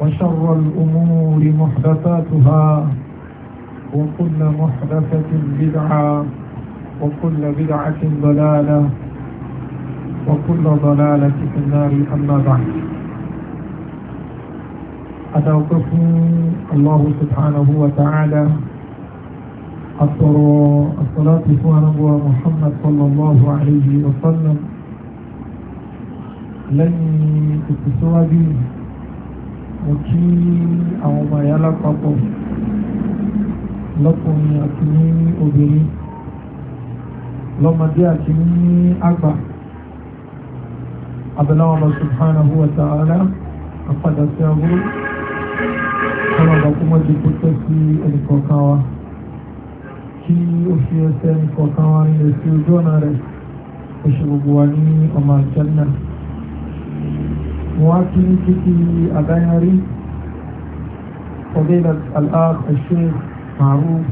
وشر الأمور محدثاتها وكل محدثة بدعة وكل بدعة ضلالة وكل ضلالة في النار أما بعد أتوقف الله سبحانه وتعالى أطر الصلاة سوى محمد صلى الله عليه وسلم لن تتسوى به mo kí àwọn ọmọ ẹ̀yà lápapọ̀ lọ́kùnrin àti ní obìnrin lọ́mọdé àti ní àgbà abẹ́láwọn subhanahu wa ta'ala àpadà sí aburú kọ́nà ọ̀gá kó mọ́ ti kó tẹ́ sí ẹnìkọ̀ọ̀kan wa kí ó fi ẹsẹ̀ ẹnìkọ̀ọ̀kan wa rìn lè sí ojú ọ̀nà rẹ̀ oṣù gbogbo wa ní ọmọ àjẹ́ náà wọ́n á kí ní títí àdáyárí فضيلة الآخ الشيخ معروف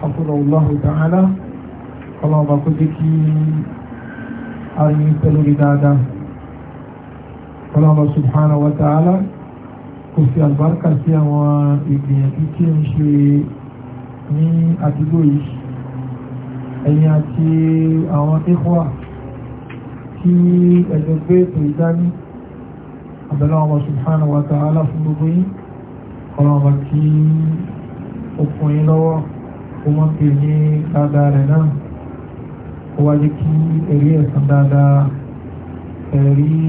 حفظه الله تعالى اللهم بقدك أن يبتلوا لدادا اللهم سبحانه وتعالى كفي البركة سيما ابن يبيتي مشي ni àdúgbòyí ẹ̀yìn àti àwọn ikọ̀ tí ẹ̀jọ̀ gbé ètò ìdání àbẹ̀lẹ̀ ọmọ subhanahu wa ta'ala fún gbogbo yìí ọlọ́ọ̀bà kí ọkùnrin lọ́wọ́ ó mọ́ pè ní dáadáa rẹ̀ náà ó wájú kí ẹ̀rí ẹ̀sán dáadáa ẹ̀rí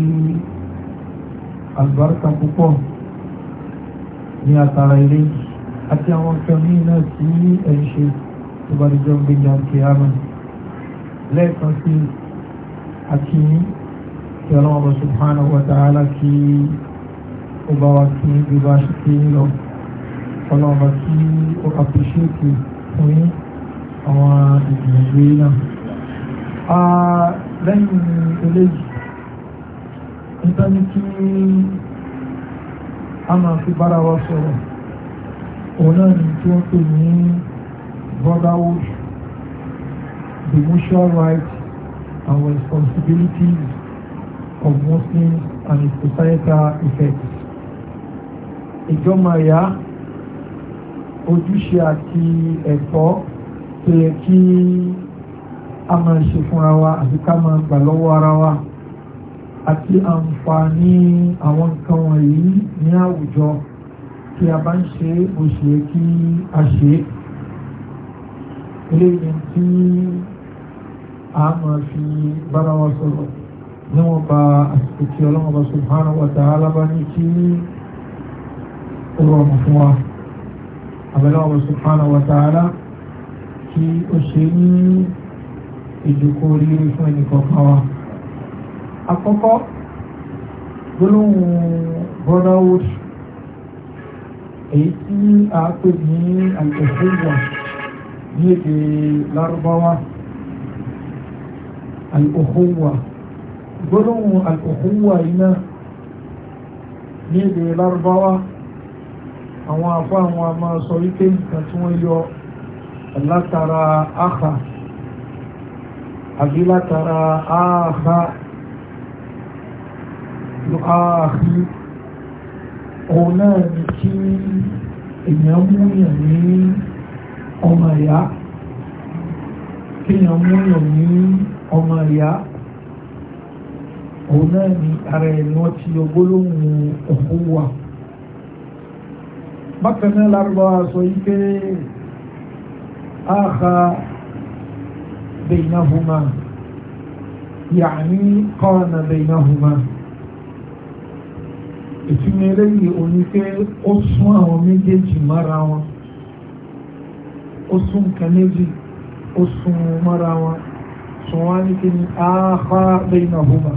àlùbáríkà púpọ̀ ní àtàrà ilé àti àwọn kẹmí náà tí ẹ̀ ń ṣe tó bá dìjọ́ gbé jàǹkì àmì lẹ́ẹ̀kan sí àti yìí kí ọlọ́wọ́ bá subhanahu wa ta'ala kí ó bá wa kí bí bá ṣe kí ń lọ ọlọ́wọ́ bá kí ó appreciate fún yín àwọn ìgbìyànjú náà. lẹ́yìn eléyìí níta ní kí a máa fi bára wa sọ̀rọ̀ òun náà ní tí wọ́n pè ní brotherhood the mutual rights and responsibilities of Muslims and its societal effects. Ìjọmọ̀ya ojúṣe àti ẹ̀tọ́ tó yẹ kí a máa ṣe fúnra wa àti ká máa gbà lọ́wọ́ ara wa àti àǹfààní àwọn nǹkan wọ̀nyí ní àwùjọ tí a bá ń ṣe bó ṣe yẹ kí a ṣe é. Eléyìí tí a máa fi bára wa sọ̀rọ̀ níwọ̀n bá àsìkò tí ọlọ́run bá subhanahu wa ta'ala bá ní kí ó rọrùn fún wa àbẹ̀lọ́run bá subhanahu wa ta'ala kí ó ṣe ní ìjòkó oríire fún ẹnìkọ̀ọ̀kan wa àkọ́kọ́ gbólóhùn brotherhood èyí tí a pè ní al ní èdè lárúbáwá al gbólóhùn àtẹ̀kúnwà iná ní èdè lárúbáwá àwọn afọ àwọn a máa sọ wípé nǹkan tí wọ́n yọ látara áhà àbí látara áhà ló áhì òun náà ni kí èèyàn múyàn ní ọmọ ìyá kéèyàn múyàn ní ọmọ ìyá òun náà ni ara ẹni wọ́n ti yọ gbólóhùn ọ̀húnwà bákan náà lárúbáwá sọ yí pé áhà bẹ̀yìnàhùmá yàní kọ́ọ̀nà bẹ̀yìnàhùmá ìtumọ̀ eléyìí òní pé ó sún àwọn méjèèjì mọ́ra wọn ó sún nǹkan ó sún mọ́ra wọn sùn wá ní kí ni áhà bẹ̀yìnàhùmá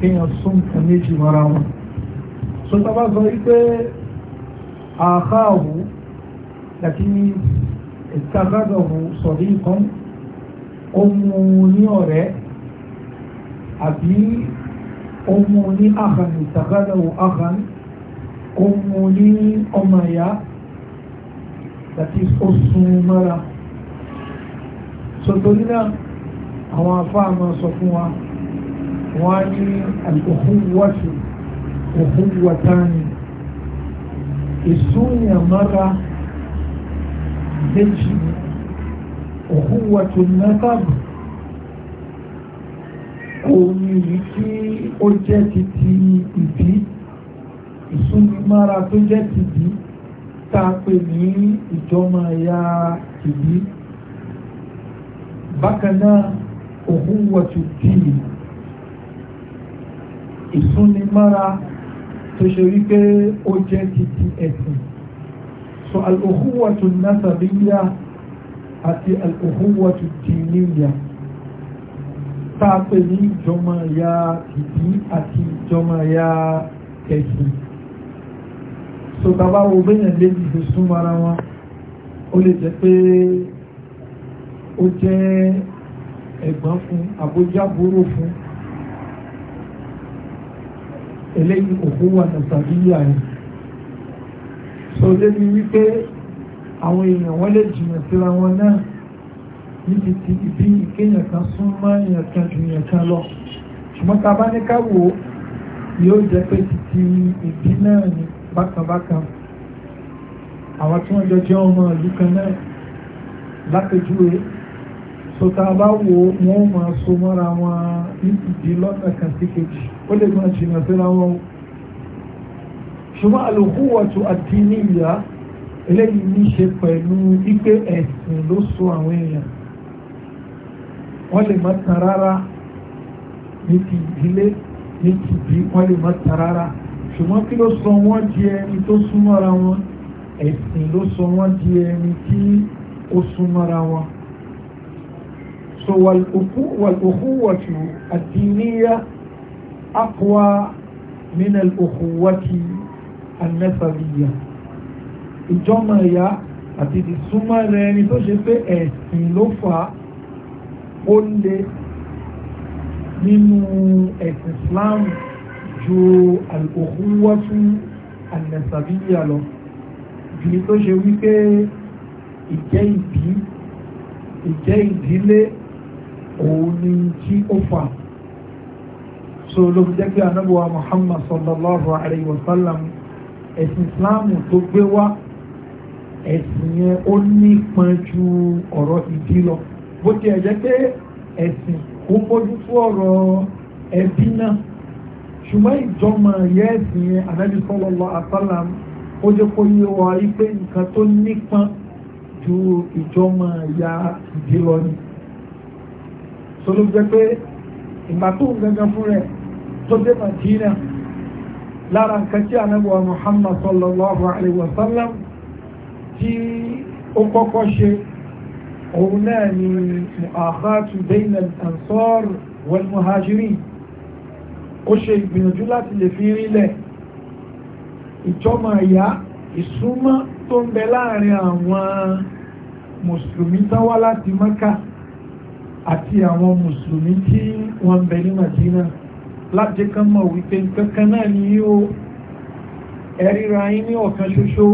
kéèyàn sún nǹkan méjì mọ́ra wọn so tá bá sọ wípé àkáàwò àti ìtàgádọ̀wò sọ̀rí kan ó mú ní ọ̀rẹ́ àbí ó mú ní àhàn ìtàgádọ̀wò àhàn ó mú ní ọmọ ìyá àti ó sún mọ́ra so torí náà àwọn afáàmọ́ sọ fún wa wọ́n ní àlùkòhúwọ́sù òhúwọ́tánì ìsúnyàn mọ́ra méjì òhúwọ́tù nẹ́tàbù òní yìí tí ó jẹ́ ti ti ìbí ìsúnnimára tó jẹ́ ti bí tá a ìsúnimára tó ṣe rí pé ó jẹ́ títí ẹ̀sìn so al-ukhuwatu nasabiyya àti al-ukhuwatu diniyya táàpẹ̀ ní ìjọmọ̀ ya títí àti ìjọmọ̀ ya ẹ̀sìn so tàbá wo bẹ́yàn lè fi súnmọ́ra wọn ó lè jẹ́ pé ó jẹ́ ẹ̀gbọ́n fún àbójábúrò fún eléyìí òkú wà nàìjíríà yẹn so lébi wípé àwọn èèyàn wọ́n lè jìnà síra wọn náà níbi tí ibi ìkéyàn kan sún mọ́ èèyàn kan ju èèyàn kan lọ ṣùgbọ́n tá a bá ní ká wò ó yóò jẹ́ pé títí ìdí náà ni bákanbákan àwọn tí wọ́n jọ jẹ́ ọmọ ìlú kan náà lápèjúwe so tá a bá wo wọ́n máa so mọ́ra wọn ní ìdí lọ́nà kan sí kejì ó lè máa jìnnà síra wọn o ṣùgbọ́n al-ukhuwatu ad-diniyya eléyìí ní ṣe pẹ̀lú ipe ẹ̀sìn ló so àwọn èèyàn wọ́n lè má tan rárá ní ti ìdílé ní ti ìdí wọ́n lè má tan rárá ṣùgbọ́n kí ló sọ wọ́n di ẹni tó súnmọ́ra wọn ẹ̀sìn ló sọ wọ́n di ẹni tí ó súnmọ́ra wọn so والأخوة الدينية أقوى من الأخوة النسبية ìjọmọ̀ ẹ̀yà àti ìsúnmọ́ rẹ̀ ẹni tó ṣe pé ẹ̀sìn ló fà á ó lé nínú ẹ̀sìn Islam ju al-ukhuwatu an lọ ju tó ṣe wípé ìjẹ́ ìbí ìjẹ́ ìdílé òun ni tí ó fà so ló fi jẹ́ pé anábọ̀wá Muhammad sallallahu alayhi wa sallam ẹ̀sìn Islam tó gbé wá ẹ̀sìn yẹn ó nípọn ju ọ̀rọ̀ ìdí lọ bó tiẹ̀ jẹ́ pé ẹ̀sìn kò mójú fún ọ̀rọ̀ ẹbí náà ṣùgbọ́n ìjọmọ̀ yẹ́ ẹ̀sìn yẹn anábì sallallahu alayhi wa sallam ó jẹ́ kó yé wa wípé nǹkan tó nípọn ju ìjọmọ̀ ya ìdí lọ ni tó ló jẹ́ pé ìgbà tó ń gangan fún rẹ̀ tó dé Madina lára nǹkan tí anábọ̀wá Muhammad sallallahu alaihi wasallam sallam tí ó kọ́kọ́ ṣe òun náà ni mu'akhatu bayna ansar wal muhajirin ó ṣe ìgbìyànjú láti lè fi rílẹ̀ ìjọmọ̀ ìyá ìsúnmọ́ tó ń bẹ láàrin àwọn mùsùlùmí tán wá láti Mẹ́kà àti àwọn mùsùlùmí tí wọ́n ń bẹ ní Madina láti kan mọ̀ wípé kankan náà ni yóò ẹ̀ríra yín ní ọ̀kan ṣoṣo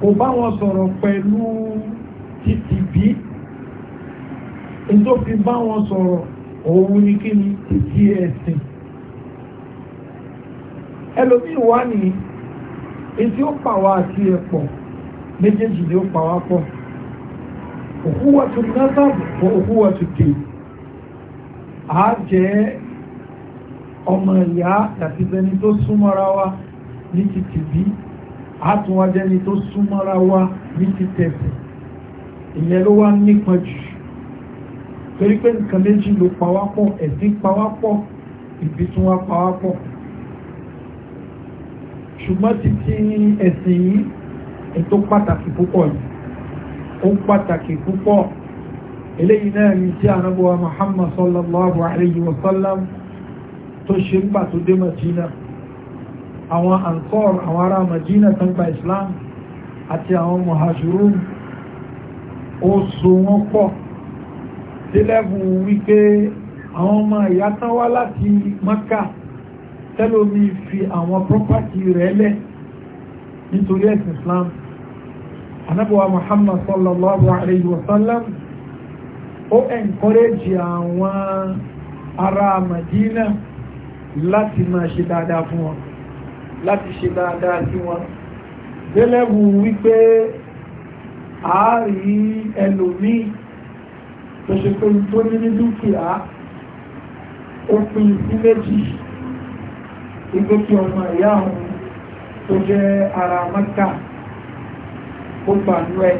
kò bá wọn sọ̀rọ̀ pẹ̀lú títì bí tó fi bá wọn sọ̀rọ̀ òun ni kí ni títí ẹ̀sìn ẹlòmíì wá ní etí ó pàwọ́ àti ẹ̀pọ̀ méjèèjì ló pàwọ́ pọ̀ òkúwàtú násàbù fún òkúwàtú dé a jẹ́ ọmọ ìyá àti ẹni tó súnmọ́ra wa ní ti tìbí a tún wá jẹ́ni tó súnmọ́ra wa ní ti tẹ̀sẹ̀ ìyẹn ló wá nípa jù torí pé nǹkan méjì ló pawápọ̀ ẹ̀sìn pawápọ̀ ìbí tún wá pawápọ̀ ṣùgbọ́n títí ẹ̀sìn yìí ètò pàtàkì púpọ̀ yìí ó pàtàkì púpọ̀ eléyìí náà ní tí ànábọ̀wá Muhammad sallallahu alayhi wa sallam tó ṣe ń gbà tó dé Madina àwọn Ansar àwọn ará Madina tán gba Islam àti àwọn Muhajirun ó so wọ́n pọ̀ délẹ́bùn wípé àwọn ọmọ ìyá wá láti Maka tẹ́lómi fi àwọn property rẹ̀ lẹ̀ nítorí ẹ̀sìn Islam anábọ̀wá muhammad sallallahu alayhi wa sallam ó encourage àwọn ará madina láti máa ṣe dáadáa fún wọn láti ṣe dáadáa sí wọn délẹ́bù wípé àárí ẹlòmíì tó ṣe pé tó ní ní dúkìá ó pín sí méjì ìgbé ọmọ ìyá òun tó jẹ́ ara mẹ́ta ó gbà nú ẹ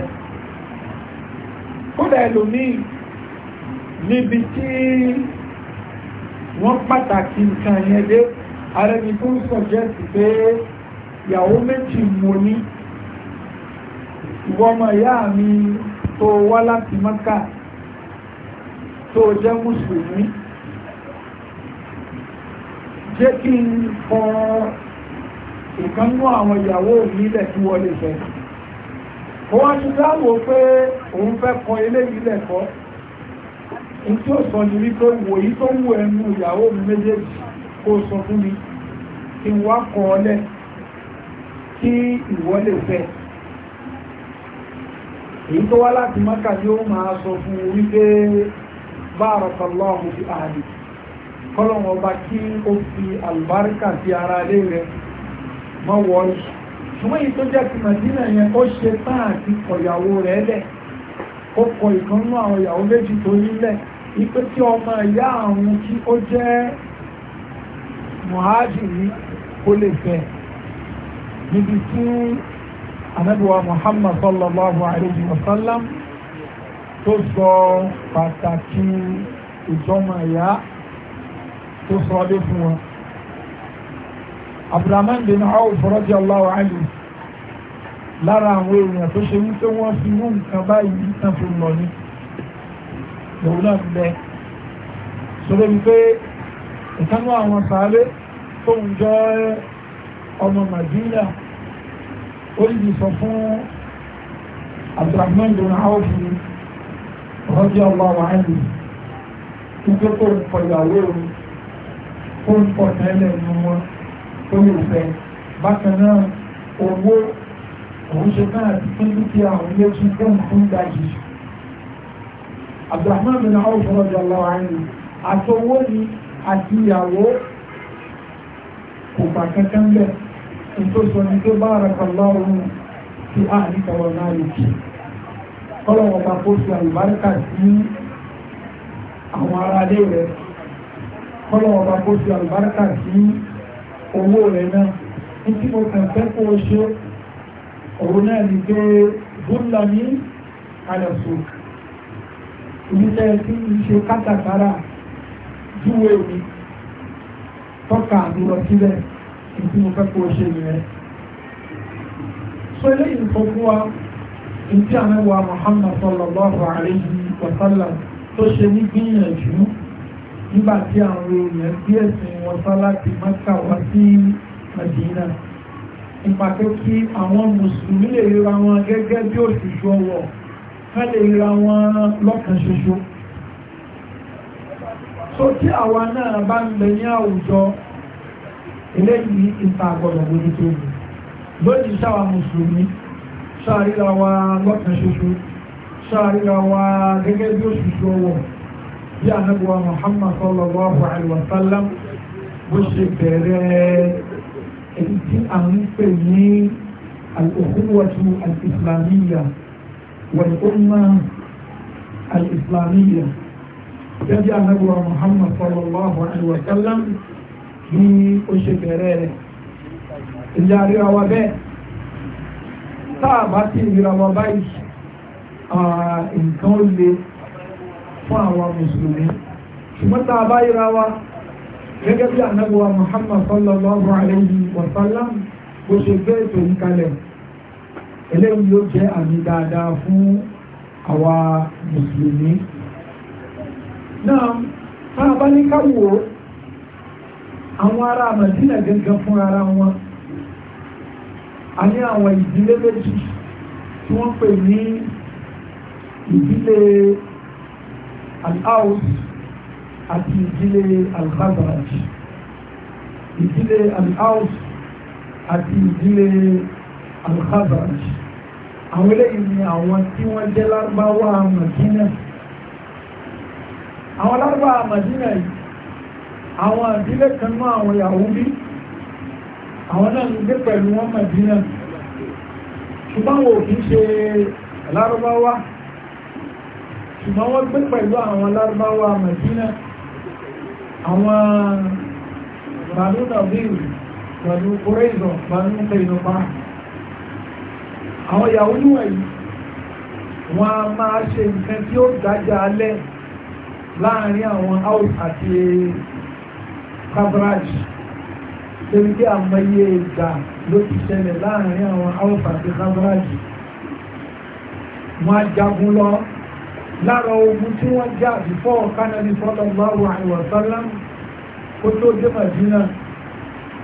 kódà ẹlòmíì níbi tí wọ́n pàtàkì nǹkan yẹn dé ààrẹ mi tó ń sọ̀jẹ́sì pé ìyàwó méjì mo ní ìwọ ọmọ ìyá mi tó wá láti mọ́kà tó jẹ́ mùsùlùmí jẹ́ kí n fọ ìkánú àwọn ìyàwó mi lẹ̀ tí wọ́n lè fẹ́ wọ́n ti dáwò pé òun fẹ́ kọ ilé ilẹ̀ kọ́ ní tí ó sọ ní wípé wòyí tó wù ẹnu ìyàwó mi méjèèjì kó sọ fún mi kí wá kọ ọlẹ̀ kí ìwọ lè fẹ́ èyí tó wá láti mọ́kà ni ó máa sọ fún wípé bárakàlọ́hù fi ààrẹ kọ́lọ̀wọ̀n ọba kí ó fi àlùbáríkà sí ara lé rẹ̀ mọ́wọ́ yìí ṣùgbọ́n èyí tó jẹ́ ti màdínà yẹn ó ṣe tán àti kọ̀yàwó rẹ̀ lẹ̀ ó kọ ìkànnú àwọn ìyàwó méjì tó nílẹ̀ ipe tí ọmọ ìyá àwọn tí ó jẹ́ muhajiri kó lè fẹ́ níbi tí anabiwa muhammad sallallahu alayhi wa sallam tó sọ pàtàkì ìjọmọ̀ ìyá tó sọ ọdún fún wọn abdulrahman bin Awf radiyallahu anhu lára àwọn èèyàn tó ṣe wípé wọ́n fi mú nǹkan báyìí tán fún lọ ní lòun náà bẹ sọ́dọ̀ wípé ìkánú àwọn sàárè tóun jẹ́ ọmọ Madina ó yìí sọ fún abdulrahman bin Awf radiyallahu anhu wípé kó ń pọ̀ ìyàwó òun kó ń pọ̀ tẹ́lẹ̀ nínú wọn tó lè fẹ́ bákan náà owó òun ṣe náà ti pín dúkìá àwọn ilé tún fún fún dájì Abdulrahman bin Awf radiyallahu anhu àtọwó ni àti ìyàwó kò bá kankan lẹ̀ nítorí sọ ní pé barakallahu fi àníkà wọn náà lè kí kọ́lọ̀wọ̀ bá kó fi àlùbáríkà sí àwọn ará ilé rẹ̀ kọ́lọ̀wọ̀ bá kó fi àlùbáríkà sí owó rẹ̀ náà ní tí mo kàn fẹ́ kó o náà ní pé gúnlọ ní àyọ̀sù ìbílẹ̀ tí ń ṣe kátàkárà mi tọ́ka mi lọ sílẹ̀ ní tí mo fẹ́ kó o ṣe so eléyìí sọ fún wa ní tí àwọn ẹwà alayhi wa sallam nígbà tí àwọn èèyàn bí ẹ̀sìn wọn sá láti Mẹ́kà wá sí Mẹ́dínà nípa pé kí àwọn mùsùlùmí lè ríra wọn gẹ́gẹ́ bí òṣìṣú ọwọ́ ká lè ríra wọn lọ́kàn ṣoṣo tó tí àwa náà bá ń bẹ ní àwùjọ eléyìí ìta àgbọ̀dọ̀ gbogbo tó lónìí sáwà mùsùlùmí sáà ríra wa lọ́kàn ṣoṣo sáà ríra wa gẹ́gẹ́ bí òṣìṣú ọwọ́ bí anábíwá Muhammad sallallahu alaihi wa sallam bó ṣe bẹ̀rẹ̀ èyí tí a ń pè ní al-ukhuwatu al-islamiyya wal-umma al-islamiyya gẹ́gẹ́ anábíwá Muhammad sallallahu alaihi wa sallam bí ó ṣe bẹ̀rẹ̀ rẹ̀ ríra wa bẹ́ẹ̀ táà bá ti ríra wa báyìí nǹkan ó le fún àwọn mùsùlùmí ṣùgbọ́n tá a bá yíra wa gẹ́gẹ́ bí ànábọ̀wá Muhammad sallallahu alayhi wa sallam bó ṣe gbé ètò yìí kalẹ̀ eléyìí yóò jẹ́ àmì dáadáa fún àwa mùsùlùmí náà tá bá ní ká àwọn ará Madina gẹ́gẹ́ fún ara wọn a ní àwọn ìdílé méjì tí wọ́n pè ní ìdílé al-Aws àti ìdílé al-Khazraj ìdílé al-Aws àti ìdílé al-Khazraj àwọn eléyìí ni àwọn tí wọ́n jẹ́ lárúbáwá Màdínà àwọn lárúbáwá Màdínà yìí àwọn ìdílé kan náà àwọn Yahudi àwọn náà ń gbé pẹ̀lú wọn Màdínà ṣùgbọ́n wò kí ṣe lárúbáwá ṣùgbọ́n wọ́n gbé pẹ̀lú àwọn lárúbáwá mẹ̀sínà àwọn bàánú nàbíl pẹ̀lú kúrẹ́ìzọ̀ bàánú tẹ̀yìnbá àwọn ìyàwó níwọ̀nyí wọ́n a máa ṣe nǹkan tí ó dájà alẹ́ láàrin àwọn house àti coverage torí pé àmọye ìgbà ló ti ṣẹlẹ̀ láàrin àwọn house àti coverage wọ́n á jagun lọ lára ogun tí wọ́n já before ọ̀kánàbí sallallahu alaihi wa sallam kó tó dé Madina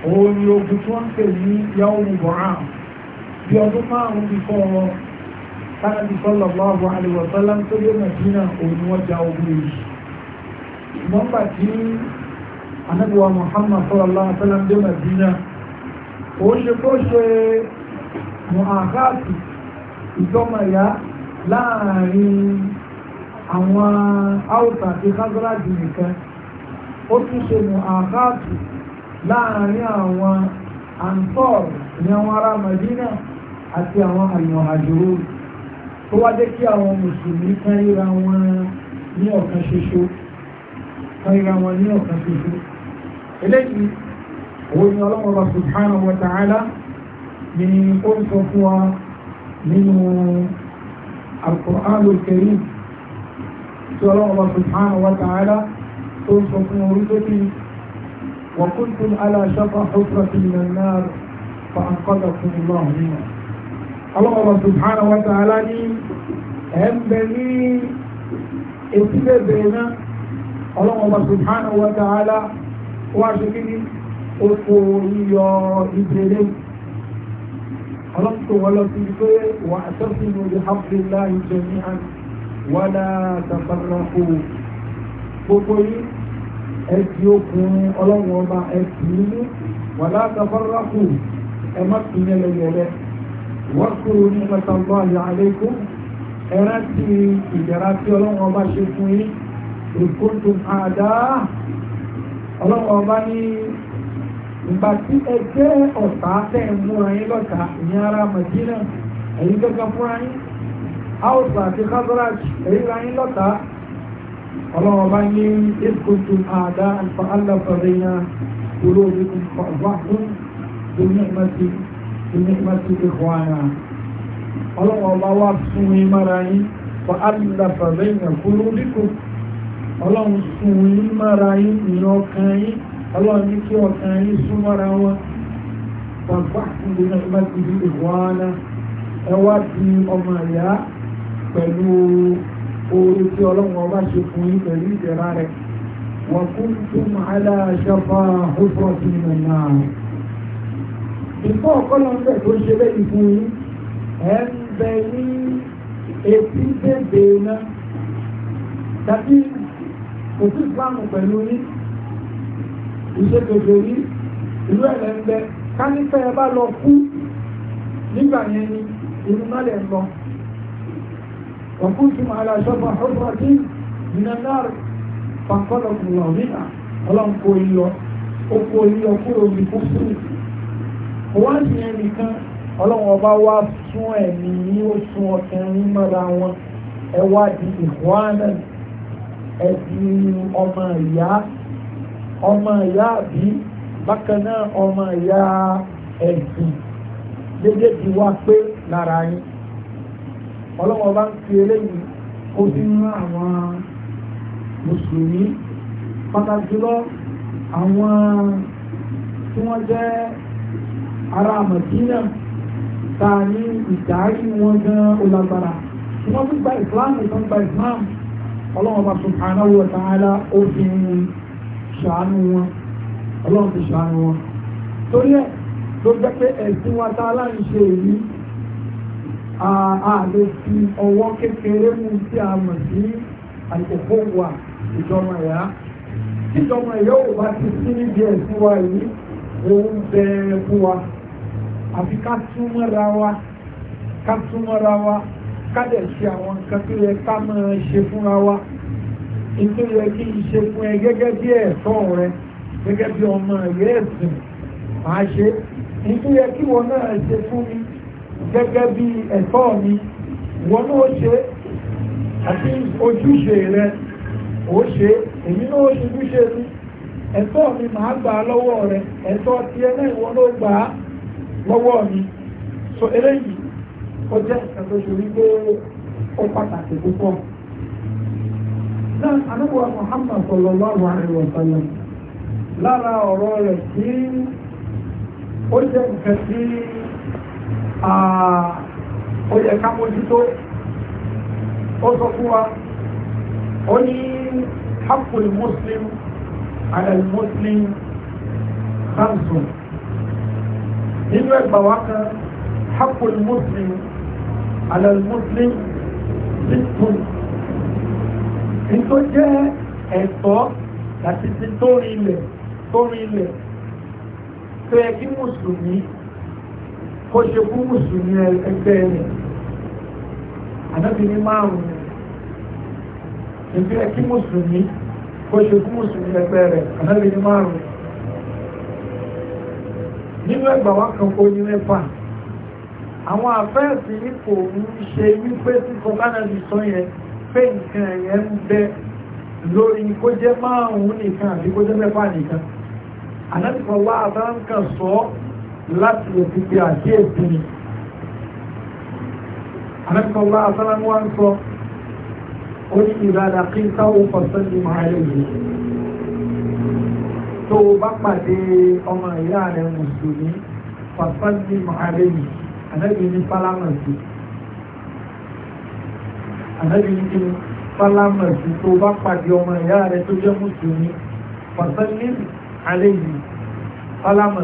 òun ni ogun tí wọ́n pè ní yawm Bu'am bí ọdún márùn-ún before ọ̀kánàbí sallallahu alaihi wa sallam tó dé Madina òun ni wọ́n já ogun yìí nọ́mbà tí anábíwa Muhammad sallallahu alaihi wa sallam dé Madina ó ṣe kó ṣe muhakkati ìjọmọ̀ ya láàrin àwọn haúsá àti kágọ́lájì nìkan ó tún ṣe mú àkáàtù láàrin àwọn ansor ní àwọn ará Madina àti àwọn àlùmọ̀hàjòrò tó wá jẹ́ kí àwọn mùsùlùmí kan ríra wọn ní ọ̀kan ṣoṣo kan ríra wọn ní ọ̀kan ṣoṣo eléyìí owó ni ọlọ́run ọba subhanahu wa ta'ala ni ó ń sọ fún wa nínú Al-Qur'an al tí ọlọ́run wa subhanahu wa ta'ala tó sọ fún orí lókè wa kuntum ala shafa hutratin minan nar fa anqadakum Allahu minha ọlọ́run wa subhanahu wa ta'ala ní ẹ̀ ń bẹ ní etí bẹ̀bẹ̀ náà ọlọ́run wa subhanahu wa ta'ala wá ṣe kí ni ó kó yíyọ ìbéèrè ọlọ́run tó wọlé sí pé wà á tẹ́sí ní ojú hafilá ìjẹ̀mí àti wọ́lá tàbárakù gbogbo yìí ẹ̀sì okùn ọlọ́run ọba ẹ̀sì nínú wọ́lá tàbárakù ẹ má fi yẹlẹ yẹlẹ wọ́n kúrò ní mẹ́tàlọ́ àyàlẹ́kù ẹ̀rẹ́ ti ìjẹ̀ra tí ọlọ́run ọba ṣe fún yìí ìkótó àdá ọlọ́run ọba ní ìgbà tí ẹ jẹ́ ọ̀tá tẹ̀ ń múra yín lọ́ta ìyára màdínà ẹ̀yìn gẹ́gẹ́ fúnra yín haúsá àti khazraj ríra yín lọ́ta ọlọ́wọ́ bá ní ìkùtù àdá àlùfà aláfàdéyà olóòdìkùn fàfún onímọ̀tì onímọ̀tì ìkùnà ọlọ́wọ́ bá wà fún yín mára yín fà aláfàdéyà olóòdìkùn ọlọ́run fún yín mára yín ìyàn ọkàn yín ọlọ́run ní kí ọkàn yín súnmọ́ra wọn fàfún onímọ̀tì ìkùnà ẹ wá di ọmọ ìyá pẹ̀lú oore tí ọlọ́run ọba ṣe fún yín pẹ̀lú ìdẹ̀ra rẹ̀ wọ́n kún tún aláṣọ́fà ọ̀fọ̀ sí nìyà. ìfọ́ ọ̀kọ́lọ́ńtẹ̀ tó ṣe lẹ́yìn fún yín ẹ̀ ń bẹ ní ìlú ẹ̀lẹ́ ń bẹ ká ní ẹ bá lọ kú nígbà yẹn ni ìrúnmọ́lẹ̀ ń lọ. وكنتم على شفا حفرة من النار فانقذكم الله منها ọlọ́run kò yọ ó kò yọ kúrò ní kúkúrú wọ́n sì yẹn nìkan ọlọ́run ọba wá sún ẹ̀mí ní ó sún ọkàn yín mọ́ra wọn ẹ wá di ìwọ́nà ẹ di ọmọ ìyá ọmọ ìyá àbí bákan náà ọmọ ìyá ẹ̀sìn déédéé ti wá pé lára yín ọlọ́wọ́ bá ń fi eléyìí ó fi ń rán àwọn mùsùlùmí pàtàkì jùlọ àwọn tí wọ́n jẹ́ ará Mádínà ta ní ìdárí wọn gan olágbára tí wọ́n fi gba ìsìláàmù tó ń gba ìsìláàmù ọlọ́wọ́ bá subhanahu wa ta'ala ó fi ń ṣàánú wọn ọlọ́wọ́ fi ṣàánú wọn torí ẹ̀ ló jẹ́ pé ẹ̀sìn wa ta aláìṣe èyí àlè fi ọwọ́ kékeré mú sí àmọ̀ sí àkókò wa ìjọba ẹ̀yà tíjọba ẹ̀yà ò bá ti sí níbi ẹ̀sìn wa yìí òun bẹ̀rẹ̀ fún wa àfi ká súnmọ́ra wa ká súnmọ́ra wa ká dẹ̀ ṣe àwọn nǹkan tó yẹ ká máa ṣe fúnra wa ètò yẹ kí n ṣe fún ẹ gẹ́gẹ́ bí ẹ̀tọ́ rẹ gẹ́gẹ́ bí ọmọ ẹ̀yẹ ẹ̀sìn máa ṣe ètò yẹ kí wọn náà ṣe fún mi gẹ́gẹ́ bí ẹ̀tọ́ mi wọ́n náà ṣe àti ojúṣe rẹ ó ṣe èmi náà ṣe ojúṣe mi ẹ̀tọ́ mi máa gbà lọ́wọ́ rẹ ẹ̀tọ́ ti ẹ náà wọ́n gbà lọ́wọ́ mi so eléyìí ó jẹ́ nǹkan wípé ó pàtàkì púpọ̀ náà Muhammad lára ọ̀rọ̀ rẹ̀ tí ó jẹ́ ó yẹ ká mójútó ó sọ fún wa ó ní hapun muslim alal muslim khamsun nínú ẹgbà wa kan hapun muslim alal muslim sittun nítorí jẹ́ ẹ̀tọ́ àti ti tó rí ilẹ̀ tó rí ilẹ̀ tó yẹ kí mùsùlùmí kó ṣe fún mùsùlùmí ẹgbẹ́ rẹ̀ ànábì ní márùn-ún ìgbé kí mùsùlùmí kó ṣe fún mùsùlùmí ẹgbẹ́ rẹ̀ ànábì ní márùn-ún nínú ẹgbà wá kan kó ní mẹ́fà àwọn àfẹ́ẹ̀sì ní kò ń ṣe wípé tí kọkánàbì sọ yẹn pé nǹkan yẹn ń bẹ lórí kó jẹ́ márùn-ún nìkan àbí kó jẹ́ mẹ́fà nìkan ànábì kan wá àbá sọ ọ́ láti lè fi pe àkíyèsí ni anẹ́kọ̀ọ́lá asálàmù wa ń sọ ó ní ìdára kí n táwọn fọ́sẹ́lì máa lè yìí tó o bá pàdé ọmọ ìyá rẹ̀ mùsùlùmí fọ́sẹ́lì máa lè yìí anẹ́bí ní pálámà sí anẹ́bí ní pálámà sí tó bá pàdé ọmọ ìyá rẹ̀ tó jẹ́ mùsùlùmí fọ́sẹ́lì máa lè yìí pálámà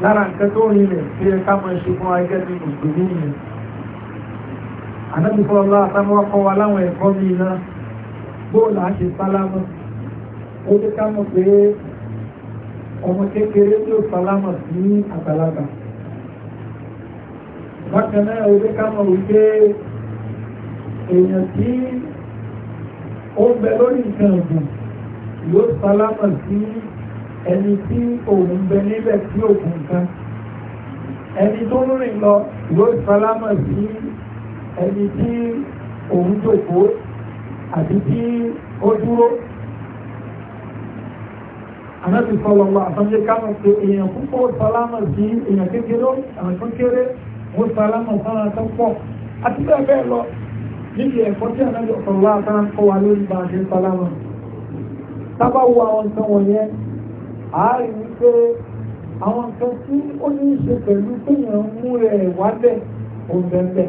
lára nǹkan tó rí rẹ̀ tí ẹ ká máa ṣe fún ajẹ́ ní mùsùlùmí yẹn ànábì fọlọ́lá àtàwọn ọkọ̀ wa láwọn ẹ̀kọ́ mi náà bóòlù àti sálámà ó dé ká mọ̀ pé ọmọ kékeré tí ó sálámà sí àgbàlagbà bákan náà ó dé ká mọ̀ wípé èèyàn tí ó ń bẹ lórí nǹkan ọ̀gbìn yóò sálámà sí ẹni tí òun bẹ níbẹ̀ tí òkun kan ẹni tó rìn lọ yóò sálámọ̀ sí ẹni tí òun jókòó àti tí ó dúró anábì sọlọ lọ àtàndé kánà pé èèyàn púpọ̀ sálámà sí èèyàn kékeré àwọn tó kéré wọ́n sálámà sára tó pọ̀ àti bẹ́ẹ̀ bẹ́ẹ̀ lọ níbi ẹ̀kọ́ tí anábì sọlọ àárí wípé àwọn nǹkan tí ó ní í ṣe pẹ̀lú kéèyàn mú rẹ̀ wálẹ̀ òǹbẹ̀ǹbẹ̀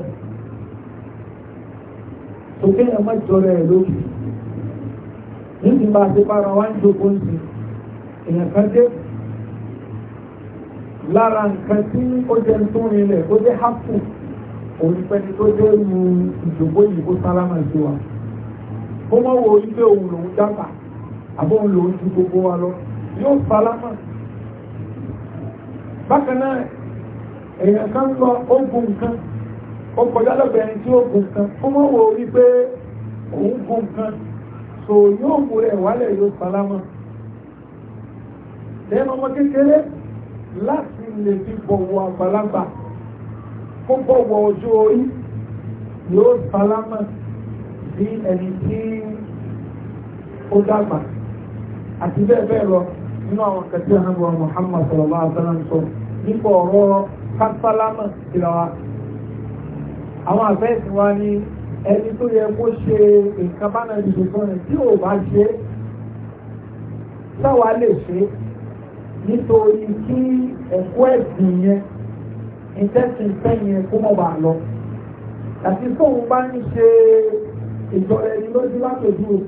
tó kéèyàn má jọra ẹ̀ lójú níbi bá a ti bára wá ń jogo ń sìn èèyàn kan dé lára nǹkan tí ó jẹ́ tó rinlẹ̀ ó jẹ́ hápù olùpẹ̀ni tó dé lu ìjòkó yìí kó sálámà sí wa ó mọ̀ wo ilé òun lòún dàgbà àbóhun lòún ju gbogbo wa lọ yóò falámà bákan náà èèyàn kan lọ ogun nǹkan ó kọjá lọ́gbẹ̀ẹ́ ẹni tí ó gun nǹkan ó mọ̀ wò rí pé òun gun nǹkan so yóò mú rẹ̀ wálẹ̀ yóò falámà lẹ́yìn ọmọ kékeré láti lè fi bọ̀wọ̀ àgbàlagbà kó bọ̀wọ̀ ọjọ́ orí yóò falámà sí ẹni tí ó dàgbà àti bẹ́ẹ̀ bẹ́ẹ̀ lọ nínú àwọn kẹtí ànábọ̀ Muhammad sọ̀rọ̀lá àtàlà sọ nípa ọ̀rọ̀ kásálámà síra wa àwọn àfẹ́sì wa ní ẹni tó yẹ kó ṣe nǹkan bá náà dìbò fún ẹ tí ò bá ṣe sáwa lè ṣe nítorí kí ẹ̀kọ́ ẹ̀sìn yẹn ìtẹ́sìn sẹ́yìn kó mọ̀ bá lọ àti fóun bá ń ṣe ìjọ ẹni lójú látòjú òkú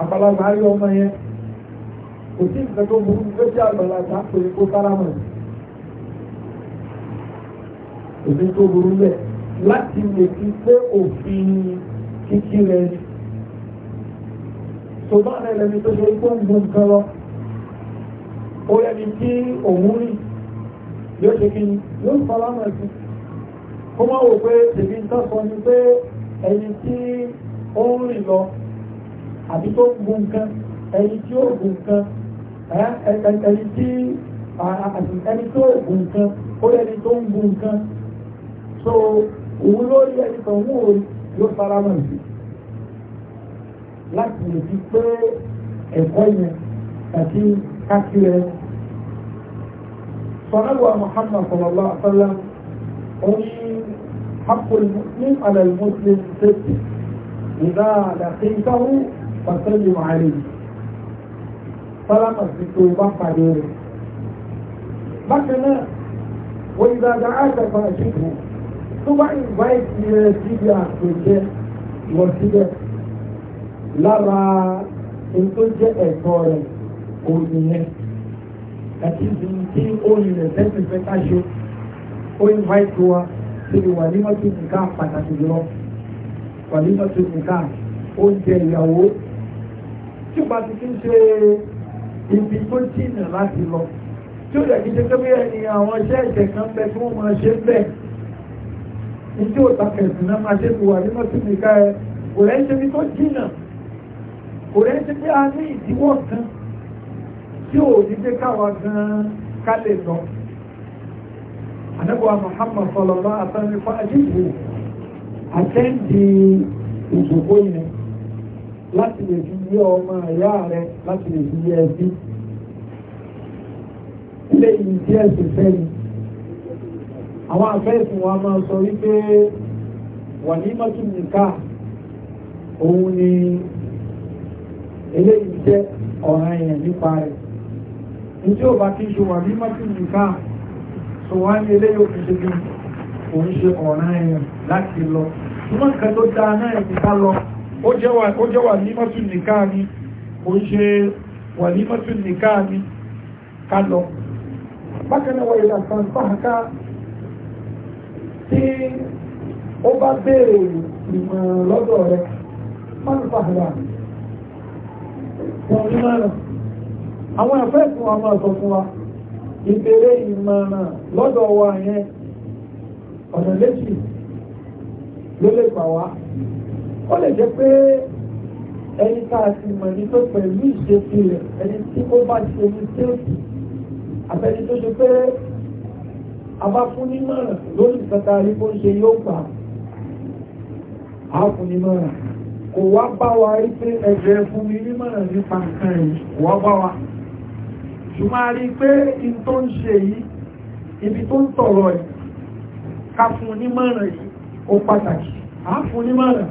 àgbàlagbà ayé ọmọ yẹn kò sí nǹkan tó burú tó jẹ́ àgbàlagbà pé kó sáramọ̀ òfin tó burú bẹ́ẹ̀ láti lè fi pé òfin kíkí rẹ̀ ni tòbá rẹ̀ lẹ́ni tó ṣe ikú ń gun nǹkan lọ ó yẹni tí òun rí yóò ṣe kí yóò sáramọ̀ sí kó má wò pé tèmi ń tọ́sọ ni pé ẹni tí ó ń rìn lọ àbí tó ń bu nǹkan ẹni tí ó bu nǹkan ẹni tí ẹni tó bu nǹkan ó lẹni tó ń bu nǹkan so òun lórí ẹni tó ń wò yóò fara mọ́ sí láti lè fi pé ẹ̀kọ́ yẹn àti kákìrẹ́ sọ̀rọ̀lùwà Muhammad sallallahu alaihi wasallam ó ní حق المسلم على المسلم ست إذا لقيته فسلم عليه فلما الزكوة فعليه مثلا وإذا دعاك فأجبه ثم invite سيدي àpèjẹ lọ síbẹ̀ lára ètò jẹ́ ẹ̀tọ́ rẹ̀ òyìnbó àti ìdíyìn tí oyin rẹ̀ tẹ́sí fẹ́ ká ṣe ó invite wa síbi wàlímọ́tò nìkan pàtàkì jùlọ wàlímọ́tò nìkan oúnjẹ ìyàwó tí o bá ti fi ń ṣe ibi tó jìnà láti lọ tí ó dàbí ṣe pé ẹni àwọn iṣẹ́ ìṣẹ̀ kan bẹ tí wọ́n máa ṣe ń bẹ̀ ní tí ó ta kẹ̀sìn náà máa ṣe ti wà nínú sí mi ká ẹ kò rẹ̀ ń ṣe bí tó jìnà kò rẹ̀ ń ṣe pé a ní ìdíwọ́ kan tí ò ní pé káwa gan-an ká lè lọ. Ànábì wa Muhammad sallallahu alaihi wa sallam fún àdìbò àtẹ́ǹdì ìdòkó yẹn láti lè fi yé ọmọ ìyá rẹ láti lè fi yé ẹbí ilé yìí tí ẹsẹ̀ fẹ́ ni àwọn afẹ́sùn wa máa sọ wípé wà ní mọ́tò òun ni eléyìí jẹ́ ọ̀ràn èèyàn nípa rẹ̀ nítorí ò bá kí n ṣe wà ní mọ́tò nìkan tó wá ní eléyìí òfin ṣe bí òun ṣe ọ̀ràn èèyàn láti lọ ṣùgbọ́n nǹkan tó dáa náà ti ká lọ ó jẹ́ wà ní mọ́tún nìkáà ni kò ń ṣe wà ní mọ́tún nìkáà ni ká lọ bákanáà wà ìlà kan pàákà tí ó bá béèrè ìmọ̀ràn lọ́dọ̀ rẹ̀ mọ́tún pàákà wọ́n ní mọ́ràn àwọn ẹ̀fẹ́ àwọn ọ̀sọ̀ wa ìbéèrè ìmọ̀ràn lọ́dọ̀ wa yẹn ọ̀nà méjì ló lè gbà ọlẹ̀ jẹ́ pé ẹni tá a ti mọ̀ ní pé pẹ̀lú ìṣesí rẹ̀ ẹni tí ó bá ṣe ní séèkì àbẹ́ni tó ṣe pé a bá fún nímọ̀ràn lórí ìkẹta rí bó ń ṣe yóò gbà á fún nímọ̀ràn kò wá bá wa rí pé ẹgbẹ́ fún mi nímọ̀ràn nípa nǹkan yìí kò wá bá wa ṣùgbọ́n a rí pé in tó ń ṣe yìí ibi tó ń tọ̀rọ̀ ẹ̀ ká fún nímọ̀ràn yìí ó pàtàkì á fún nímọ̀ràn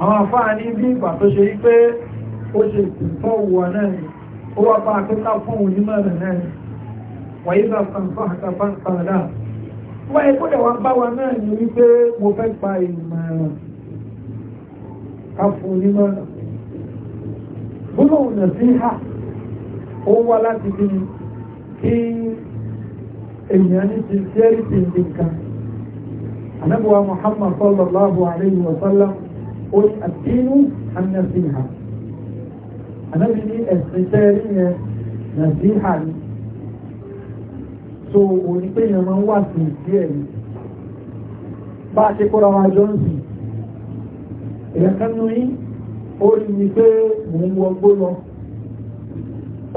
àwọn àfáà ní bí ìgbà tó ṣe pé ó ṣe ìpínfọ́ òwò náà ni ó wá bá akẹ́kọ̀ọ́ fún òun ní mẹ́rin náà ni wàyí bá fàǹfà àtàfàǹfà náà wọ́n yẹ kó láti bí kí èèyàn ní sincerity nìkan anábùwà Muhammad sallallahu Alaihi Wasallam ó الدين àdínú anàzíhà أنا ní ẹ̀sìn tẹ́rí yẹn nàzíhà ni so òní pé yẹn máa ń wà sí ìdí ẹ̀ ni bá a ṣe kóra wa jọ ń sìn èèyàn kan nú yín ó rí mi pé mò ń wọgbó lọ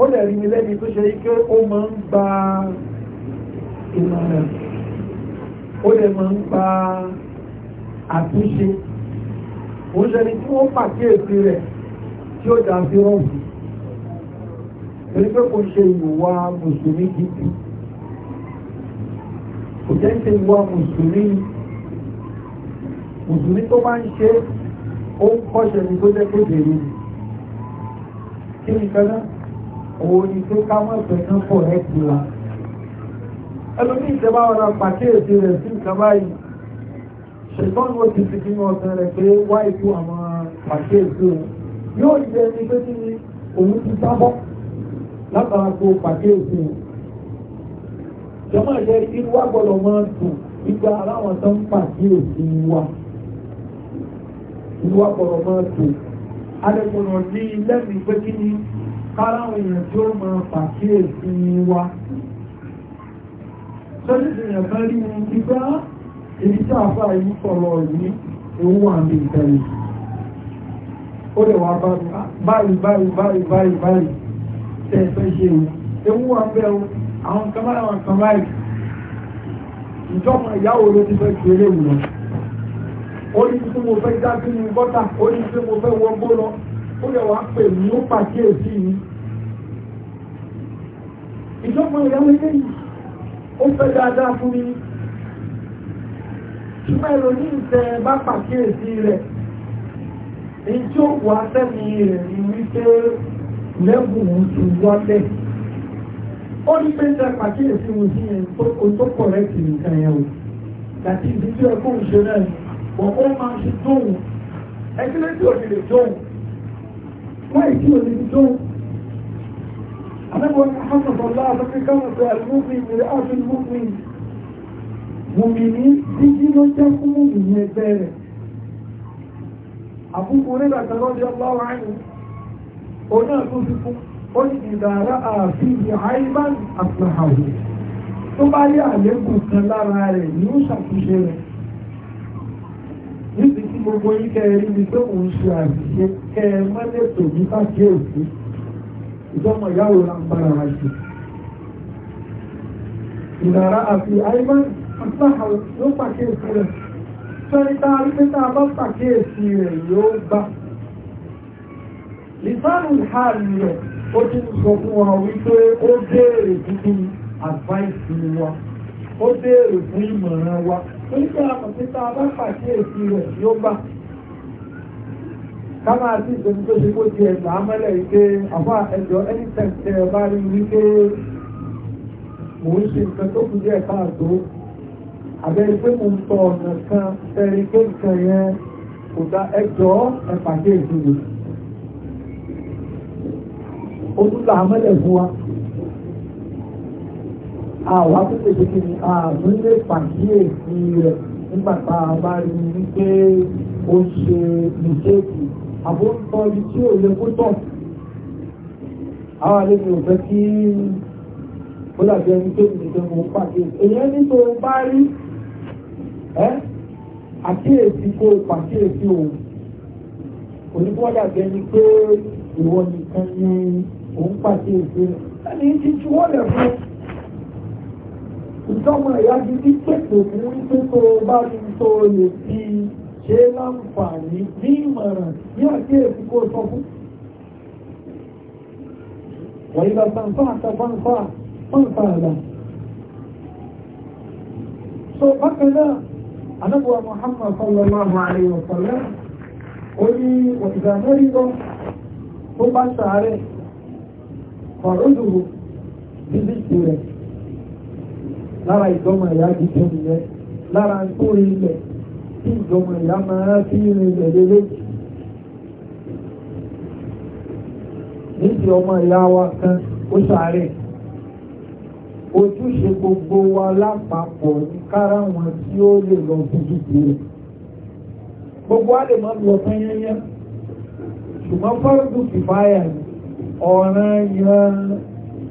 ó lè rí mi lẹ́ni tó ṣe yí pé ó máa ń gba ìmọ̀ràn ó lè máa ń gba àtúnṣe òun ṣe ni tí wọ́n pàkíyèsí rẹ̀ tí ó dá sí rọ́ọ̀bù torí pé kò ṣe ìwà mùsùlùmí gidi kò jẹ́ ṣe ìwà mùsùlùmí mùsùlùmí tó máa ń ṣe ó ń kọ́ṣẹ́ ni tó jẹ́ kébèrè ni kí ni kaná òun ni tó ká mọ́ ìfẹ́ náà pọ̀ rẹ̀ kúra ẹlòmíì ìjọba ọ̀rọ̀ pàkíyèsí rẹ̀ sí ìjọba ṣùgbọ́n wọ́n ti fi bímọ ọ̀sán rẹ̀ pé wá ikú àwọn pàṣẹ èso yóò jẹ́ ẹni pé kí ni òun ti sábọ́ látara kó pàṣẹ èso jọmọ ìjẹ irú wa gbọ́dọ̀ máa dùn ìgbà aláwọn tó ń pàṣẹ èso wa irú wa gbọ́dọ̀ máa dùn adẹ́gbọ̀nà ní lẹ́mìí pé kí ni káráwọn èèyàn tí ó máa pàṣẹ èso wa sọ́dọ̀ ìjìyàn kan rí wọn ti gbá èyí tí àfà yìí sọ̀rọ̀ yìí òun wà ní ìtẹ̀lẹ̀ ó lè wà ah, báyìí báyìí báyìí báyìí báyìí tẹ́ ẹ fẹ́ ṣe òun ewu wà bẹ́ẹ̀ o àwọn kan báyìí àwọn kan báyìí ìjọba ìyáwó ló ti fẹ́ ju eléwu lọ ó ní tí mo fẹ́ já sí ní bọ́tà ó ní tí mo fẹ́ wọgbó lọ ó lè wà pè mí ó pàkíyèsí mi ìjọba ìyáwó eléyìí ó fẹ́ dáadáa fún mi ṣùgbọ́n ìròyìn ìtẹ́ bá pàkíyèsí rẹ̀ èyí tí ó wà sẹ́mi rẹ̀ ni wípé lẹ́bùn ti wọlé ó ní pé ṣe pàkíyèsí wọn sí yẹn tó kọ̀rẹ́tì nǹkan yẹn o àti ìdí tí ẹ̀kọ́ òṣèré náà wọ́n ó máa ṣe dóhùn ẹgbẹ́ tí òṣè lè dóhùn wọ́n èyí tí òṣè lè dóhùn àbẹ́wọ̀n ọ̀hánà sọ̀lá àbẹ́fẹ́ kánà pé àlùmọ́fìn ìrẹ́ àti ìmọ́fìn mùmìnì díjí ló jẹ́ fún mùmìnì ẹgbẹ́ rẹ̀ àbúkú rírà tẹ́lọ́dí ọlọ́wọ́ àìní oní àtúnṣe fún ó ní ìdára àfihàn àìbán àtúnhàwò tó bá rí àlékún kan lára rẹ̀ ní ó ṣàtúnṣe rẹ̀ níbi tí gbogbo yín kẹrin ni pé òun ṣe àṣìṣe kẹ mọ́lẹ̀ ní bá òkú ìjọmọ̀ ìyáwó lámbára àjò ìdára àfihàn àìbán àtúbàkà ló pàkíyèsí rẹ̀ sọ́ríta arípẹ́ta bá pàkíyèsí rẹ̀ yóò gbà lìsánù ìhàlì rẹ̀ ó ti ń sọ wa wípé ó béèrè tuntun advice wa wa oníṣẹ́ àmọ̀títa bá pàkíyèsí rẹ̀ yóò gbà kama àti ìṣẹ́ni tó kó mò ń àbẹ́rí pé mo ń tọ ọ̀nà kan fẹ́rí pé nǹkan yẹn kò dá ẹjọ́ ẹ̀pàdé ìdúró ó tún là á mọ́lẹ̀ fún wa àwa tó lè ṣe kí ni àmì lè pàkíyèsí rẹ̀ nígbà bá rí wípé ó ṣe mistake àbó ibi tí ò lè kó tọ̀ àwọn àlejò fẹ́ kí ó dàbí ẹni tó ní ìjọba òun pàkíyèsí èèyàn bá rí àkíyèsí kó o pàkíyèsí o onígbọ́dà gẹni pé ìwọ nìkan ni òun pàkíyèsí ẹni tí tí wọ́n lẹ̀ fún ìjọba ìyá gidi pèpè fún wípé tó o bá ní tó o lè fi ṣe láǹfààní ní ìmọ̀ràn ní àkíyèsí kó o sọ fún. sanfà so bákan náà anábùwà Muhammad sallallahu alayhi wa sallam ó ní ọ̀gá mẹ́rìndọ́ tó bá sàárẹ̀ fàrọ́dùrù bíbí tirẹ̀ lára ìjọmọ̀ ìyá jíjọ nìyẹn lára ń tó ilẹ̀ tí ìjọmọ̀ ìyá máa fi rin ilẹ̀ lélẹ́jì níbi ọmọ ìyá wa kan ó sàárẹ̀ ojúṣe gbogbo wa lápapọ̀ ní kára wọn tí ó lè lọ bójú tó rẹ̀ gbogbo a lè máa lọ tán yẹ́yẹ́ ṣùgbọ́n fọ́rọ̀dù kìfáyà ni ọ̀ràn yan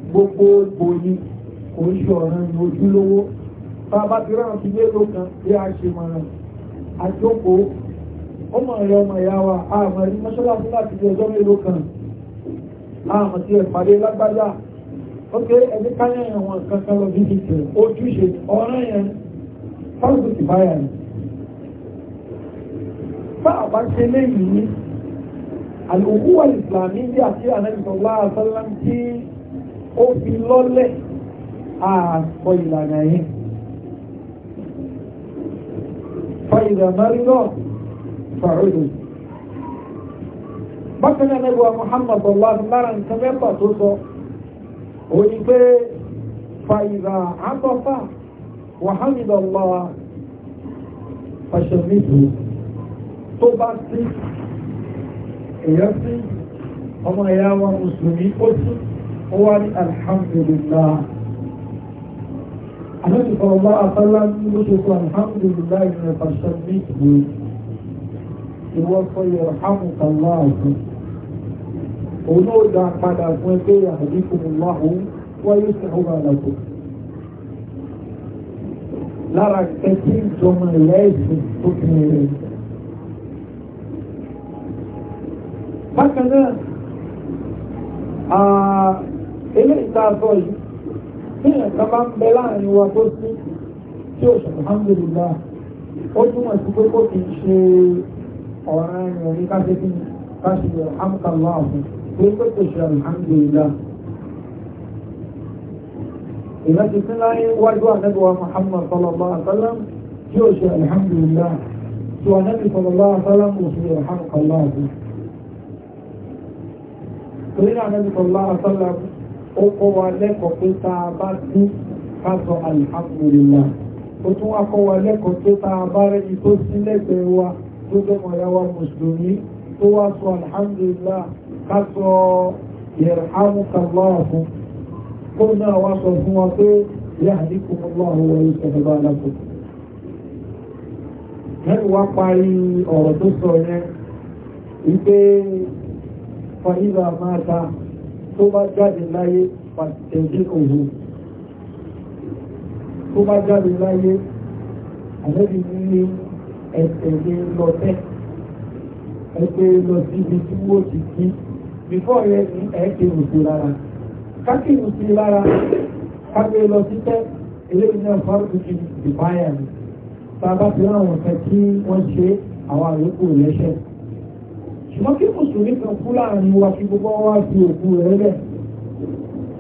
gbogbo gbòyí kò ń ṣe ọ̀ràn ní ojúlówó tá a bá ti ráhùn sí mélòó kan bí a ṣe máa rìn àjókòó ó mọ̀ ẹ̀rọ ọmọ ìyá wa àmọ̀ ẹ̀rí mọ́ṣáláṣí láti di ọjọ́ mélòó kan àmọ̀ tí ẹ̀ pàdé lágbájá ok ẹni káyọ̀ yẹn wọn kankan lọ bíbí tẹ̀ ojúṣe ọ̀rọ̀ yẹn fáwọn ti báyà ni bá àbá ṣe léyìn ní àlòkúwà ìsìlámì bí àti àlẹ́bìsọ̀lá àṣálàm tí ó fi lọ́lẹ̀ àkọ ìlànà yẹn fàyìlà mẹ́rìnà fàrúdù bákan náà lẹ́gbẹ̀ẹ́ Muhammad ọ̀lá lára nǹkan mẹ́fà tó sọ òun ni pé fàyìrà àtọ́fà wàhálìdọ̀lọ́ fàṣẹ̀mìtì tó bá sí èyàn sí ọmọ ẹ̀yà wa mùsùlùmí ó sí ó wá ní alhamdulillah Àlọ́dì ọ̀rọ̀ àtàlá ní ló ṣe fún alhamdulillah ìrìnà fàṣẹ̀mìtì ìwọ́sọ̀ òun náà dá padà fún ẹgbẹ́ àdínkùnmọ́láhùn wáyé sàúrà àlàkù lára kẹtí ìjọmọ ìyá ẹ̀sìn tó kìí rẹ̀. bákan náà ilé ìtaàtọ̀ yìí tí ẹ̀ka bá ń bẹ láàrin wa tó sí tí ó alhamdulillah ó túmọ̀ sí pé kó kìí ṣe ọ̀ràn ẹ̀yìn ká ṣe kí ká ní pé kò ṣe alhamdulillah ìlà ti sí láyé wájú àdẹ́gbẹ̀wá Muhammad sallallahu alaihi wasallam tí ó ṣe alhamdulillah tí wà nẹ́bí sallallahu alaihi wasallam kò ṣe alhamdulillah torí náà nẹ́bí sallallahu alaihi wasallam ó kọ́ wa lẹ́kọ̀ọ́ pé tá a bá dí ká sọ alhamdulillah ó tún wá kọ́ wa lẹ́kọ̀ọ́ pé tá a bá rẹ́ni tó alhamdulillah ká sọ yarhamukallahu fún kó náà wá sọ fún wọn pé yahdikumullahu wa yuslih balakum lẹ́nu wá parí ọ̀rọ̀ tó sọ yẹn wípé fàyíra máa ta tó bá jáde láyé pàtẹ̀lé òhù tó bá jáde láyé àlẹ́bí ní ẹ̀tẹ̀lé lọ́tẹ̀ ẹgbẹ́ lọ síbi tí wọ́n ti kí bífọ́ rẹ ní ẹ̀ẹ́kì rùsì lára kákì rùsì lára kágbé lọ títẹ́ eléyìí náà fárúkú ti dìbáyà ni bàbá fi láwọn kan tí wọ́n ṣe àwọn àyókù lẹ́ṣẹ̀ ṣùgbọ́n kí mùsùlùmí kan kú láàrin wa kí gbogbo wa fi òkú rẹ̀ lẹ̀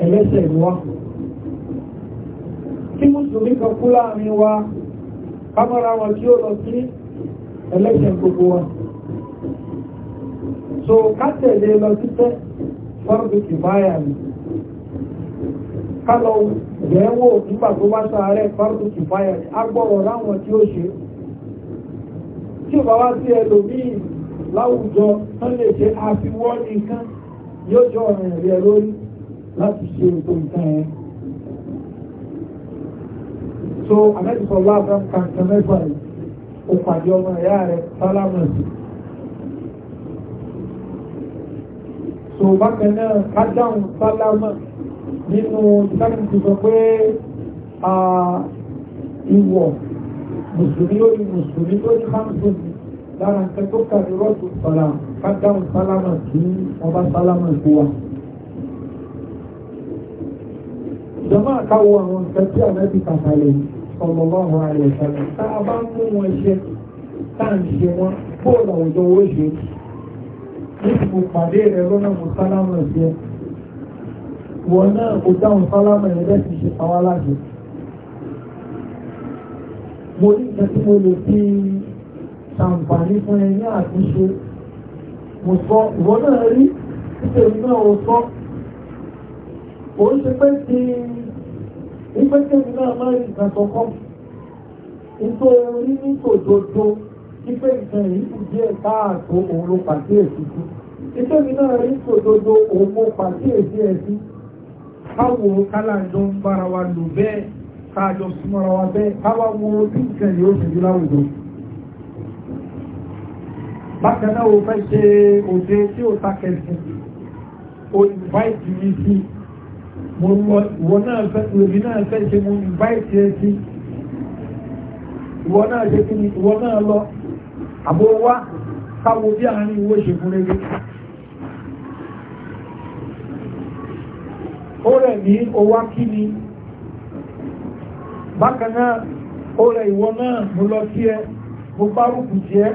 ẹlẹ́ṣẹ̀ ni wá tí mùsùlùmí kan kú láàrin wa kámọ́ra wọn tí ó lọ sí ẹlẹ́ṣẹ̀ gbogbo wa so ká tẹ̀lé lọ títẹ́ fọ́nbí kìfáyà ni ká lọ yẹ̀wò nígbà tó bá sáré fọ́nbí kìfáyà ni agbọ́rọ̀ láwọn tí ó ṣe tí ò bá wá sí ẹlòmíì láwùjọ tán lè ṣe àfiwọ́ nìkan yóò jọ ọ̀rìn rẹ̀ lórí láti ṣe ètò nǹkan ẹ̀ so amẹ́tìkọ̀ láàbẹ̀ kankan mẹ́fà yìí ó pàdé ọmọ ẹ̀yà rẹ̀ sálámù so bákan náà kájáhùn sálámà nínú ìsáàkì ti sọ pé ìwọ̀ mùsùlùmí lórí mùsùlùmí lórí hamsun lára nǹkan tó kàrí rọ́ọ̀tù sọ̀rọ̀ kájáhùn sálámà sí ọba sálámà tó wà jọmọ́ àkáwọ̀ àwọn nǹkan tí ànábì kàkàlẹ̀ sallallahu alaihi wasallam tá a bá mú wọn ṣe tá à ń ṣe wọn bóòlù àwùjọ owó ṣe níbi mo pàdé rẹ lọ́nà mo sálámà sí ẹ wọn náà kò dáhùn sálámà rẹ bẹ́ẹ̀ ti ṣe pàwọ́ aláṣẹ mo ní nǹkan tí mo lè fi ṣàǹfààní fún ẹ ní àtúnṣe mo sọ ìwọ náà rí nítorí náà o sọ ò ń ṣe pé ti ìpẹ́kẹ́ mi náà máa rí ìgbà tọkọ́ nítorí ní tòdodo wípé nǹkan yìí kù díẹ̀ káàtó òun ló pàkíyèsí sí iṣẹ́ mi náà rí tòdodo òun mo pàkíyèsí ẹ̀ sí káwo kálàjọ ń bára wa lò bẹ́ẹ̀ káàjọ súnmọ́ra wa bẹ́ẹ̀ káwa wo bí nǹkan yìí ó sì rí láwùjọ bákan náà o fẹ́ ṣe òde tí ó takẹ̀sìn o invite mi sí mo wọ náà fẹ́ èmi náà fẹ́ ṣe mo invite ẹ sí ìwọ náà ṣe kí ni ìwọ náà lọ àbò wá káwo bí àárín owó ṣe fún rere ó rẹ̀ ní owó kí ni bákan náà ó rẹ̀ ìwọ náà mo lọ sí ẹ mo bárùkù sí ẹ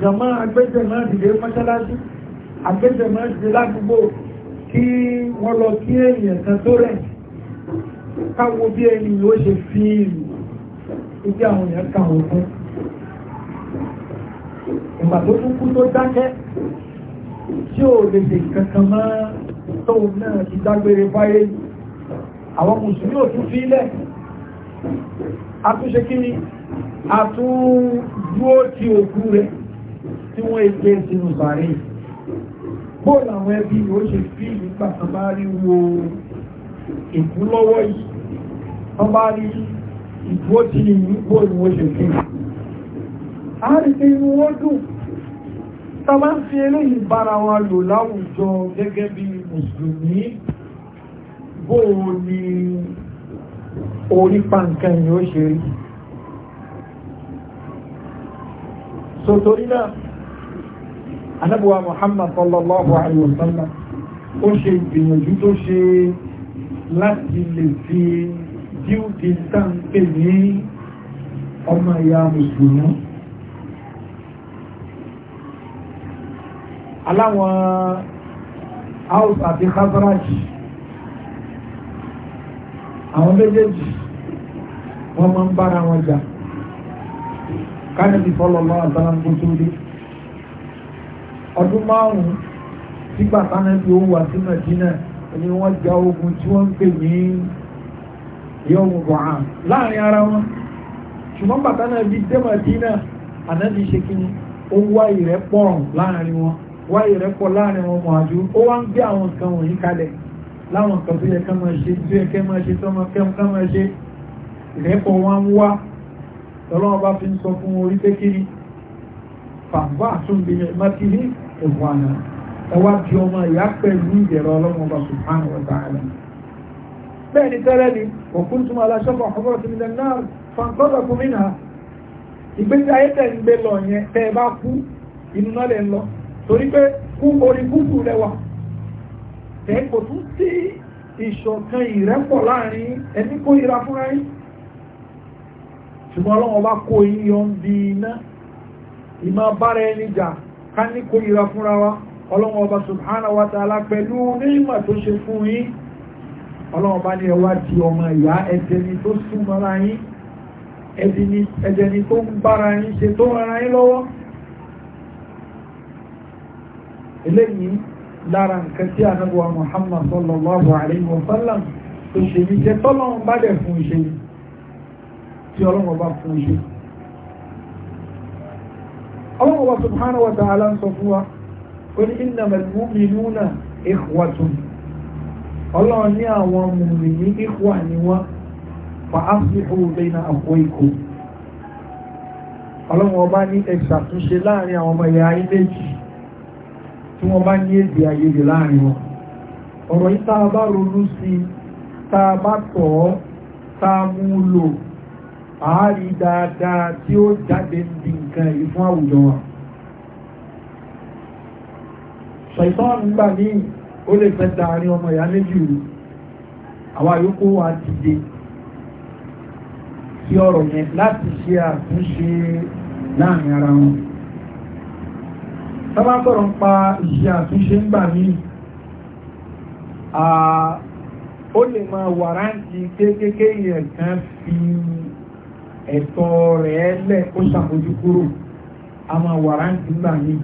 jọmọ́ agbẹ́jẹ̀ náà dìde mọ́ṣáláṣí agbẹ́jẹ̀ náà dìde ládùúgbò kí wọ́n lọ kí èèyàn kan tó rẹ̀ káwo bí ẹni yóò ṣe fi ìlú ibi àwọn èèyàn kà fún ìgbà tó tún kú tó dákẹ́ tí ó lè ṣe kankan mọ́ tóun náà ti dágbére fáyé àwọn mùsùlùmí ò tún fi ilẹ̀ àtúnṣe kí ni àtúndúó ti òkú rẹ̀ tí wọ́n èké sínú sàárè bóòlù àwọn ẹbí ni ó ṣe fi nígbà tán bá rí wo ìkú lọ́wọ́ yìí tán bá rí ìdúó ti ní bóòlù ó ṣe fi a rí pé inú wọn dùn tá bá ń fi eléyìí bára wa lò láwùjọ gẹ́gẹ́ bí mùsùlùmí bó o ní orí pàǹkan yìí ó ṣe rí sòtòrí náà anábùwà Muhammad sallallahu alayhi wa sallam ó ṣe ìgbìyànjú tó ṣe láti lè fi díúdí táǹpẹ̀ ní ọmọ ìyá mùsùlùmí aláwọn house àti khazraj àwọn méjèèjì wọ́n máa ń bára wọn jà kánìbí sallallahu alaihi wasallam tó tó dé ọdún márùn-ún sígbà kánìbí ó wà sí Mẹdínà ni wọ́n jà ogun tí wọ́n ń pè ní yọ̀wù bọ̀hán láàrin ara wọn ṣùgbọ́n bàtà náà bí dé Mẹdínà ànábi ṣe kí ni ó wá ìrẹ́pọ̀ láàrin wọn wá ìrẹ́pọ̀ láàrin wọn mọ̀ àjú ó wá ń gbé àwọn nǹkan wọ̀nyí kalẹ̀ láwọn nǹkan tó yẹ kẹ́mọ̀ ṣe tó yẹ kẹ́mọ̀ ṣe tọ́mọ kẹ́mọ̀ ṣe ìrẹ́pọ̀ wọn wá lọ́lọ́wọ́ bá fi ń sọ fún orí pé kiri fàǹfà àtúnbi mẹ́tì ẹ̀wọ̀ àná ẹwà bí ọmọ ìyá pẹ̀lú ìdẹ̀rọ ọlọ́mọba subhanahu wa ta'ala bẹ́ẹ̀ ni tẹ́lẹ̀ ni òkun túnmọ̀ aláṣọ́pọ̀ ọ̀pọ̀lọpọ̀ ti nílẹ̀ náà fàǹkọ́dọ̀ kùnmínà ìgbésí ayé tẹ̀ ń gbé lọ yẹn tẹ́ ẹ bá kú inú náà lẹ́ ń lọ torí pé kú orí kúkú lẹ́wà tẹ́ kò tún sí ìṣọ̀kan ìrẹ́pọ̀ láàrin ẹni kó ira fúnra yín ṣùgbọ́n ọlọ́run bá kó yín yọ iná ìmọ̀ bára ẹni jà ká ní kó ira fúnra wa ọlọ́run ọba subhanahu wa ta'ala pẹ̀lú nígbà tó ṣe fún yín ọlọ́run bá ní ẹwà ti ọmọ ìyá ẹ̀dẹni tó súnmọ́ra yín ẹ̀dẹni tó ń bára yín ṣe tó rara yín lọ́wọ́ eléyìí lára nǹkan tí ànábùwà Muhammad sallallahu alayhi wa sallam tó ṣe ní jẹ́ tọ́lọ́run bá dẹ̀ fún iṣẹ́ tí ọlọ́run bá fún iṣẹ́ ọlọ́run wa subhanahu wa ta'ala ń sọ fún wa ó ní innamal mu'minuna ikhwatun ọlọ́run ní àwọn mùmìnì ikhwa ni wọ́n fa aslihu bayna akhwaykum ọlọ́run ọba ní ẹ̀ṣàtúnṣe láàrin àwọn ọmọ ìyá ilé yìí tí wọ́n bá ní èdè àyèdè láàrin wọn ọ̀rọ̀ yìí táa bá ronú sí táa bá tọ̀ ọ́ táa mú lò àárí dáadáa tí ó jáde ní nǹkan yìí fún àwùjọ wa ṣàìsàn nígbà míì ó lè fẹ́ dáàrin ọmọ ìyá méjì rú àwọn àyókò wa ti dé sí ọ̀rọ̀ yẹn láti ṣe àtúnṣe láàrin ara wọn sábà sọ̀rọ̀ ń pa ìṣe àtúnṣe ń gbà mí ó lè máa wàrántì kéékèèké yẹn kan fi ẹ̀tọ́ rẹ̀ lẹ̀ kó ṣàbójú kúrò a máa wàrántì gbà mí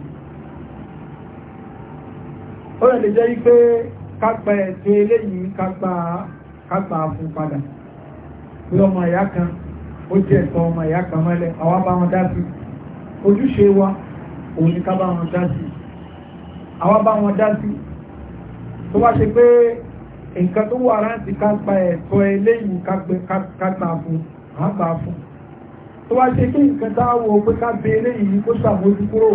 ó lè jẹ́ wípé kápá ẹ̀tọ́ eléyìí kápá fún padà pé ọmọ ìyá kan ó jẹ́ ẹ̀tọ́ ọmọ ìyá kan mọ́lẹ̀ àwa bá wọn dá sí ojúṣe wa òun ni ká bá wọn dá sí àwa bá wọn dá sí tó bá ṣe pé nǹkan tó wà láti ká gba ẹ̀tọ́ eléyìí ká gbà fún àá gbà fún tó bá ṣe pé nǹkan tá a wò pé ká bẹ eléyìí kó ṣàbójú kúrò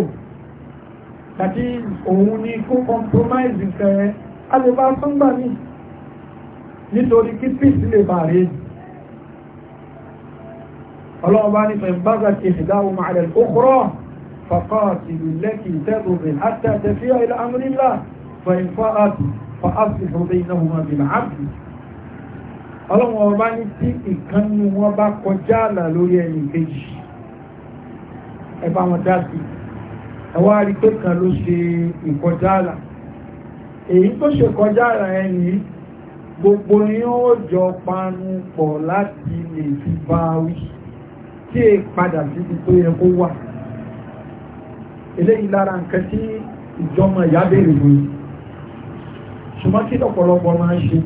tàbí òun ni kó compromise nǹkan a lè bá tún gbà mí nítorí kí peace lè bá rèé ọlọ́run bá bá gbà kí ìdáhùn àdàlù ó kúrọ̀ فقاتلوا التي تبغي حتى تفيء إلى أمر الله فإن فأت فأصلحوا بينهما بالعدل ọlọ́wọ́n ọba ní tí ìkànnì wọn bá kọjá àlà lórí ẹni kejì ẹ bá wọn dá sí ẹ wá rí pé kan ló ṣe ìkọjá àlà èyí tó ṣe kọjá àlà ẹni gbogbo ni ó jọ panu pọ̀ láti lè fi bá wí tí è padà síbi tó yẹ kó wà eléyìí lára nǹkan tí ìjọmọ ìyá béèrè wò yìí ṣùgbọ́n kí lọ́pọ̀lọpọ̀ máa ń ṣe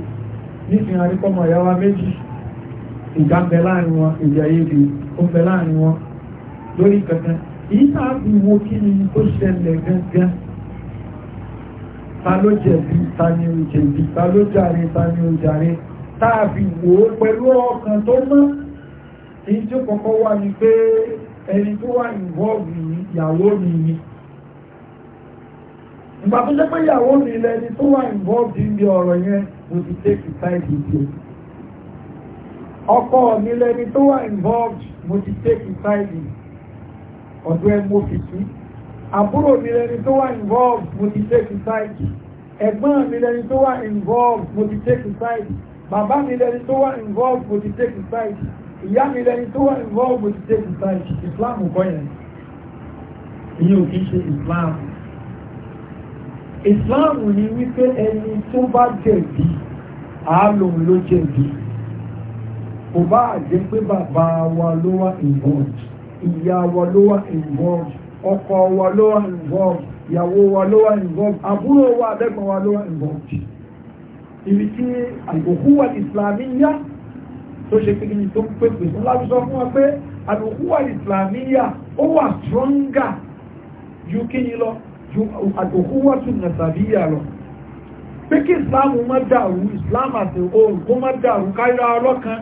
nísìnyí arípọ́mọ ìyá wa méjì ìjà ń bẹ láàrin wọn èdè àìyedè ó ń bẹ láàrin wọn lórí kankan èyí náà fi wo kí ni tó ṣẹlẹ̀ gángan ta ló jẹ̀bi ta ni ò jẹ̀bi ta ló jàre ta ni ò jàre tá a fi wò ó pẹ̀lú ọkàn tó mọ́ èyí tí ó kọ́kọ́ wà ní pé ẹni tó wà involve ní ìyàwó mi ni ìgbà tó jẹ́ pé ìyàwó mi lẹni tó wà involve níbi ọ̀rọ̀ yẹn mo ti take side ìdí ọkọ mi lẹni tó wà involve mo ti take side ọ̀dọ̀ ẹ mo fi sí àbúrò mi lẹni tó wà involve mo ti take side ẹ̀gbọ́n mi lẹni tó wà involve mo ti take side bàbá mi lẹni tó wà involve mo ti take side ìyá mi lẹni tó wà involved with state society islam kọ́ yẹn ìyẹn ò islam islam ni wípé ẹni tó bá jẹ̀bi àálòun ló jẹ̀bi kò bá jẹ́ pé bàbá wa ló wà involved ìyá wa ló wà involved ọkọ wa ló wà involved ìyàwó wa ló wà involved àbúrò wa abẹ́gbọ̀n wa ló wà involved ibi tí àìkòkú wà islamiyya tó ṣe pé kíni tó ń pèpè fún láti sọ fún wa pé àdùkúwà ìsìlámíyà ó wà stronger ju kíni lọ ju àdùkúwà tún nàtàbíyà lọ pé kí ìsìláàmù má dàrú ìsìláàmù àti oòrùn kó má dàrú káyọ̀ ọlọ́kan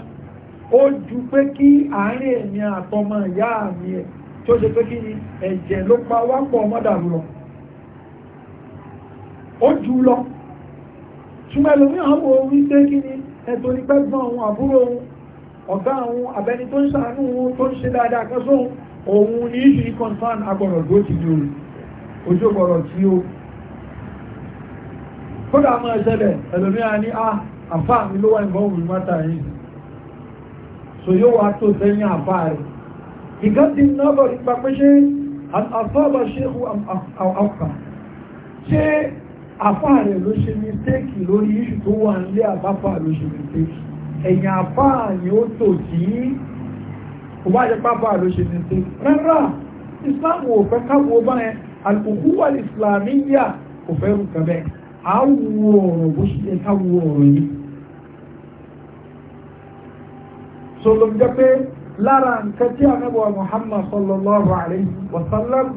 ó ju pé kí àárín ẹ̀mí àtọmọ ìyá mi ẹ̀ tó ṣe pé kí ni ẹ̀jẹ̀ ló pa wápọ̀ ọmọ dàrú lọ ó jù lọ ṣùgbọ́n ẹlòmíràn wo wípé kí ni ẹ̀tọ́ ní pẹ́gbọ́n òun àbúrò òun ọ̀gá àwọn abẹni tó ń sàánú tó ń ṣe dáadáa kan sóhun òun ní ìṣì concern agbọ̀rọ̀ tó ti di orí ojú ọgbọ̀rọ̀ tí ó kódà mọ́ ẹ̀ṣẹ́lẹ̀ ẹlòmíà ní a ah, àfá mi ló wà nǹkan òun mọ́ta yìí so yóò wá tó sẹ́yìn àfá rẹ̀ ìgá ti ná bọ̀ nípa pé ṣé àfáàbà ṣéhù àfà ṣé àfá rẹ̀ ló ṣe mistake lórí ìṣù tó wà nílé àbáfà ló ṣe mistake ẹ̀yìn àbá ni ó tò jí kò bá jẹ́ pápá ló ṣe ní ṣe rárá islam ò fẹ́ káwọ́ báyẹn àlùkù wà islamiyya kò fẹ́ rú kẹ́bẹ́ àwọ̀ ọ̀rọ̀ bó ṣe yẹ káwọ́ ọ̀rọ̀ yìí sọlọ jẹ́ pé wa sallam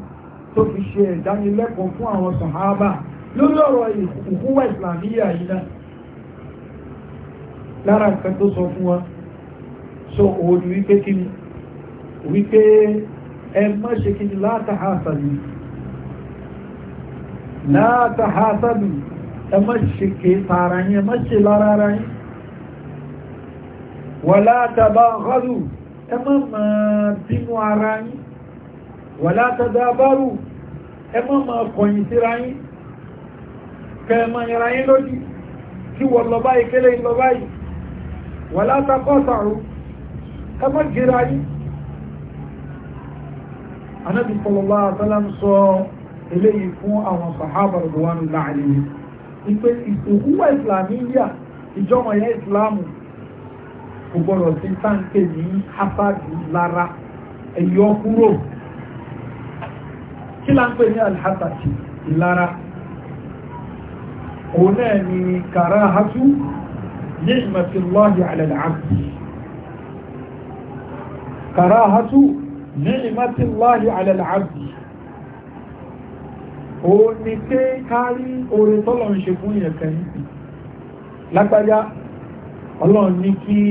yìí náà lára nǹkan tó sọ fún wọn so òun ni wípé kí ni wípé ẹ má ṣe kí ni látàhásàlù látàhásàlù ẹ má ṣe ké tààrà yín ẹ má ṣe lára ara yín wà látàbá ọ̀gọ́dù ẹ má máa bínú ara yín wà látàdá bárù ẹ má máa kọ̀yìn síra yín kẹ ẹ má yẹra yín lójú kí wọ́n lọ báyìí kélé lọ báyìí wọ́n látàkọ́ sàrùn ẹ má gíra yìí anábì sọlọ́lá àtàlà ń sọ eléyìí fún àwọn sàhábà rọ̀dùwánù láàrin ìpè ìsòkúwà ìsìlámíyà ìjọmọ̀ yẹn ìsìlámù kò gbọ́dọ̀ sí táǹkì ní hasadi lára ẹ̀yọ́ kúrò kí là ń pè ní alhassadi ìlara òun náà ni kàrá hatu نعمة الله على العبد كراهة نعمة الله على العبد ó ní ké kárí oore tọ́lọ̀ ń ṣe fún ìyẹ̀kẹ́ níbi lágbájá ọlọ́run ní kí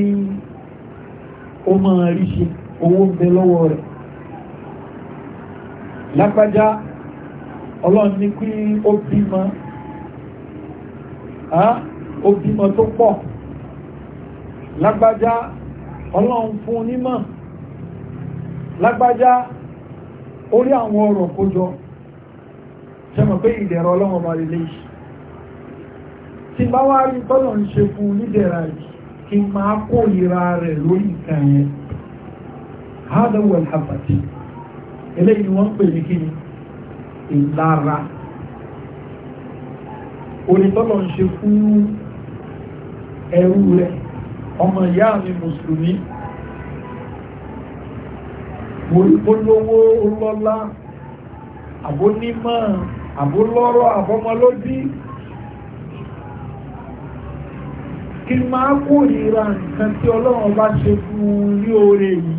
ṣe owó lágbájá ọlọ́run fún onímọ̀ lágbájá orí àwọn ọ̀rọ̀ kójọ ṣẹmọ̀ pé ìdẹ̀rọ ọlọ́run ọba lè léṣì tí bá wá rí tọ́lọ̀ ń ṣe fún nídẹ̀ra kí máa kó ìra rẹ̀ lórí nǹkan rẹ̀ ọmọ ìyá mi mùsùlùmí olówó olọ́lá àbónímọ̀ àbólọ́rọ̀ àbọ́mọlódí kí máa kórìíra nǹkan tí ọlọ́run bá ṣe fún ní oore yìí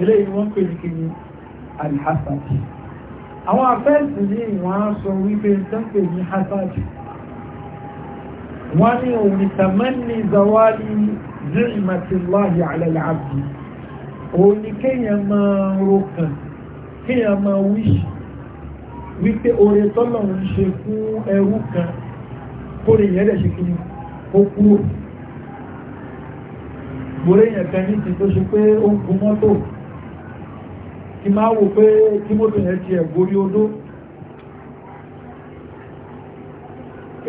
eléyìí wọ́n pè ní kíni alhassad àwọn afẹ́sì ní ìwọ̀n á sọ wípé ń tẹ́pẹ̀ ní hassad wọ́n ní òní tàmánì zawali ni'matillahi ala al-abdi òní kéèyàn máa rokàn kéèyàn máa wíṣì wípé oore tọ́lọ̀ ń ṣe fún ẹrú kan kóre yẹn lẹ̀ ṣe kí ó kúrò gbòòrè yẹn kan ní ti tó ṣe pé ó ń gun mọ́tò kí máa wò pé kí mọ́tò yẹn ti ẹ̀ gorí odó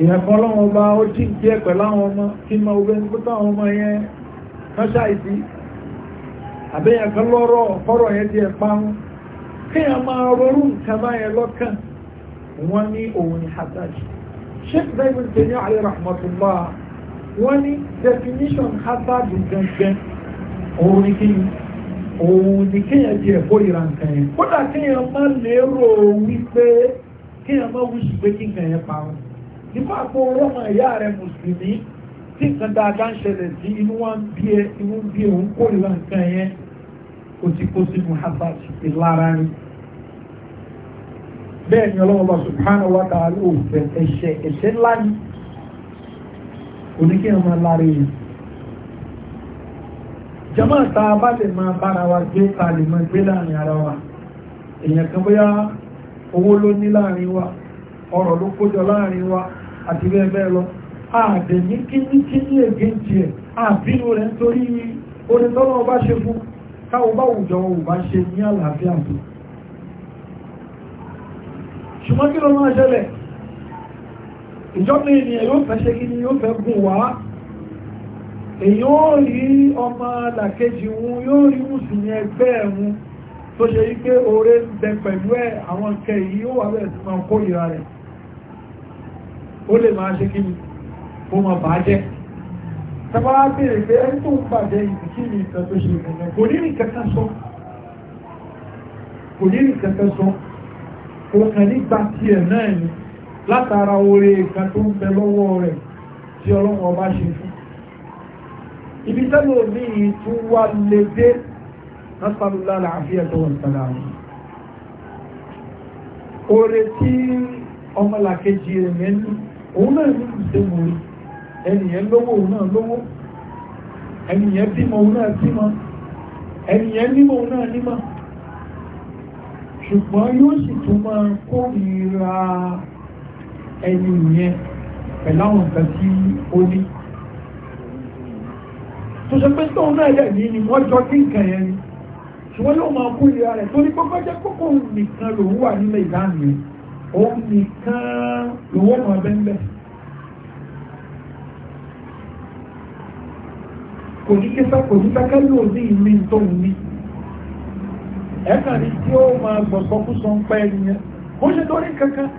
ìyẹ̀kọ́ lọ́wọ́ bá ó jí ń jẹ́ pẹ̀lú àwọn ọmọ kí ma ọgbẹ́ ń kútà àwọn ọmọ yẹn kọ́ṣà ìdí àbẹ́yẹ̀kọ́ lọ́rọ̀ ọ̀pọ̀rọ̀ yẹn ti ẹ̀pá wọn kíyàn máa rọrùn nǹkan báyẹn lọ́kàn wọ́n ní òun ni haddad sheikh david tẹ̀lé alẹ́ rahmatullah wọ́n ní definition haddad gangan òun ni kí òun ni kíyàn ti ẹ̀kọ́ ìra nǹkan yẹn kódà kíyàn má lérò wípé kíyàn má wíṣù nípa àpò ọlọ́mọ ẹ̀yà rẹ̀ mùsùlùmí tí nǹkan dáadáa ń ṣẹlẹ̀ sí inú wa ń bí ẹ inú ń bí òun kó ìwà nǹkan yẹn kò kó sí muhammad ìlara ni. bẹ́ẹ̀ ni ọlọ́run bá subhanahu wa fẹ́ ẹ̀ṣẹ̀ ẹ̀ṣẹ̀ ńlá ni lára jama ta bá lè máa bára wa gbé ta lè máa gbé láàrin ara wa èèyàn kan bóyá owó ló ní láàrin wa ló láàrin wa. àti bẹ́ẹ̀ bẹ́ẹ̀ lọ ààbẹ̀ ní kíní kíní ègé tiẹ̀ àbínú rẹ̀ nítorí orin tọ́lọ́ ọba ṣe fún káwọn bá wùjọ ọba ṣe ní àlàáfíà tó ṣùgbọ́n kí ló máa ṣẹlẹ̀ ìjọba ènìyàn yóò fẹ́ ṣe kí ni yóò fẹ́ gùn wá èyí ó rí ọmọ làkejì wọn yóò rí mùsùlùmí ẹgbẹ́ ẹ̀hún tó ṣe yí pé oore ń bẹ pẹ̀lú ẹ̀ àwọn kẹ yìí ó wà bẹ̀rẹ̀ sí máa kó ìra rẹ̀ ó lè máa ṣe kí ni ó máa bàá jẹ́ tàbá bèèrè pé ẹni tó ń bàjẹ́ ìdí kí ni nǹkan tó ṣe ìrìnà kò ní nǹkan kan sọ kò ní nǹkan kan sọ kò kàn nígbà tiẹ̀ náà ni látara oore kan tó ń bẹ lọ́wọ́ rẹ̀ tí ọlọ́run ọba ṣe fún ibi tẹ́lẹ̀ omi tún wá lè dé nasalula làáfíà tó wọ́n tẹ́lẹ̀ àwọn oore tí ọmọlàkejì rẹ̀ mẹ́nu òun náà ní ìṣègùn rí ẹnìyẹn lówó òun náà lówó ẹnìyẹn bímọ òun náà bímọ ẹnìyẹn nímọ̀ òun náà nímọ̀ ṣùgbọ́n yóò sì tún máa kórìíra ẹni yẹn pẹ̀lú àwọn nǹkan tí ó ní tó ṣe pé tóun náà dẹ̀ ní ni wọ́n jọ kí nǹkan yẹn ni ṣùgbọ́n yóò máa kórìíra rẹ̀ torí pé kọ́jẹ́ kókó nìkan lòun wà nílẹ̀ ìdáhùn yẹn òun nìkan lówó mọ̀ bẹ́ńbẹ́ kò ní kí sáà kò ní sáà kẹ́lú òní ìmí tó ń ní ẹ̀ka ni tí ó máa gbọ̀gbọ́ fún sọ ń pẹ́ ẹnìyẹn ó ṣe tó rí kankan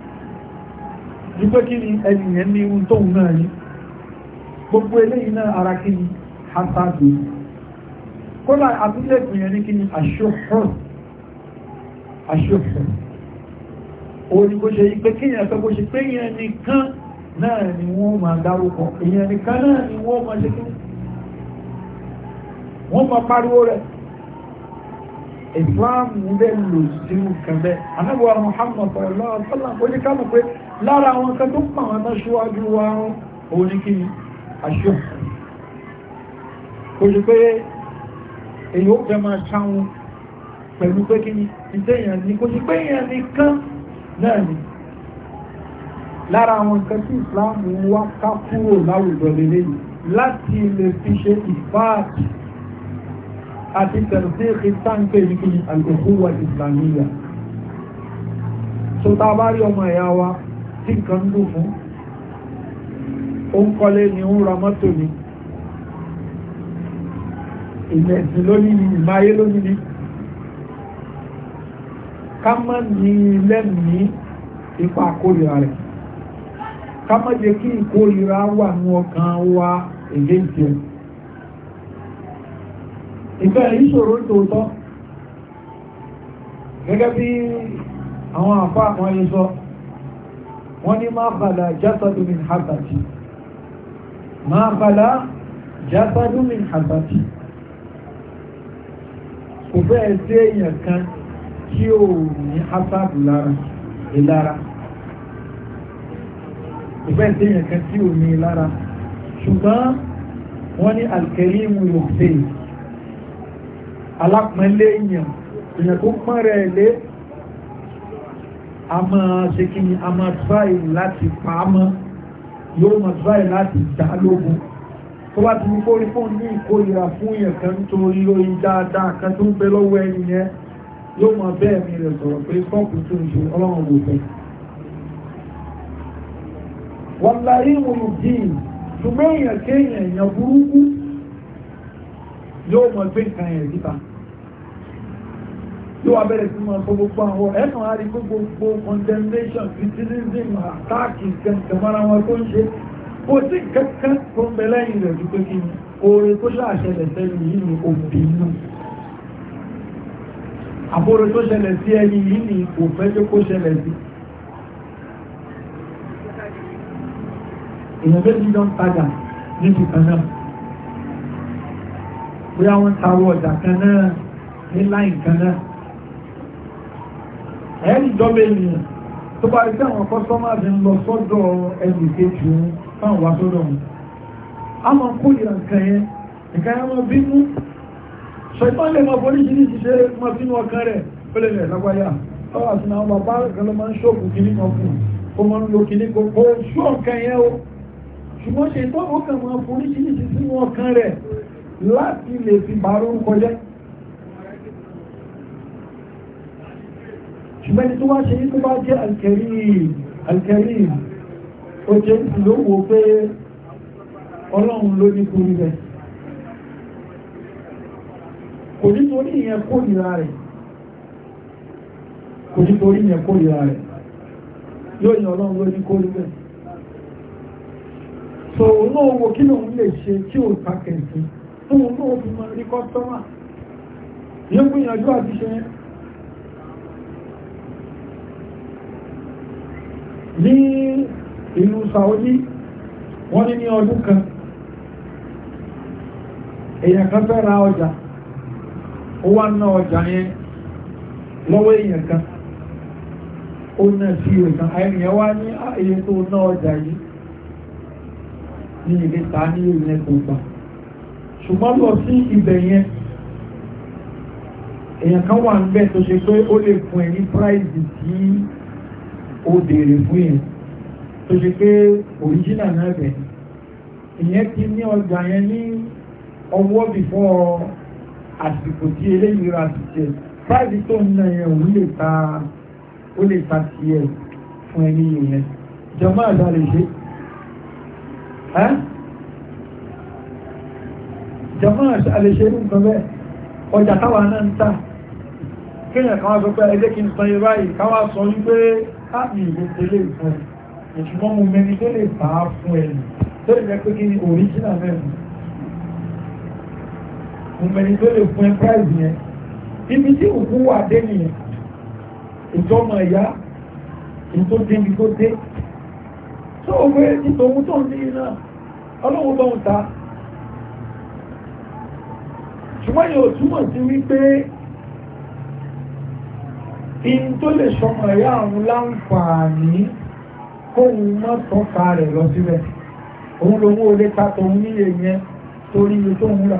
ní pé kí ni ẹnìyẹn ní ohun tóun náà ní gbogbo eléyìí náà ara kí ni hasadu kódà àtúnṣe ìpìyàn ní kí ni àṣòfò àṣòfò orí bó ṣe pé kíyàn fẹ́ bó ṣe pé yẹn nìkan náà ni wọ́n máa dárúkọ èyàn nìkan náà ni wọ́n máa ṣe kí wọ́n máa pariwo rẹ̀ ìsìláàmù lè lò sí nǹkan bẹ́ẹ̀ anábọ̀wá Muhammad sallallahu alaihi wasallam ó ní ká mọ̀ pé lára àwọn kan tó pa àwọn aṣíwájú wa òun ní kí ni aṣọ kò ṣe pé èyí ó fẹ́ máa ṣáwọn pẹ̀lú pé kí ni ìtẹ̀yàn ni kò ṣe pé èyàn nìkan náà ni lára àwọn nǹkan tí islam ń wá ká kúrò láwùjọ lélẹ̀ yìí láti lè fi ṣe ìfáàtì àti tẹ̀síkì táǹkì nìkìyí al-ukhuwa islamiyya tó tá a bá rí ọmọ ẹ̀yà wa tí nǹkan ń dùn fún ó ń kọ́lé ni ń ra mọ́tò ni ìmẹ̀sìn lónìí ni ìmáyé lónìí ni ká má ní lẹ́mìí ipa kórìíra rẹ̀ ká má jẹ́ kí ìkórìíra wà ní ọkàn wa èdè ìjẹ ìfẹ́ ìṣòro tòótọ́ gẹ́gẹ́ bí àwọn àpá àwọn ẹni sọ wọ́n ní máa bàlá jásọ́dù min hasati máa bàlá jásọ́dù min hasati kò fẹ́ ẹ̀ sí èèyàn kan tí ó ní hasadu lára ìlara ìfẹ́ tí èèyàn kan tí ò ní lára ṣùgbọ́n wọ́n ní alkerimu yóò fẹ́ alápọ̀nlé èèyàn èèyàn tó pọ́n rẹ̀ lé a máa ṣe kí ni a máa tíráì láti pàámọ́ yóò máa tíráì láti dá lógun tó bá ti ní kórìkò ní ìkórìíra fún èèyàn kan tó lórí dáadáa kan tó ń bẹ lọ́wọ́ ẹni yẹn yóò máa bẹ́ẹ̀ mi rẹ̀ sọ̀rọ̀ pé kọ́ọ̀pù tó ń ṣe ọlọ́run kò fẹ́. wọ́n la ìwò yìí ṣùgbọ́n èèyàn kéèyàn èèyàn burúkú yóò máa gbé nǹkan yẹn níta yóò wá bẹ̀rẹ̀ sí máa sọ gbogbo àwọn ẹnu àárín gbogbo condemnation criticism attack ìkẹ̀kẹ̀ mara wọn tó ń ṣe kò sí kankan tó ń bẹ lẹ́yìn rẹ̀ ju pé kí ni oore tó ṣàṣẹlẹ̀ sẹ́yìn yìí ni òbí náà àbúrò tó ṣẹlẹ̀ sí ẹni yìí ni kò fẹ́ tó kó ṣẹlẹ̀ sí èèyàn méjì lọ ń tajà níbi kan náà bóyá wọ́n ta owó ọjà kan náà ní láì kan náà ẹ̀ẹ́nì ìjọba ènìyàn tó bá rí sí àwọn kọ́sọ́mọ́sì ń lọ sọ́dọ̀ ẹnì kejì òun fáwọn wá sọ́dọ̀ òun a máa kó ìrànkàn yẹn nǹkan yẹn wọ́n ṣẹ̀tọ́ lè mọ̀ oríṣìí ti ṣe mọ̀ sínú ọkàn rẹ̀ ó lè rẹ̀ lágbáyà ọwọ́ àti àwọn bàbá kan ló máa ń ṣòkù kìíní kan fún ó máa ń lo kìíní kan kó ṣú ọ̀kan yẹn o ṣùgbọ́n ṣètọ́ ó kàn mọ̀ oríṣìí ti sínú ọkàn rẹ̀ láti lè fi bàárò ń kọjá ṣùgbọ́n ẹni tó wá ṣe ní tó bá jẹ́ alkẹ̀rí ó jẹ́ ìlú wo pé ọlọ́run ló ní kúrú rẹ̀ kò nítorí ìyẹn kó ìlà rẹ̀ rẹ̀ yóò yàn ọlọ́run ló so náà wo kí lòun lè ṣe tí ò takẹ̀sí fún un náà fi máa gbìyànjú àti ṣe ní ìlú Saudi wọ́n ní ní ọdún kan èèyàn kan ọjà ó wá ná ọjà yẹn lọ́wọ́ èèyàn kan ó ná sí ìwòsàn àìyàn wá ní ah, iye tó ná ọjà yìí ní ilé ta ní ìrìnlẹ̀ tó gbà ṣùgbọ́n lọ sí ibẹ̀ yẹn èèyàn kan wà ń bẹ̀ tó ṣe pé ó lè fún ẹ ní price tí ó béèrè fún yẹn tó ṣe pé original náà bẹ̀ ìyẹn ti ní ọjà yẹn ní ọwọ́ before àsìkò tí eléyìí ra ti jẹ báyìí tó ń na yẹn òun lè ta ó lè ta tiẹ̀ fún ẹni yẹn jọmọ àdá lè ṣe ẹ jọmọ àdá lè ṣe nǹkan bẹ́ẹ̀ ọjà táwa náà ń ta kéèyàn kan wá sọ pé ẹjẹ́ kí n san irá yìí káwá sọ wípé áàmì ìwé tẹ́lẹ̀ fún ẹ ìṣùgbọ́n mo mẹni tó bá fún ẹ tó lè pé kí ni òríjìnà mẹ́rin òmìnirin tó lè fún ẹ prize yẹn ibi tí òkú wà dé nìyẹn ìjọmọ ìyá ìtò débi tó dé tó o gbé ìtòun tó ní iná ọlọ́run bá ń ta ṣùgbọ́n yóò túmọ̀ sí wípé in tó lè ṣọmọ ẹ̀yà àwọn láǹfààní kóun mọ́ tọ́ka rẹ̀ lọ síbẹ̀ òun lòun ò lè ta tòun nílé yẹn torí iye tó ń rà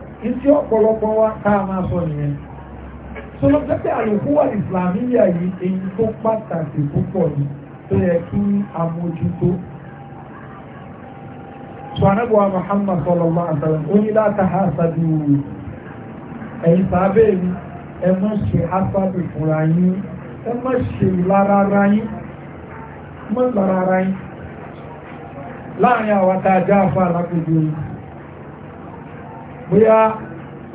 ìtí ọ̀pọ̀lọpọ̀ wa ká máa sọ nìyẹn sọlọ́pẹ́pẹ́ àlòkúwà ìsìlámíyà yìí èyí tó pàtàkì púpọ̀ ni tó yẹ kí amójútó sọ̀nàbọ̀wà Muhammad sọlọ́lá àtàlẹ́ ó ní láta ha sábì wù ẹ̀yìn sábẹ́ mi ẹ má ṣe asábì fúnra yín ẹ má ṣe lára ara yín má lára ara yín láàrin àwọn tá a já àfa alákòjọ yìí bóyá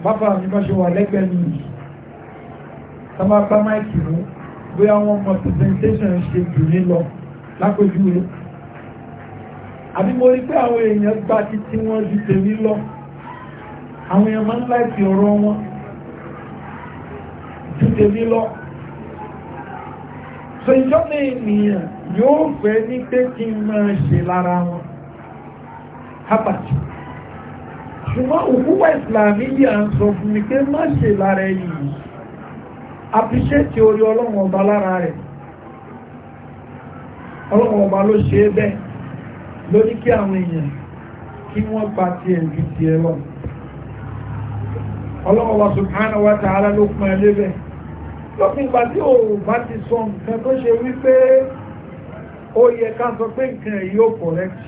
bàbá mi bá ṣe wà lẹ́gbẹ̀ẹ́ mi yìí sábà bá máìkì mú bóyá wọ́n mọ presentation ṣe jù mí lọ lápèjúwe àbí mo rí pé àwọn èèyàn gba títí wọn ju tèmi lọ àwọn èèyàn máa ń láìsí ọ̀rọ̀ wọn ju tèmi lọ so ìjọba ènìyàn yóò fẹ́ ní pé kí n máa ṣe lára wọn hábàtì ṣùgbọ́n òkúwà ìsìlámíyà ń sọ fún mi pé má ṣe lára ẹ̀yìn appreciate orí ọlọ́run ọba lára rẹ̀ ọlọ́run ọba ló ṣe é bẹ́ẹ̀ ló ní kí àwọn èèyàn kí wọ́n pa tiẹ̀ ju tiẹ̀ lọ ọlọ́run ọba subhanahu wa ta'ala ló pọn ẹ lébẹ̀ lópin ìgbà tí òòrùn bá ti sọ nǹkan tó ṣe wípé ó yẹ ká sọ pé nǹkan yìí ó correct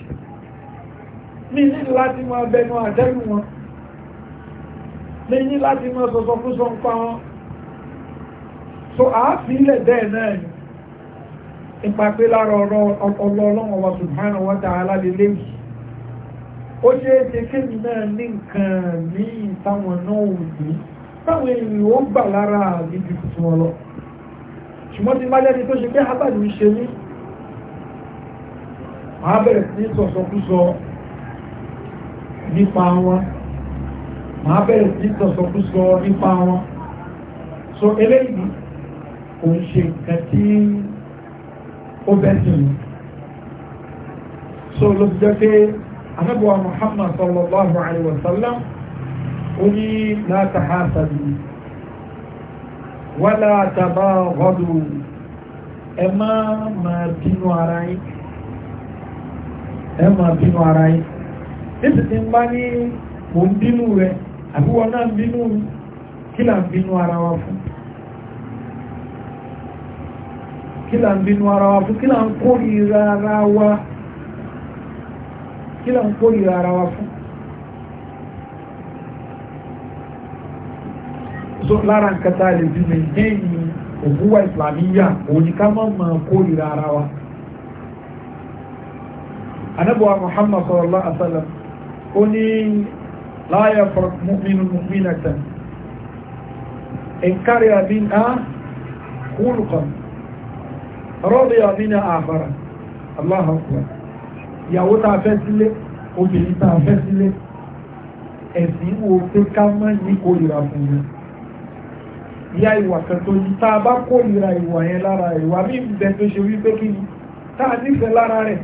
mi ní láti mọ abẹnu àtẹ́lù wọn mi ní láti mọ sọ̀sọ̀ fún sọ ń pa wọn so àáfin ilẹ̀ bẹ́ẹ̀ náà ni ipa pé lára ọ̀rọ̀ ọlọ́run wa subhanahu wa ta'ala lélẹ́yìí ó ṣe é ṣe kéèmì náà ní nǹkan ní ìtàwọn náà ò ní táwọn èèyàn ó gbà lára àbíjú tuntun wọn lọ ṣùgbọ́n ti má lẹ́ni tó ṣe pé harvard ń ṣe ní màá bẹ̀rẹ̀ sí sọ̀sọ̀kúsọ nípa wọn màá bẹ̀rẹ̀ sí sọ̀sọ̀kúsọ nípa wọn so eléyìí kò ń ṣe nǹkan tí ó bẹ́ sí mi so ló jẹ́ pé anábọ̀wá Muhammad sallallahu alayhi wa sallam ó ní la tahasadu wala tabaghadu ẹ má máa bínú ara yín ẹ máa bínú ara yín nítorí tí ń bá ní mò ń bínú rẹ àbí wọn náà ń bínú kí là ń bínú ara wa fún kí là ń bínú ara wa fún kí là ń kórìíra ara wa kí là ń kórìíra ara wa fún. so lára nǹkan lè fi mèjéèyàn òkúwà ìsìlámíyà òun ni má kórìíra ara wa. anábọ̀wá muhammad sallallahu alaihi wa sallam ó ní láyé mọ́mínú mọ́mínú tẹ̀ ẹ̀kárí àbín á kúrùkọ̀ rọ́bí àbín àfàrà aláhàkùnrin ìyàwó tàà fẹ́ sílé obìnrin tàà fẹ́ sílé ẹ̀sìn wo pé ká mọ́ ní kórìíra fún mi ìyá ìwà kan tó ní tá a bá kórìíra ìwà yẹn lára ìwà mí bẹ tó ṣe wípé kí ni tá a nífẹ̀ẹ́ lára rẹ̀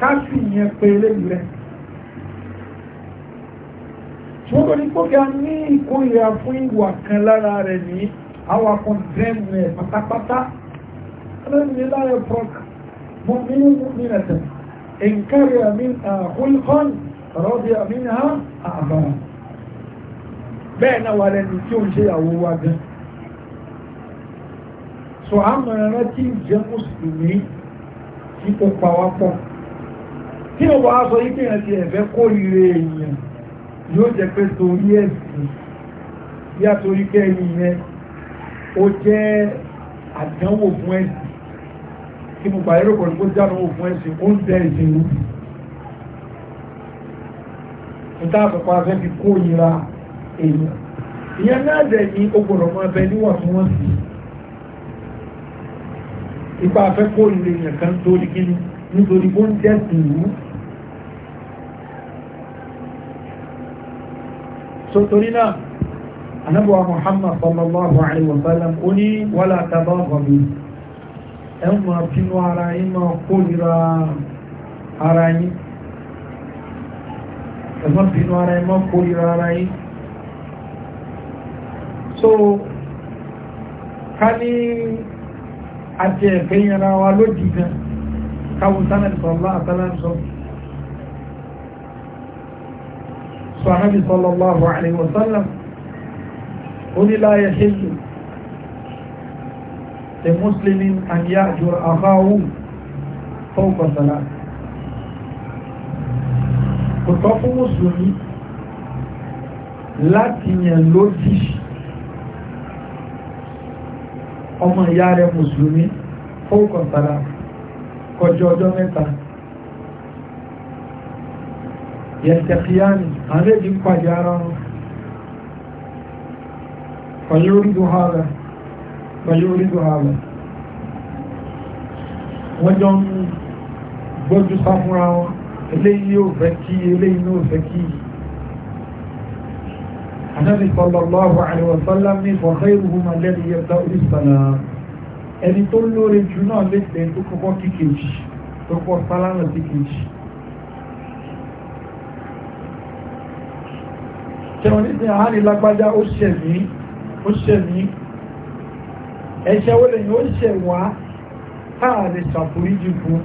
ká sì yẹn pé eléyìí rẹ̀ nítorí pé kí a ní ìkórìíra fún ìwà kan lára rẹ̀ ní àwọn akọ̀ndẹ́mù ẹ̀ pátápátá rẹ̀ lára prọ́kà mọ́ nínú mínẹ̀tẹ̀ ìǹkárí àmì àkúlùkọ́n rọ́bì àmì ha àbára bẹ́ẹ̀ náà wà lẹ́nu tí ó ń ṣe ìyàwó wa gan so a mọ̀ ẹ̀rọ tí ìjẹ́ mùsùlùmí tí ó pa wá pọ̀ tí ó wàá sọ yí pé ẹ̀ ti ẹ̀fẹ́ kórìíra èèyàn yóò jẹ́ pé torí ẹ̀sìn bí a torí kẹ́rin yẹn ó jẹ́ àdánwò fún ẹ̀sìn kí mo gbà lérò pẹ̀lú kó jádánwò fún ẹ̀sìn ó ń tẹ́ ẹ̀sìn rú níta àpapọ̀ afẹ́ fi kó ìra èèyàn ìyẹn náà dẹ̀ ní ó gbọ́dọ̀ máa bẹ níwọ̀ntúnwọ̀nsì ipa afẹ́ kó ìrèyàn kan torí kí nítorí bó ń tẹ́sìn rú so torí náà anábọ̀wá muhammad sallallahu alayhi wa sallam ó ní wàlá tabaghabu ẹ máa bínú ara yín máa kórìíra ara yín ẹ máa ara yín máa kórìíra ara yín so ká ní àti ẹ̀fẹ́ yẹn ara wa lódì gan káwọn ìsọ̀lá àtàlà ń sàhábì sallallahu alayhi wa sallam ó ní la yahillu li muslimin an ya'jura akhahu fawqa salat kò tọ́ fún mùsùlùmí láti yàn lódì ọmọ ìyá rẹ̀ mùsùlùmí fawqa salat kọjọ ọjọ́ mẹ́ta yẹ̀tẹ̀kíyàní àlejì ń pàdé ara wọn fàyórídò hàrá fàyórídò hàrá wọ́n jọ ń gbójú sáfúnra wọn eléyìí yóò fẹ́ kí eléyìí yóò fẹ́ kí anábi sallallahu alaihi wasallam ní fọ̀kẹ́rùhùn alẹ́rí yẹta orísàlá ẹni tó lóore jù náà lè pẹ́ tó kọ́kọ́ kíkèjì tó kọ́ sálánà kíkèjì tẹ̀wọ̀n nísìn àárín lágbájá ó ṣẹ̀ mí ó ṣẹ̀ mí ẹ̀ṣẹ̀ wo lẹ́yìn ó ṣẹ̀ wá táà lè ṣàforíjì fún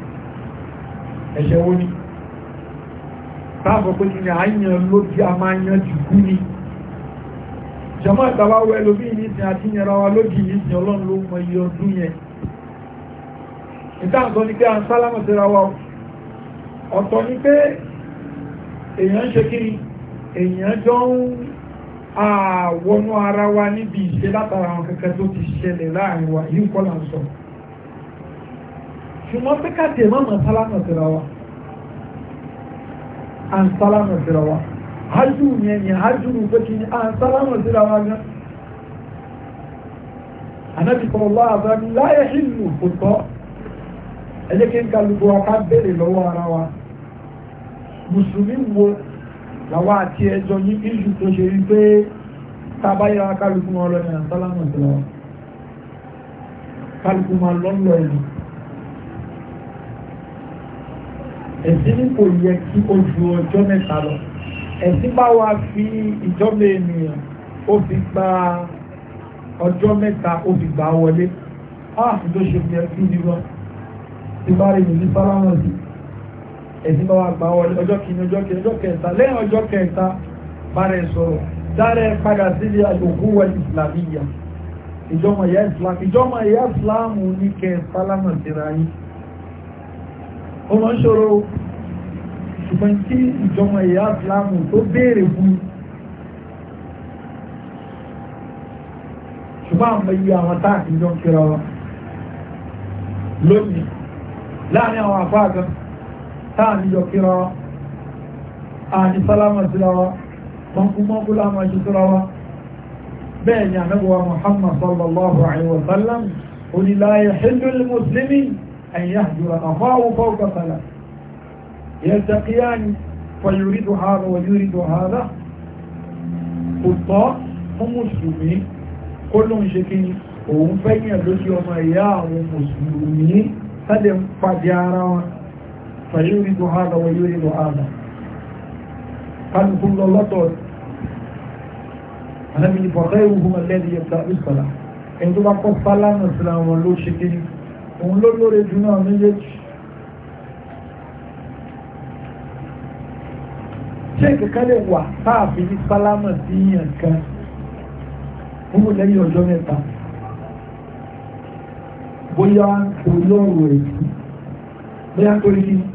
ẹ̀ṣẹ̀ wo ni táàbọ̀ pé kí ni àáyàn ló bí a máa yan jù kú ni jọmọ́ ìtawà wọ ẹlòmí ìnísìn àti ìyẹnra wa lójì ìnísìn ọlọ́run ló mọ iye ọdún yẹn ìtàǹtọ́ ni pé à ń sálámọ̀ síra wa ọ̀tọ̀ ni pé èèyàn ń ṣe kí èèyàn jọ ń àwọnú ara wa níbi ìṣe látara àwọn kankan tó ti ṣẹlẹ̀ láàrin wa yìí kọ́ là ń sọ ṣùgbọ́n pé káàdì má mọ̀ sálámà síra wa à ń sálámà síra wa ájú yẹn ni ájú pé kí ni à wa gan. láyé ìlú kò ẹ jẹ́ kí n làwọn àti ẹjọ́ ní iṣu tó ṣe rí pé tàbáyà kálukú wọn lọ ní àtàlámọ̀ sí lọ kálukú wọn lọ́lọ́ ẹ̀lú ẹ̀sìn ní kò yẹ kí ojú ọjọ́ mẹ́ta lọ ẹ̀sìn bá wa fi ìjọba ènìyàn ó fi gba ọjọ́ mẹ́ta ó fi gbà wọlé áàfin ah, tó ṣe fi ẹ̀ kí ni bá rí ní sálámọ̀ sí i ẹ̀sìn bá wà gbà wọlé ọjọ́ kìíní ọjọ́ kìíní ọjọ́ kẹta lẹ́yìn ọjọ́ kẹta bára ẹ̀ sọ̀rọ̀ dára ẹ̀ padà sílé àjòkú wọlé ìsìlámìyà ìjọmọ̀ ìyá ìsìlámù ìjọmọ̀ ìyá ìsìlámù ní kẹ sálámà síra yín ó mọ̀ ń ṣòro ṣùgbọ́n tí ìjọmọ̀ ìyá ìsìlámù tó béèrè fún ṣùgbọ́n àmọ́ iye àwọn táàkì jọ ń kíra wa lónìí láàrin àwọn àfáà gan táà ní yọ kíra wa àní sálámà síra wa mọ́kúmọ́kú láàmà ṣe síra wa bẹ́ẹ̀ ni ànábọ̀wà Muhammad sallallahu alaihi wa sallam oníláyà hillul muslimin an yahjura akhahu fawqa salat yaltaqiyani fayuridu hadha wa yuridu hadha kò tọ́ fún mùsùlùmí kó ló ń ṣe kí ni òun fẹ́yìn lójú ọmọ ìyá àwọn mùsùlùmí sádẹ̀ ń pàdé ara wọn fàyúrìdù hàdà wọ yúrìdù hàdà kálukú lọ lọ́tọ̀ anábìyí bọ̀kẹ́ ìwúhùn ẹlẹ́dìí ẹ̀ta ìsọ̀lá ẹni tó bá kọ́ fálánà sílá wọn ló ṣe kiri òun ló lóore jù náà méjèèjì ṣé kẹ̀kẹ́ lè wà táàbí ní sálámà sí yàn kan fún lẹ́yìn ọjọ́ mẹ́ta bóyá torí ọ̀rọ̀ èyí bóyá torí kí ni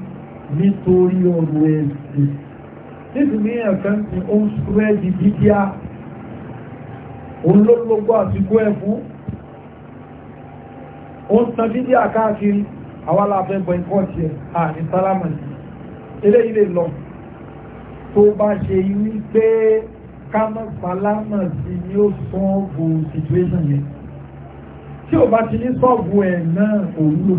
nítorí ọ̀rọ̀ ẹ̀sìn nítorí ẹ̀fẹ́ ti ó ń súrẹ́ di dídíá olólógbò àti gbọ́ ẹ̀fún ó ń tan dídíá káàkiri àwálà abẹ́gbọ̀ ìkọ́ọ̀tì ẹ̀ àní sálámà ní eléyìí lè lọ tó bá ṣe wí pé kámọ́ sálámà sí ni ó sọ́ọ̀bù situation yẹn tí ò bá ti ní sọ́ọ̀bù ẹ̀ náà òun lò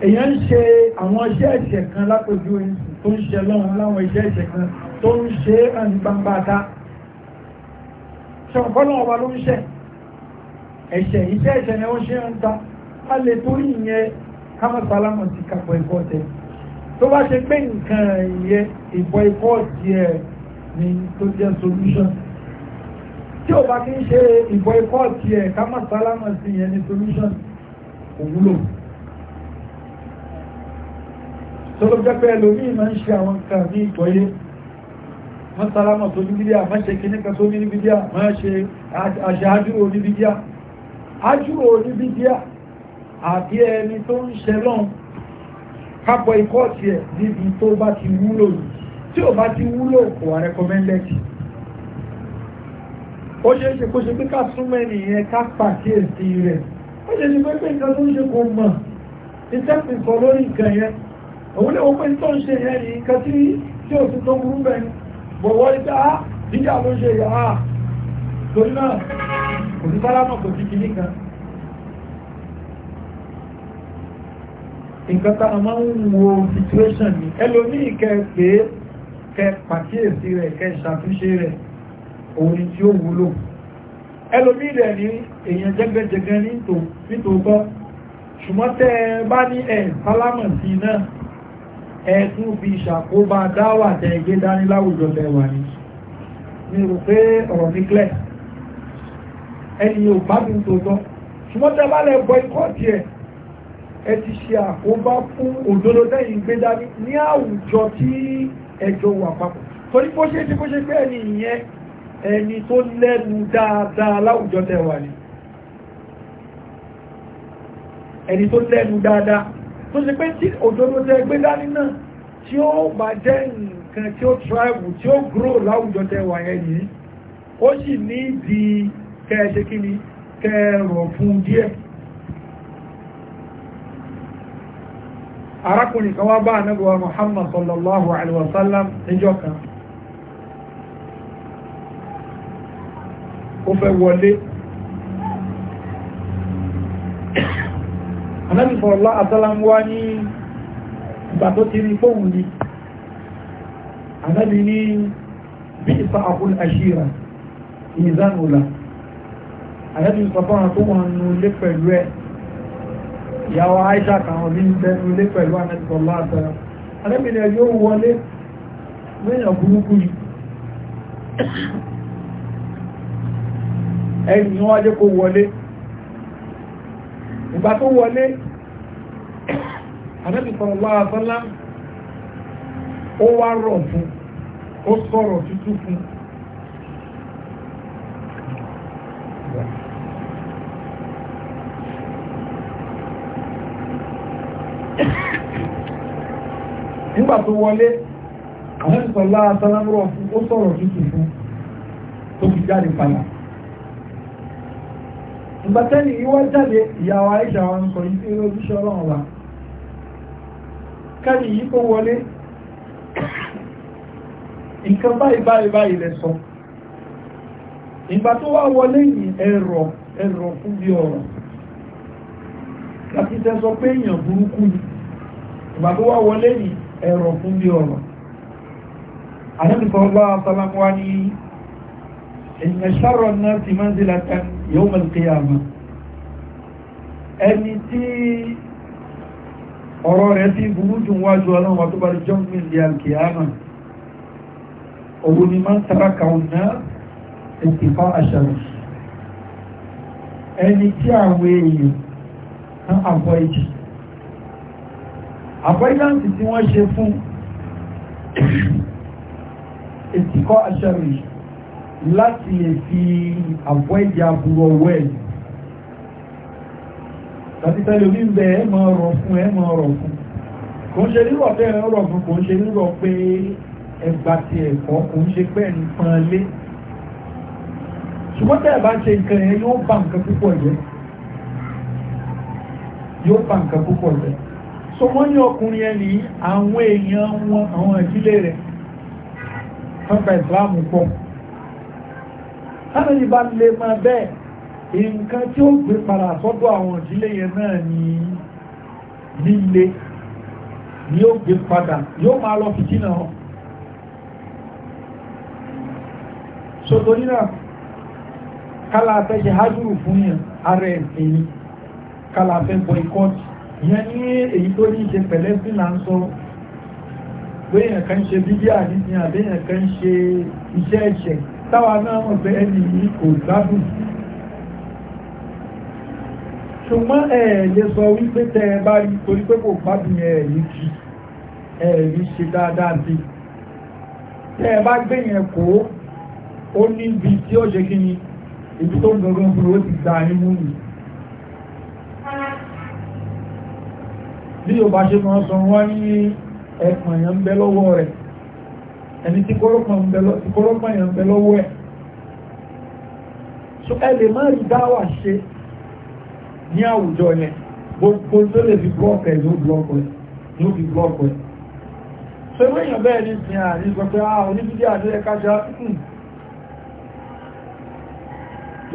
èyàn ń ṣe àwọn iṣẹ́ ẹ̀ṣẹ̀ kan lápòjú tó ń ṣe lọ́run láwọn iṣẹ́ ẹ̀ṣẹ̀ kan tó ń ṣe àní gbangbata ṣọ̀kọ́nà ọba ló ń ṣẹ̀ ẹ̀ṣẹ̀ iṣẹ́ ẹ̀ṣẹ̀ ni wọ́n ṣe ń ta a lè torí ìyẹn kámọ́sálámù ti kàpọ̀ ẹ̀kọ́ tẹ tó bá ṣe pé nǹkan ìyẹn ìbọ̀ ẹ̀kọ́ tiẹ̀ ni tó jẹ́ solution tí ò bá kí ń ṣe ìbọ̀ ẹ̀kọ́ tiẹ̀ kámọ́sálámù ti yẹn ni solution òwúlò tọ́lọ́ jẹ́pẹ́ ẹlòmí máa ń ṣe àwọn nǹkan ní ìgbọ́yé wọ́n sálámọ̀ tó níbídíà máa ṣe kìníkà tó níbídíà máa ṣe àṣà ájúrò níbídíà ájúrò níbídíà àbí ẹni tó ń ṣe lọ́n kápọ̀ ikọ́ ti ẹ̀ níbi tó bá ti wúlò yìí tí ò bá ti wúlò kò wà rẹ́kọmẹ́ndẹ́tì ó ṣe é ṣe kó ṣe pé ká súnmọ́ ẹnìyẹn ká pàkíyèsí rẹ̀ ó ṣe é ṣe pé pé nǹkan tó ń ṣe kò mọ̀ ìtẹ́sìn sọ lórí nǹkan yẹn òun lè wọ́n pé tó ń ṣe yẹn ní nǹkan tí tí ò sí tó burú bẹ́ẹ̀ ni bọ̀wọ́ ìta níjà ah, ló ṣe yà á ah. torí náà kò sí sálámà kò sí kìíní kan nǹkan tá a máa ń wo situation ni ẹlòmíì kẹ pé kẹ pàkíyèsí rẹ̀ kẹ ṣàtúnṣe rẹ̀ òun tí ó wúlò ẹlòmíì rẹ̀ ní èèyàn jẹ́gbẹ́jẹ̀gẹ́ nítòótọ́ ṣùgbọ́n tẹ́ bá ní ẹ̀ sálámà sí náà ẹ̀tún bí ìṣàkóbá dáwà tẹ gbé dání láwùjọ tẹwà ní mi rò pé ọ̀rọ̀ mi clear ẹni yóò bá mi tó tọ́ ṣùgbọ́n tẹ bá lẹ boycott ẹ̀ ẹ ti ṣe àkóbá fún òdodo lẹ́yìn gbé dání ní àwùjọ tí ẹjọ́ wà papọ̀ torí bó ṣe ti bó ṣe pé ẹni ìyẹn ẹni tó lẹ́nu dáadáa láwùjọ tẹwà ní ẹni tó lẹ́nu dáadáa tó ṣe pé tí òdodo tẹ gbé dání náà tí ó bá jẹ́ nǹkan tí ó travel tí ó grow láwùjọ tẹ wà yẹn yìí ó sì ní di kẹ́ẹ̀ṣe kí ni kẹ́ẹ̀rọ̀ fún díẹ̀ arákùnrin kan wá bá anábíwa muhammad sallallahu alaihi wasallam níjọ́ kan ó fẹ́ wọlé anábìbọ̀lá àtàlàmúwá ní ìgbà tó ti rí fóhùn ní anábì ní bí ìfà àkún àṣírà ìzánùlà anábì sọfọ́nà tó wọ́n nù lé pẹ̀lú ẹ̀ ìyàwó aisha kàwọn ní bẹnu lé pẹ̀lú anábìbọ̀lá àtàlà anábì ní ẹjọ́ ìgbà tó wọlé ànábì sallallahu alaihi wasallam ó wá rọ̀ fún ó sọ̀rọ̀ tútù fún nígbà tó wọlé ànábì sallallahu alaihi wasallam rọ̀ fún ó sọ̀rọ̀ tútù fún tó fi jáde padà ìgbàtẹ́lì ìwọ́ jáde ìyàwó àìṣà wọn sọ yìí tí ó ṣe ọlọ́run wa kẹ́lì yìí kó wọlé nǹkan báyìí báyìí báyìí lẹ sọ ìgbà tó wá wọlé yìí ẹ̀rọ ẹ̀rọ fún bí ọ̀rọ̀ láti tẹ́ sọ pé èèyàn burúkú ni ìgbà tó wá wọlé yìí ẹ̀rọ fún bí ọ̀rọ̀ àdébìkan bá sálámù wá ní inna sharra الناس منزلة يوم القيامة al-qiyamah ẹni tí ọ̀rọ̀ rẹ̀ ti burú jù wájú ọlọ́run wà tó bá jọ́ ní ilé alkiyama òun ni máa ń tara kàún náà ìtìfá àṣàrò ẹni tí àwọn èèyàn kan avoid avoidance tí wọ́n ṣe fún ìtìkọ́ àṣàrò yìí láti lè fi àpọ́ẹ̀dì aburú ọwọ́ ẹ̀ láti tẹ́lẹ̀ omi ń bẹ ẹ máa rọ̀ fún ẹ máa rọ̀ fún kò ń ṣe rírọ̀ tẹ́ ẹ rọ̀ fún kò ń ṣe rírọ̀ pé ẹgbà ti ẹ̀kọ́ kò ń ṣe pé ẹ̀ nìkan lé ṣùgbọ́n tẹ́ ẹ bá ṣe nǹkan yẹn yóò bà nǹkan púpọ̀ jẹ́ yóò bà nǹkan púpọ̀ jẹ́ so wọ́n ní ọkùnrin yẹn ní àwọn èèyàn wọn àwọn ìdílé rẹ̀ tọ́ka ìsìláàmù pọ̀ tánàlì bá lè máa bẹ́ẹ̀ nǹkan tí ó gbé padà sọ́dọ̀ àwọn ìdílé yẹn náà ní líle ni ó gbé padà yóò máa lọ fìtínà wọn sọ́dọ̀ nínà kálá afẹ́ṣẹ́ hajjúrù fún yẹn ara ẹ̀sìn kálá afẹ́ boycott yẹn ní èyí tó ní ṣe pẹ̀lẹ́ sí là ń sọ béèyàn kan ṣe bíbí àdísìn àbẹ́yàn kan ṣe iṣẹ́ ẹ̀ṣẹ̀ táwa náà mọ̀ pé ẹni yìí kò gbádùn ṣùgbọ́n ẹ lè sọ wípé tẹ ẹ bá rí torí pé kò gbádùn ẹ yìí kì ẹ rí ṣe dáadáa sí tẹ ẹ bá gbé yẹn kó ó níbi tí ó ṣe kí ni ibi tó ń gangan fún ó ti gba nímú ni bí Yorùbá ṣe máa sọ wọn ní ẹkùn èèyàn ń bẹ lọ́wọ́ rẹ̀ ẹni tí kọ́lọ́pàá yẹn ń bẹ lọ́wọ́ ẹ̀ so ẹ lè má rí dáwà ṣe ní àwùjọ yẹn gbogbo tó lè fi blọ́ọ̀kì ẹ̀ ló blọ́ọ̀kì ẹ̀ ló fi blọ́ọ̀kì ẹ̀ so ewé èèyàn bẹ́ẹ̀ ní sin àrí sọ pé ah oníbídí àdéhẹ́ kájá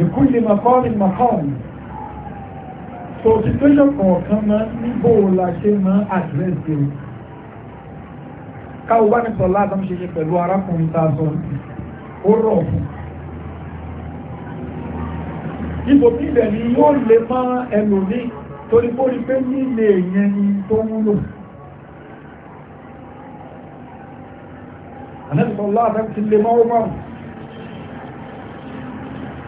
ìkúlì mọ̀kọ́rì mọ̀kọ́rì so situation kọ̀ọ̀kan máa ń níbò la ṣe máa address káwọ́ bá ní sọ̀lá àtàwọn ṣe ṣe pẹ̀lú arákùnrin tá a sọ ó rọ̀ fún ipò tí ilẹ̀ ni yóò lè má ẹlòmí torí kó rí pé nílé èèyàn ni tó ń lò ànẹ́sọ̀lá àtàwọn ti lè má ó márùn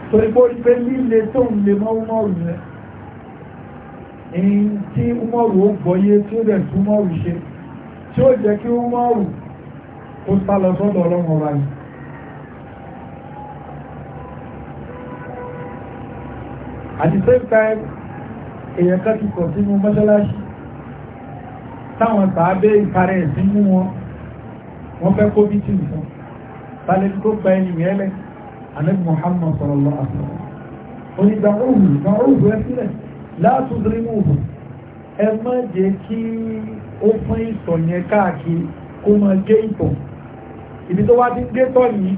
torí kó rí pé nílé tó ń lè má ó rẹ̀ èyí tí umaru ó gbọ́yé tí ó rẹ̀ tí umaru ṣe tí ó jẹ́ kí ó mọ́rù ó sá sọ́dọ̀ ọlọ́run ọba yìí at the same time èèyàn kan ti kọ̀ sínú mọ́ṣáláṣí táwọn tàbí ìparẹ́ ìsinmú wọn wọ́n fẹ́ kó bí tí nìkan tàbí tó gba ẹni mẹ́lẹ̀ alẹ́ Muhammad sallallahu alaihi wasallam onígbà òhùn ìgbà òhùn ẹ sílẹ̀ látúndínlẹ́mù òhùn ẹ má jẹ́ kí ó fún ìtọ̀ yẹn káàkiri kó máa gé ìtọ̀ ibi tó wá ti ń gé tọ̀ yìí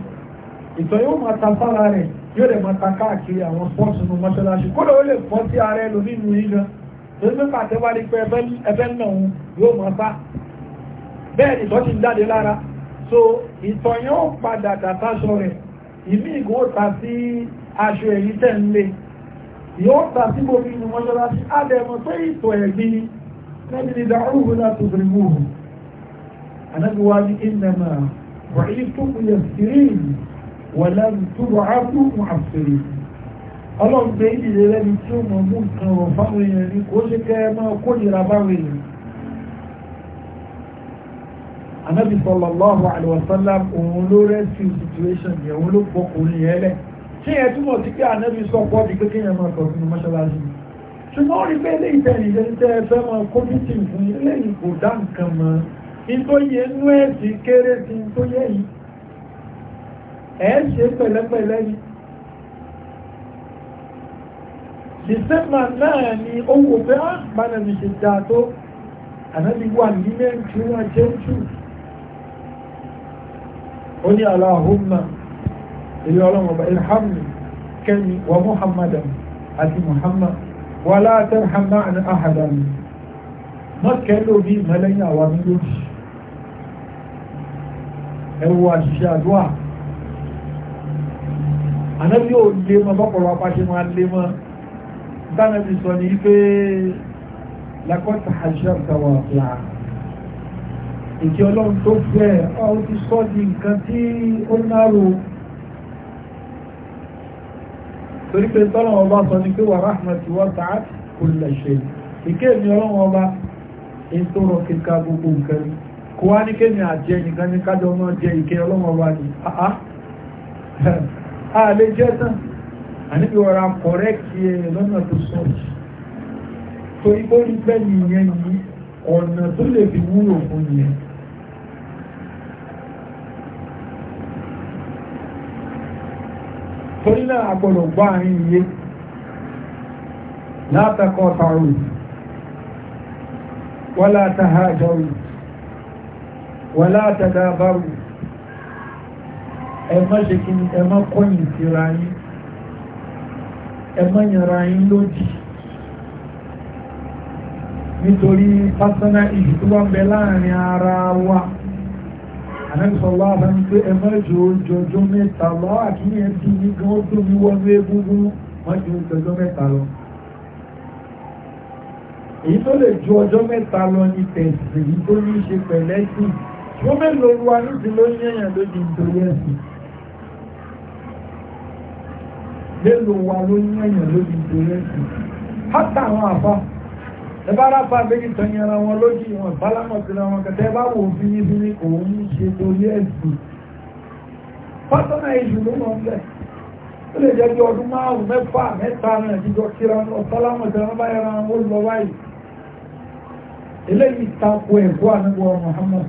ìtọ̀ yóò máa ta fára rẹ̀ yóò lè máa ta káàkiri àwọn pọ́ọ̀sì nù mọ́ṣáláṣí kódà ó lè fọ́ sí ara ẹ lómi nù yín gan lórí pípa àtẹ́wárí pé ẹbẹ́ náà yóò máa bá bẹ́ẹ̀ ni ìtọ̀ ti ń jáde lára so ìtọ̀ yẹn ó padà dàtàṣọ rẹ̀ ìmí ìgò ta sí aṣọ èyí tẹ̀ ń lé yóò tà sí gbogbo inú mọ́ṣáláṣí àdẹ̀mọ̀ pé ìtọ̀ ẹ̀gbin ni lẹ́bi ni dàrúhù láti bẹ̀rẹ̀ mú un anábíwá ní ìnàmà wàhí tókù yẹ sírìn wàlá túbọ̀ ápù mú àfẹ́rẹ́ ọlọ́run pé ìdílé lẹ́ni tí ó mọ̀ mú nǹkan rọ̀ èèyàn ní kó situation yẹn òun ló tí ẹ túmọ̀ sí pé ànábì sọ pọ́ di pé kéèyàn máa kọ̀ sínú mọ́ṣáláṣí ṣùgbọ́n ó rí pé eléyìí tẹ̀lé ìjẹ́ tẹ́ ẹ fẹ́ máa kó ní tìǹ fún eléyìí kò dá nǹkan mọ́ nítorí inú ẹ̀ ti kéré sí tó yẹ yìí ẹ̀ ṣe pẹ̀lẹ́pẹ̀lẹ́ yìí dìsẹ́mbà náà ni owó pé á ah, bánà mi ṣe dáa tó ànábì wà ní mẹ́rin tí wọ́n jẹ́ jù ó ní aláhùn náà ilé ọlọ́run ọba irhamni kẹ́mi wa muhammadan àti muhammad wa la tarham ma'ana ahadan mọ́kẹ́ lóbi mẹ́lẹ́yìn àwa mi lóbi ẹ wo àṣìṣe àdúrà ànábì ò lé mọ́ bọ́pọ̀lọ́ apáṣẹ máa lé mọ́ dánàbì sọ ní pé lakọ́ta àṣìṣe àwọn àpìlà ìkí ọlọ́run tó fẹ́ ọ ti sọ́ di nǹkan tí ó náà torí pé tọ́lọ́wọ́ ọba sọ ní pé wà ráhùnmọ̀tì wọ́n ta á kò lè ṣe ìké mi ọlọ́wọ́ ọba ń tó rọ kíkà gbogbo nǹkan ni kò wá ní kémi àjẹ nìkan ní kájọ náà jẹ ìké ọlọ́wọ́ ọba ni àá a lè jẹ́ tán àníbi ọ̀rá kọ̀rẹ́kì ẹ̀ lọ́nà tó sọ̀rọ̀ tó igbó ní pẹ́ nìyẹn yìí ọ̀nà tó lè fi wúlò fún yẹn torí náà àgbọ̀dọ̀ gbọ́ àárín iye látàkọ́ tààrù wọ́lá tàhájọ́rù wọ́lá tàdábàrù ẹmọ́ ṣe kí ni ẹmọ́ kọ́yìn sí ra yín ẹmọ́ yín ara wa. ànẹ́sọ̀lá bá ń pé ẹmọ́jọ ojọjọ́ mẹ́ta lọ àkíní ẹbí ní gan ó tó ní wọ́n ní egúngún wọ́n ju ojọjọ́ mẹ́ta lọ èyí tó lè ju ọjọ́ mẹ́ta lọ ní tẹ̀sí èyí tó ní í ṣe pẹ̀lẹ́sìn tó mélòó wa nídìí ló ní èèyàn lódì nítorí wa ló ní èèyàn lódì nítorí ẹ̀sìn hátà àwọn àfa ẹbára fa méjì tanyara wọn lójú ìwọ̀n ìbálámọ̀ sí wọn kẹtẹ́ bá wò fi ní bí ní òun ṣe torí ẹ̀sùn pátánà ìṣù ló mọ̀ ńlẹ̀ ó lè jẹ́ bí ọdún márùn-ún mẹ́fà mẹ́ta náà jíjọ kíra lọ sálámọ̀ sí wọn báyara wọn ó lọ báyìí eléyìí tako ẹ̀kọ́ àníwọ̀ Muhammad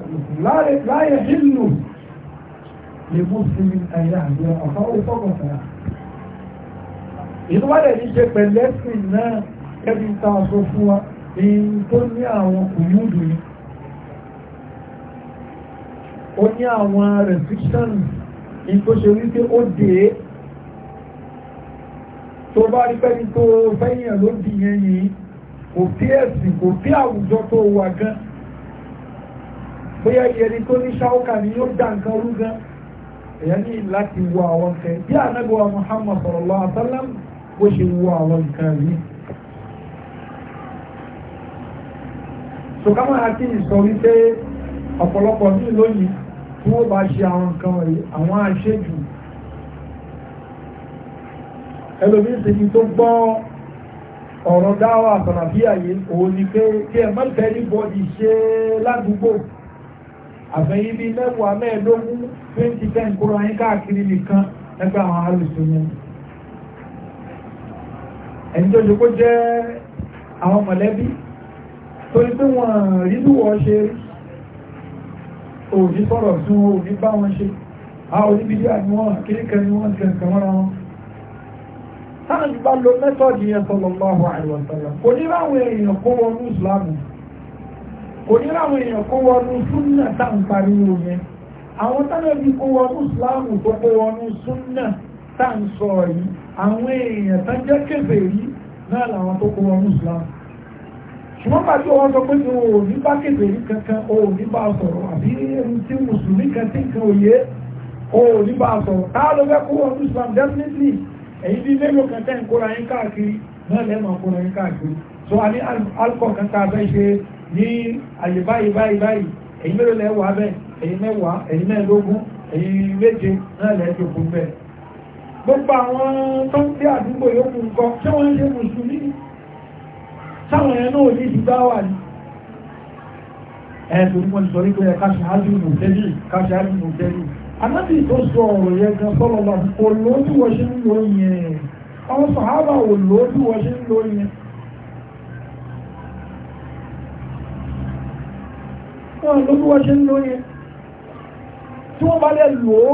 láyé ní ṣe pẹ̀lẹ́sìn náà kẹ́bí ta sọ fún wa in tó ní àwọn kùnúdù yìí ó ní àwọn restrictions in tó wípé ó dé tó bá rí pẹ́ni tó fẹ́yìn ló di yẹn yìí kò fí ẹ̀sìn kò fí àwùjọ tó wà gan bóyá ìyẹni tó ní ṣáúkà ni yóò dá nǹkan rú gan èyàn ní láti wo àwọn nǹkan bí Muhammad sallallahu alaihi wasallam bó ṣe tó ká máa kí ìsọ wípé ọ̀pọ̀lọpọ̀ ní lónìí tí wọ́n bá ṣe àwọn nǹkan wọ̀nyí àwọn àṣejù ẹlòmíín sì ni tó gbọ́ ọ̀rọ̀ dáwà àtàràbíyà yìí òun ni pé kí ẹ mọ́tẹ́ ní bọ́ọ̀dì ṣe ládùúgbò àfẹ́yìn bíi mẹ́wàá mẹ́ẹ̀ẹ́dógún twenty ten kúrò ayé káàkiri nìkan ẹgbẹ́ àwọn alùsùn yẹn ẹni tó ṣe kó jẹ́ àwọn mọ̀lẹ́bí torí pé wọ́n rí bí wọ́n ṣe òní sọ̀rọ̀ sí wọn òní bá wọn ṣe a oníbídí àníwọ̀n kíríkẹ́ ni wọ́n kẹ̀kẹ́ mọ́ra wọn táà ní bá lo mẹ́tọ́dì yẹn sallallahu alaihi kò ní èèyàn kó wọnú ìsìlámù kò ní èèyàn kó wọnú súnnà táà ń pariwo yẹn àwọn tánàbí kó wọnú ìsìlámù tó kó wọnú súnnà táà ń sọ yìí àwọn èèyàn tán jẹ́ kèfèrí náà làwọn tó kó wọnú ìsìlámù ṣùgbọ́n bá tí wọ́n sọ pé o ò ní bá kékeré kankan o ò ní bá sọ̀rọ̀ àbí ẹni tí mùsùlùmí kan tí nǹkan òye o ò ní bá sọ̀rọ̀ táà ló fẹ́ kó wọn ní Islam definitely èyí bí mélòó kan tẹ́ ń kóra yín káàkiri náà lẹ́mọ̀ kóra yín káàkiri so a ní alcohol kan tá a fẹ́ ṣe ní àyè báyìí báyìí báyìí èyí mélòó lẹ́wàá bẹ́ẹ̀ èyí mẹ́wàá èyí mẹ́ẹ̀ẹ́dógún èyí méje náà lẹ́ẹ̀dógún bẹ́ẹ̀ gbogbo àwọn tó ń dé àdúgbò yókù nǹkan tí wọ́n ń ṣe mùsùlùmí sáwọn ẹ̀yẹn náà ní ìdígbà wà ní ẹ̀ẹ́dùn mọ́ ní sọ̀rí pé káṣí ájúmù tẹ́lì káṣí ájúmù tẹ́lì anábì tó sọ ọ̀rọ̀ yẹn gan sọ́lọ́ lọ kò lóòdù wọ́n ṣe ń lò yẹn àwọn sàhábà ò lóòdù wọ́n ṣe ń lò yẹn wọ́n lóòdù wọ́n ṣe ń lò yẹn tí wọ́n bá lẹ̀ lò ó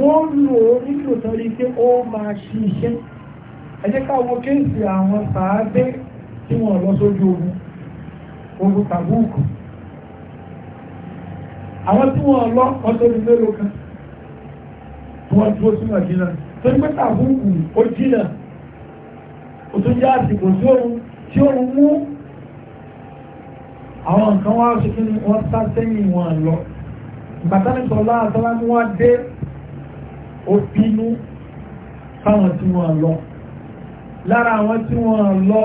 wọ́n lò ó nílò tọ́rí pé ó máa ṣiṣẹ́ ẹ jẹ́ kéèsì àwọn sàábé tí wọ́n lọ sójú ogun ogun tàbúùkù àwọn tí wọ́n lọ ọdún mélòó kan tí wọ́n dúró sí màjínà tó ń pẹ́ tàbúùkù ó jìnà ó tún jẹ́ àsìkò tí òun tí òun mú àwọn nǹkan wá ṣe kí wọ́n sá sẹ́yìn wọn lọ ìgbàtánìtọ̀ láàtọ́lá ní wọ́n dé ó bínú sáwọn tí wọ́n lọ lára àwọn tí wọ́n lọ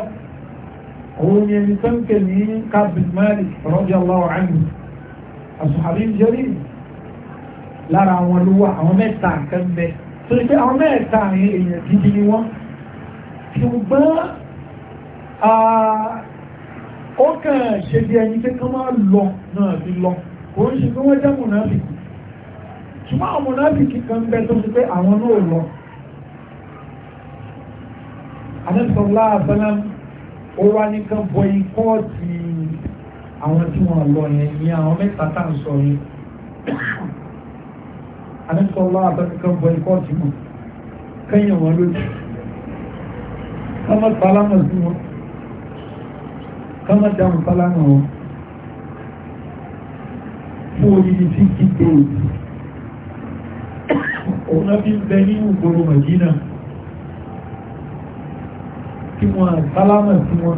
قوم ni كمين tó ń pè ní kábìn Malik radiyallahu anhu àṣùhàbí jẹ́rì lára àwọn ló wà àwọn mẹ́ta kan bẹ tó ṣe pé àwọn mẹ́ta yẹn èèyàn gidi ni wọ́n ṣùgbọ́n ó kàn ṣe bí ẹni pé kán máa lọ náà fi lọ kò ń ṣe pé wọ́n jẹ́ mùnàfíkì ṣùgbọ́n àwọn mùnàfíkì kan bẹ tó ṣe pé àwọn náà ó wá ní kán bọ ikọ́ọ̀tì àwọn tí wọ́n lọ yẹn ní àwọn mẹ́ta tá à ń sọ yẹn àníṣọ́lá àtọ́nìkan bọ ikọ́ọ̀tì wọn kẹ́yìn wọn lójú kọ́mọ̀ sálámà sí wọn kọ́mọ̀ dáhùn sálámà wọn fún odidi tí kí dé òun náà fi bẹ ní ìgboro Màdínà tí wọ́n sálámà sí wọn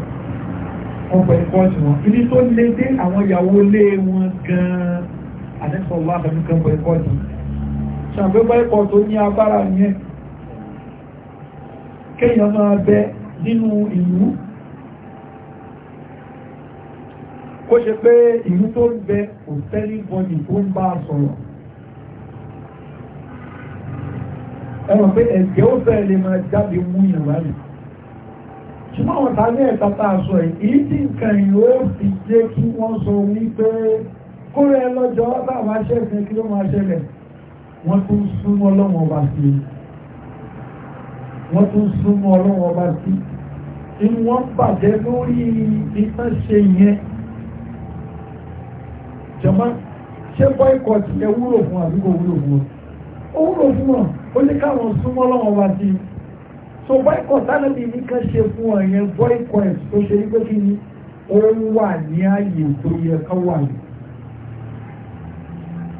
wọ́n pẹ̀lú kọ́ọ̀tù wọn ibi tó lé dé àwọn ìyàwó lé wọn gan-an àdẹ́sọ̀ wà pẹ̀lú kan pẹ̀lú kọ́ọ̀tù ṣàgbégbé kọ́ọ̀tù ní agbára yẹn kéèyàn máa bẹ nínú ìlú kó ṣe pé ìlú tó ń bẹ kò tẹ́lí bọ́ọ̀lì tó ń bá a sọ̀rọ̀ ẹ̀rọ pé ẹ̀jẹ̀ ó fẹ́ lè máa jáde mú ìyàn báyìí ṣùgbọ́n àwọn tàbí ẹ̀ta tá a sọ èyí tí nǹkan yóò fi jẹ́ kí wọ́n sọ wípé kóra ẹ lọ́jọ́ báwa ṣẹ̀fẹ̀ kí ló máa ṣẹlẹ̀ wọ́n tún súnmọ́ ọlọ́wọ́n ọba sí wọ́n tún súnmọ́ ọlọ́wọ́n ọba sí inú wọn bàjẹ́ lórí iná ṣe yẹn jọmọ́ ṣé bọ́ìkọ̀ ti yẹ wúlò fún àbí kò wúlò fún ọ wúlò fún ọ ó ní káwọn súnmọ́ ọlọ́wọ́n ọba sí i so boycott tánàbí ní ká ṣe fún ọ̀yẹn boycott tó ṣe wípé kí ni ó wà ní ààyè tó yẹ ká wà ní.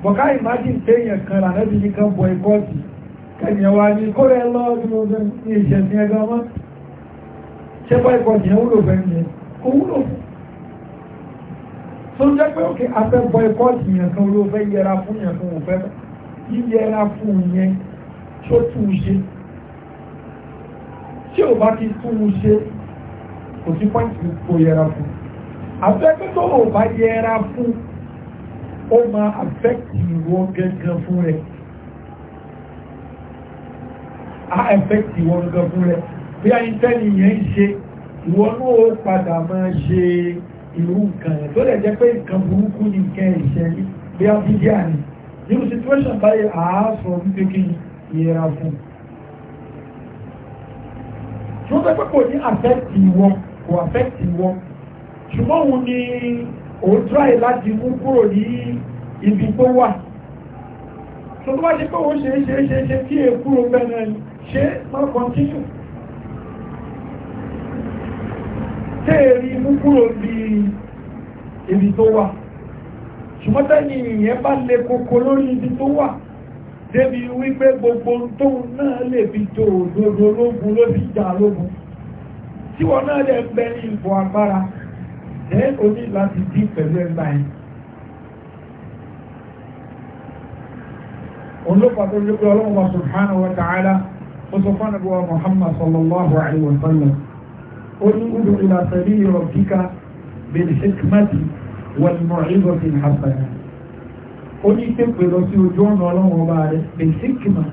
bọ̀ká imagine téèyàn kan lànàbí ní ká boycott kẹ́nìyàn wá ní kó rẹ̀ lọ bí mo fẹ́ ní ìṣẹ̀ ní ẹgbẹ́ ọmọ ṣé boycott yẹn wúlò fẹ́ yẹn kò wúlò fún. tó jẹ́ pé òkè afẹ́ boycott yẹn kan ló fẹ́ yẹra fún yẹn kan ò fẹ́ yíyẹra fún yẹn tó tún ṣe tí ò bá ti tún un ṣe kò sí pọ́ǹtì kò yẹra fún afẹ́kẹ́ tó ò bá yẹra fún ó máa afẹ́kì wọ́n gẹ́gẹ́ fún rẹ̀ á afẹ́kì wọ́n gẹ́gẹ́ fún rẹ̀ bí ayé tẹ́lẹ̀ yẹn ń ṣe ìwọ náà ó padà máa ṣe irú nǹkan yẹn tó lè jẹ́ pé nǹkan burúkú ni nǹkan ìṣẹ́lẹ̀ bí abidjan ni nínú situation báyìí àá sọ wípé kí n yẹra fún un wọ́n fẹ́ pé kò ní àfẹ́tì wọn kò àfẹ́tì wọn ṣùgbọ́n òun ni òun tíráì láti mú kúrò ní ibi tó wà tó tó bá ṣe pé òun ṣe ṣe ṣe ṣe kí èkúrò bẹ́ẹ̀ ṣe má kọ́ntínú tẹ́ẹ̀rí mú kúrò ní ibi tó wà ṣùgbọ́n tẹ́ni ìyẹn bá le koko lórí ibi tó wà débi wípé gbogbo tóun náà lè fi tó òdodo lógun ló fi jà lógun tí wọn náà lè gbẹ ní ipò agbára ẹ o ní láti dín pẹ̀lú ẹgbà yẹn. olóòpàá tó lé pé ọlọ́run wa subhanahu oníṣẹ́pẹ̀ lọ sí ojú ọ̀nà ọlọ́run ọba rẹ̀ bẹ̀síkìmà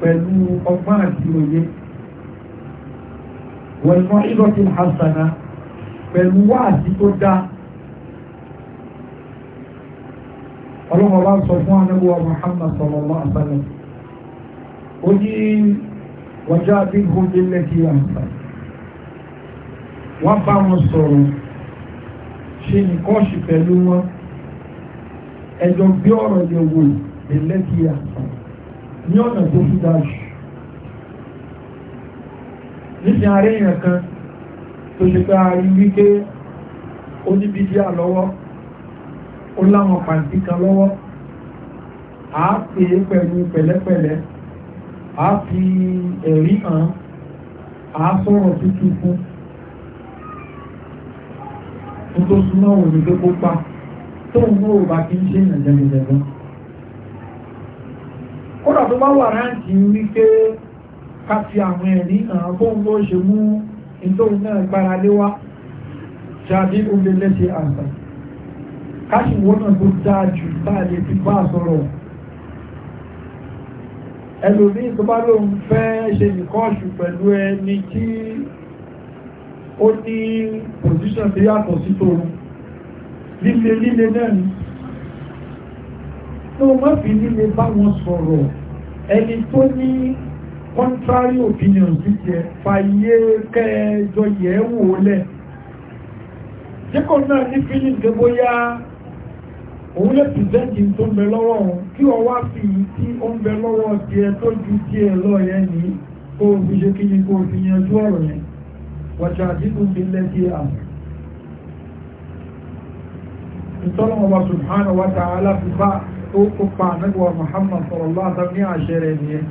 pẹ̀lú ọgbọ́n àti òye wẹ̀lmọ́ ìlọ́tí hasana pẹ̀lú wáàsí tó dá ọlọ́run ọba sọ fún anábíwá Muhammad sallallahu alaihi wasallam ó ní wọjá bí gbogbo ilẹ̀ kí àǹfà wọ́n bá wọn sọ̀rọ̀ ṣe ṣì pẹ̀lú wọn ẹjọ́ bí ọ̀rọ̀ yẹ wò lẹ́lẹ́kì àṣà ní ọ̀nà tó fi dáa jù níṣẹ́ ààrẹ èèyàn kan tó ṣe pé ààrí wípé ó ní bídíà lọ́wọ́ ó láwọn pàǹtí kan lọ́wọ́ a pè é pẹ̀lú pẹ̀lẹ́pẹ̀lẹ́ a fi ẹ̀rí hàn a sọ̀rọ̀ tútù fún tó súnmọ́ òní tó kópa tóun náà ò bá kí ń ṣe ìrìn jẹgẹjẹgẹ kódà tó bá wà ráǹtì wípé ká fi àwọn ẹ̀rí hàn bóun ló ṣe mú ìtòun náà gbára lé wá jáde omi lẹ́sẹ̀ àgbà káṣí wọn náà tó dáa jù tá a lè fi bá a sọ̀rọ̀ ẹlòmíì tó bá lóun fẹ́ ṣe nìkọ́ọ̀ṣù pẹ̀lú ẹni tí ó ní pòsíṣàn tó yàtọ̀ sí tòun líle líle náà ni tó má fi líle bá wọn sọ̀rọ̀ ẹni tó ní contrary opinion sí tiẹ̀ fàyè kẹjọ yẹ̀ wò ó lẹ̀ jẹ́kọ̀ náà ní feeling pé bóyá òun lè pìrìsẹ́ǹtì tó ń bẹ lọ́wọ́ òun kí wọ́n wá fi yìí tí ó ń bẹ lọ́wọ́ tiẹ̀ tó ju tiẹ̀ lọ yẹn ní kó o fi ṣe kí ni kó o fi yanjú ọ̀rọ̀ yẹn wàjà àdínkù fi lẹ́sí àmì ìtọ́lọ́wọ́ wa subhanahu wa ta'ala fi bá ó kópa nígbà Muhammad sallallahu alaihi wasallam ní àṣẹ rẹ̀ nìyẹn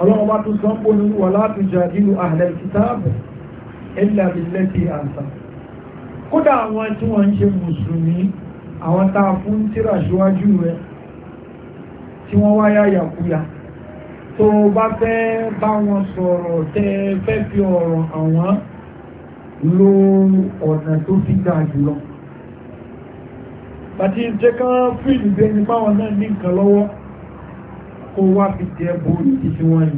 ọlọ́wọ́ bá tún sọ pé wà láti jàdínú ahlal kitab illa billati àṣà kódà àwọn tí wọ́n tó bá fẹ́ bá wọn sọ̀rọ̀ tẹ́ fẹ́ fi ọ̀rọ̀ àwọn lo ọ̀nà tó fi dáa jùlọ àti jẹ́ ká fíìlì bí ẹni báwọn náà ní nǹkan lọ́wọ́ kó wá fi jẹ borí ti fi wọ́n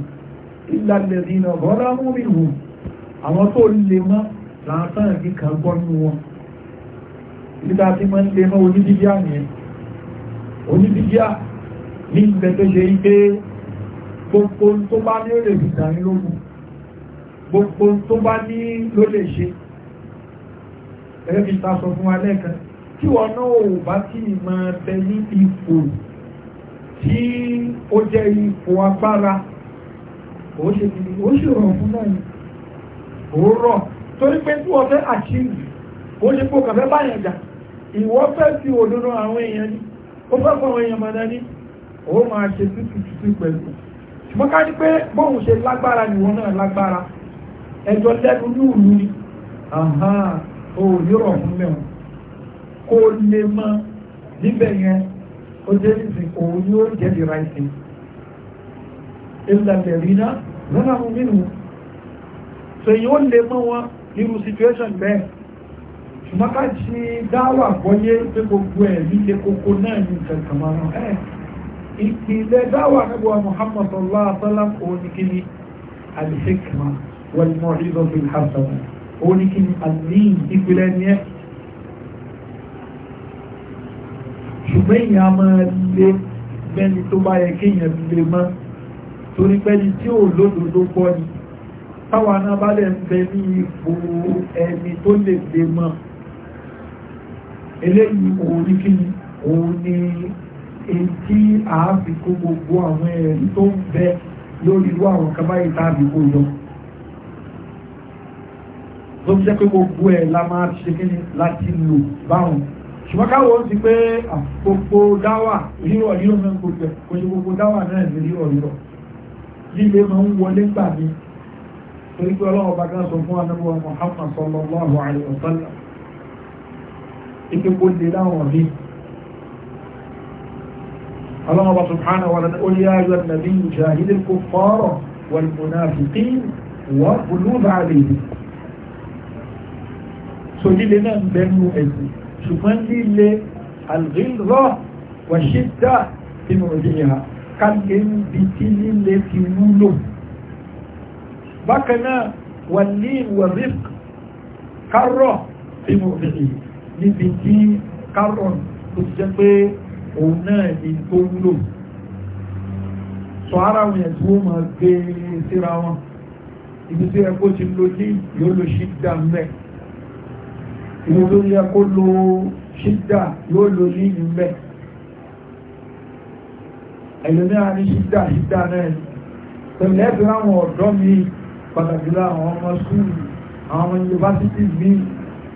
yìí ìlàlẹ̀ ìrìnà bọ́lá mú mi wò àwọn tó lè mọ́ làásán ìdí kan gbọ́ nínú wọn nígbà tí wọ́n lè mọ́ onídìbíà yẹn onídìbíà ní ìgbẹ́ tó ṣe ike gbogbo tó bá ní ó lè fi dàní lógún gbogbo tó bá ní ló lè ṣe ẹ̀rẹ́bí ta sọ fún wa lẹ́ẹ̀kan tí wọ́n náà ò bá tí ì máa bẹ ní ipò tí ó jẹ́ ipò agbára ó ṣe rọ̀ fún náà ni ó rọ̀ torí pé tí wọ́n fẹ́ àṣírí ó ṣe pò kàfẹ́ báyàn jà ìwọ fẹ́ fi òdodo àwọn èèyàn ni ó fẹ́ fún àwọn èèyàn mọ̀dá ní ó máa ṣe tútù tútù pẹ̀lú ṣùgbọ́n ká ní pé bóun ṣe lágbára nìwọ náà lágbára ẹjọ́ lẹ́nu ní òní àhá òòyúrọ̀ fún mẹ́wọ̀n kó lè mọ́ níbẹ̀ yẹn ó jẹ́ ìsìn òun ni ó jẹ́ di ráìsìn ìlànà ìrìnà lọ́nà àwọn nínú so yóò lè mọ́ wọn nínú situation bẹ́ẹ̀ ṣùgbọ́n ká ṣe dáwà gbọ́yé pé gbogbo ẹ̀ nílé kókó náà ní kankan máa rán ẹ̀ ìpìlẹ̀ dáwà nígbà Muhammad sallallahu alaihi wasallam òun ni kí ni al والموعظة الحسنة ولكن الدين إبلان يأتي ṣùgbọ́n èèyàn a máa lé mẹ́ni tó bá yẹ kéèyàn lè mọ́ torí pẹ́ni tí ò lódodo gbọ́ ni táwa náà bá lẹ̀ ń bẹ ní ipò ẹni tó lè lè mọ́ eléyìí orí kí ni òun ni èyí tí àábìkó gbogbo àwọn ẹ̀rí tó ń bẹ lórí irú àwọn kan báyìí táàbìkó yọ tó fi jẹ́ pé gbogbo ẹ̀ la máa ṣe kí ni láti lò báwọn ṣùgbọ́n káwọ́ ti pé àpòpò dáwà rírọ̀ rírọ̀ náà gbogbo ẹ̀ kò ṣe gbogbo dáwà náà ní rírọ̀ rírọ̀ líle máa ń wọlé gbà mí torí pé ọlọ́wọ́ bá gán sọ fún anábọ̀ Muhammad sallallahu alaihi wa sallam ike kó lè láwọn mi ọlọ́wọ́ bá subhanahu wa ta'ala ó yá ayọ́ nàbí jahidil kuffara wal munafiqin wa so líle náà ń bẹnu ẹ̀sìn ṣùgbọ́n líle alghilra wàṣídà nínú ìdíyà kálẹ̀ ń bi tí líle ti wúlò bákan náà wàlí wàríf kárọ̀ nínú ìdíyà níbi tí kárọ̀ tó ti ni tó wúlò sọ ara wọn yẹn tí wọ́n máa gbé síra wọn ibi tí ẹ̀kọ́ ti lo ní yóò ìlú tó yẹ kó lo ṣídà yóò lo ní ìlú mẹ́ ẹ̀lẹ́mẹ́ra ní ṣídà ṣídà náà tẹ̀lẹ́ fi láwọn ọ̀dọ́ mi pàtàkì láwọn ọmọ skúlù àwọn yunifásitì mi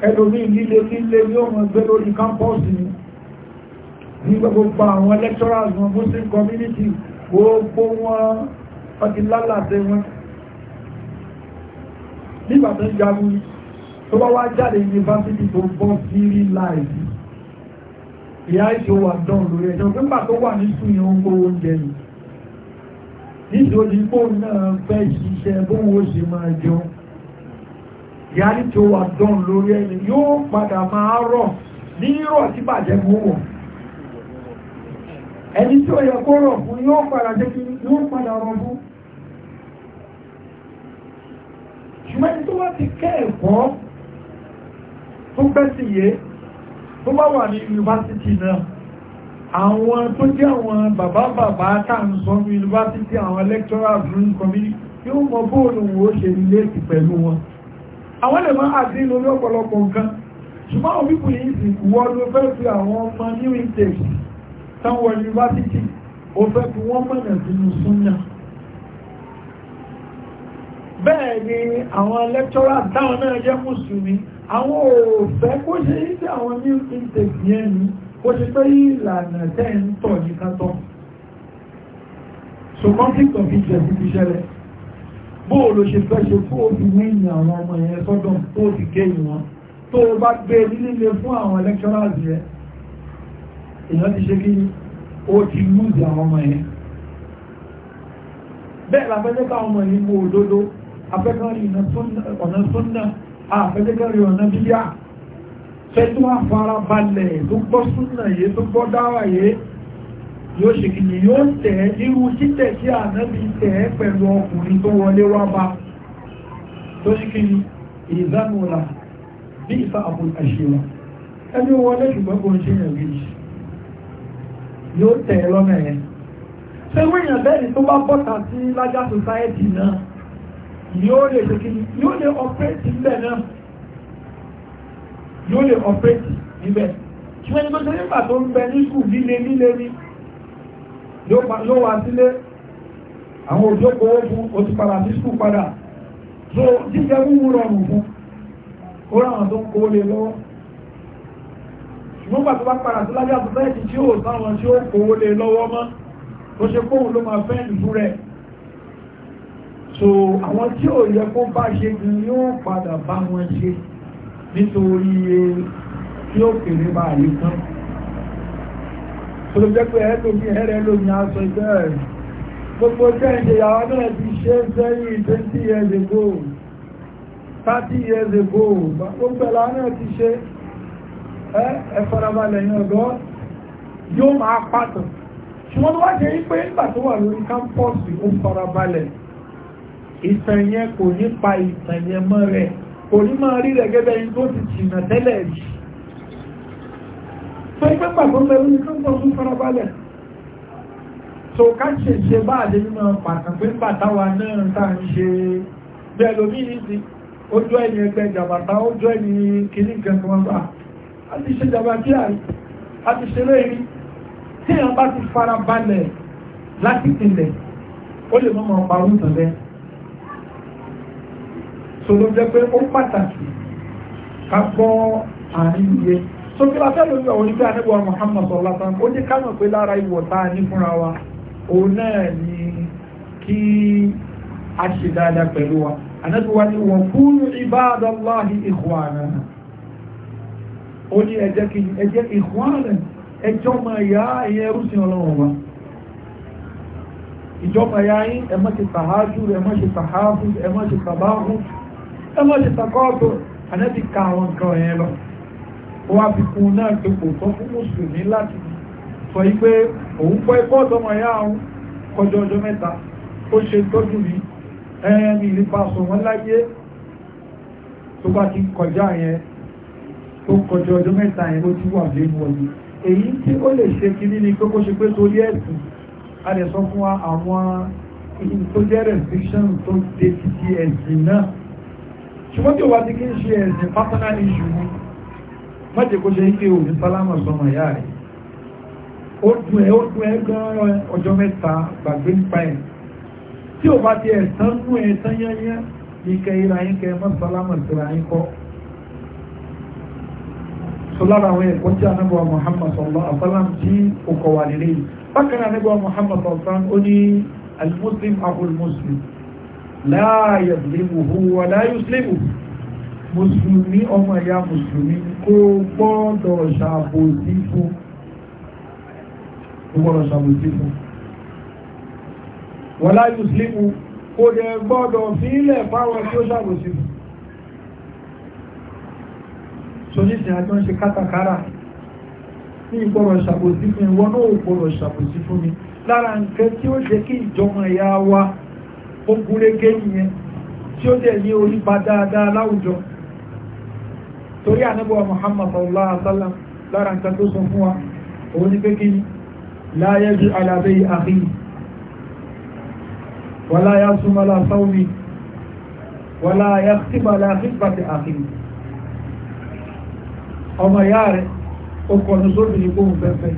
ẹlòmí líle líle ní ọmọ ẹgbẹ́ lórí kámpọ́ọ̀sì ní gbogbo àwọn lecturers wọn muslim community gbogbo wọn ọdí lálàtẹ wọn nígbàtí jagun tó bá wá jáde yunifásitì tó bọ́ sí rí láìsí ìyá ìṣó wà dán lórí ẹjọ́ nígbà tó wà ní sùn yẹn ń kó oúnjẹ ni nítorí pé òun náà fẹ́ ṣiṣẹ́ bóun ó ṣe máa jẹun ìyá ìṣó wà dán lórí ẹni yóò padà máa rọ̀ ní rọ̀ tí bàjẹ́ mú wọ̀ ẹni tí ó yẹ kó rọ̀ fún yóò padà jẹ́ kí yóò padà rọ̀ fún ṣùgbọ́n ẹni tó wá ti kẹ́ ẹ̀kọ́ tó gbẹ́sì yé tó bá wà ní yunifásitì náà àwọn tó jẹ́ àwọn bàbá bàbá tàǹsọ́ ní yunifásitì àwọn lecturers room committee, yóò mọ bóòlù wo ṣe ilé ti pẹ̀lú wọn àwọn lè máa àti inú ní ọ̀pọ̀lọpọ̀ nǹkan ṣùgbọ́n àwọn pípù yìí sì wọ́n ló fẹ́ fi àwọn ọmọ new intake táwọn yunifásitì ó fẹ́ fi wọ́n mọ̀nà sínú súnmọ́ bẹ́ẹ̀ ni àwọn lecturers táwọn náà jẹ́ mùsùlùmí àwọn òfẹ́ kó ṣe ń tí àwọn new intake yẹn ni kó ṣe pé ìlànà tẹ́ ń tọ̀ ní kátọ́ so conflict of interest ti ṣẹlẹ̀ bóòlù ṣe fẹ́ ṣe fún òfin ní àwọn ọmọ yẹn sọ́dọ̀ tó fi kéyìn wọn tó o bá gbé nílé fún àwọn lecturers yẹn èèyàn ti ṣe kí ó ti lùdì àwọn ọmọ yẹn bẹ́ẹ̀ la fẹ́ jẹ́ káwọn ọmọ yìí mú òdodo afẹ́kàn ọ̀nà súnnà àfẹ́jẹ́kẹ́rì ah, ọ̀nà bíyà tẹ́tù àfarabalẹ̀ tó gbọ́ súnà yé tó gbọ́ dáwà yé yóò ṣe kì ní yóò tẹ̀ irú títẹ̀ tí ànábì tẹ̀ pẹ̀lú ọkùnrin tó wọlé wá bá tó ṣe kì ní ìdánúra bí ìfà àbúrò ṣe yàn gíjì ni tó bá bọ́ta sí lájá society yóò lè tẹ́kìní yóò lè ọ̀pẹ́tì níbẹ̀ náà yóò lè ọ̀pẹ́tì níbẹ̀ ṣùgbọ́n ní gbọ́dọ̀ nígbà tó ń bẹ ní sùkúù líle líle ní ló wá sílé àwọn òjòkó fún oṣù padà sí sùkúù padà tó jíjẹ wúwú rọrùn fún ó ráwọn tó ń kó lè lọ́wọ́ ṣùgbọ́n pàtó bá padà sí lájá tó fẹ́ẹ̀tì tí ó sáwọn tí ó kó lè lọ́wọ́ mọ́ tó ṣe kóhun ló máa fẹ́ẹ̀lì fún rẹ̀ so àwọn tí ò yẹ kó bá ṣe ni yóò padà bá wọn ṣe nítorí tí ó kéré bá yìí tán tó jẹ́ pé ẹlòmí ẹ̀rẹ́ lómi aṣọ ìgbẹ́ ẹ̀ gbogbo jẹ́ǹde yàwó náà ti ṣe sẹ́yìn 20 years ago 30 years ago gbogbo ẹ̀lá náà ti ṣe ẹ̀fọ́nàbalẹ̀ yàn ọ̀dọ́ yóò máa pàtó ṣùgbọ́n wá jẹ́ pé nígbà tó wà lórí kámpọ́ọ̀sì ó farabalẹ̀ ìtàn yẹn kò ní pa ìtàn yẹn mọ́ rẹ̀ kò ní máa rí rẹ̀ gẹ́gẹ́ yìí tó ti jìnà tẹ́lẹ̀ rí tó ipẹ́ pàtó mẹ́rin ní kọ́ńtọ̀ tún farabalẹ̀ tó ká ṣe ṣe bá àdé nínú pàtàkì pé bàtàwà náà tá à ń ṣe bẹ́ẹ̀ lómi ní ti ojú ẹni ẹgbẹ́ jàbàtà ojú ẹni kìíní kẹfẹ́ wọn bá a ti ṣe jàbà kí a ti ṣe lóyìn tí èèyàn bá ti farabalẹ̀ láti tilẹ̀ ó lè mọ́ mọ́ parun tàn bẹ́ẹ̀ tó ló jẹ́ pé ó pàtàkì ká àárín iye tó kí la onye lórí àwọn oníṣẹ́ àníbọ̀ Muhammad sọ̀lá tán ó ní ká mọ̀ pé lára ìwọ̀ ní fúnra wa òun náà ni kí a ṣe dáadáa pẹ̀lú wa wa ni wọ́n kúrú ibadallahi ikhwana ó ní ẹjẹ́ kí ẹjẹ́ ikhwana ẹjọ́ máa yá ẹyẹ rúsìn ọlọ́run wa ìjọba yá yín ẹ má ṣe ẹ ẹmọ́ ti tàkọ́ọ̀tọ̀ ànábì ka àwọn nǹkan ẹ̀yẹn lọ wọ́n á fi kún náà pé kò tọ́ fún mùsùlùmí láti sọ yí pé òun pọ́ ẹ̀kọ́ ọ̀tọ́mọ̀ ẹ̀yà àwọn kọjọ ọjọ́ mẹ́ta ó ṣe tọ́jú mi ẹ̀yẹn mi lè pa sọ wọ́n láyé tó bá ti kọjá yẹn tó kọjọ ọjọ́ mẹ́ta yẹn ló ti wà lẹ́nu ọ̀yẹ́ èyí tí ó lè ṣe kiri ni pé kó ṣe pé torí ẹ̀sùn a lè sọ fún wa àwọn ìyìn tó jẹ́ restriction tó dé títí ẹ̀sìn náà ṣùgbọ́n tí ó wá ti kí ń ṣe ẹ̀sìn personal issue ni mọ́jẹ̀ kó ṣe ń pé òní sálámà sọmọ ìyá rẹ̀ ó dùn ẹ́ ó dùn ẹ́ gan-an ọjọ́ mẹ́ta gbàgbé nípa ẹ̀ tí ó bá ti ẹ̀sán nú ẹ̀sán yányán ní kẹ ìra yín kẹ mọ́ sálámà síra yín kọ́ so lára àwọn ẹ̀kọ́ tí anábọ̀ Muhammad sallallahu alaihi wasallam tí ó kọ̀ wà nílé yìí bákan náà anábọ̀ Muhammad sallallahu al-muslim ahul muslim láàyè ìlébùhù wà láyé sílébù mùsùlùmí ọmọ ìyá mùsùlùmí kó gbọ́dọ̀ ṣàbòsí fún gbọ́dọ̀ ṣàbòsí fún wà láyé sílébù kó dẹ gbọ́dọ̀ fílẹ̀ fáwọn tí ó ṣàbòsí fún sọ́jísìn àjọ ń ṣe kátàkárà ní ìgbọ́rọ̀ ṣàbòsí fún ìwọ náà ò gbọ́dọ̀ ṣàbòsí fún mi lára nǹkan tí ó jẹ́ kí ìjọmọ̀ ẹ̀yà wa ó gúnrégé yẹn tí ó dẹ̀ ní orípa dáadáa láwùjọ torí ànábọ̀wà Muhammad sallallahu alaihi wasallam lára nǹkan tó sọ fún wa òun ni pé kí láyé ju alábẹ́ àhí wàlá yá súnmọ́lá sáwmi wàlá yá símọ́lá sípàtì àhí ọmọ ìyá rẹ̀ ó kọnu sóbìnrin kóhùn fẹ́fẹ́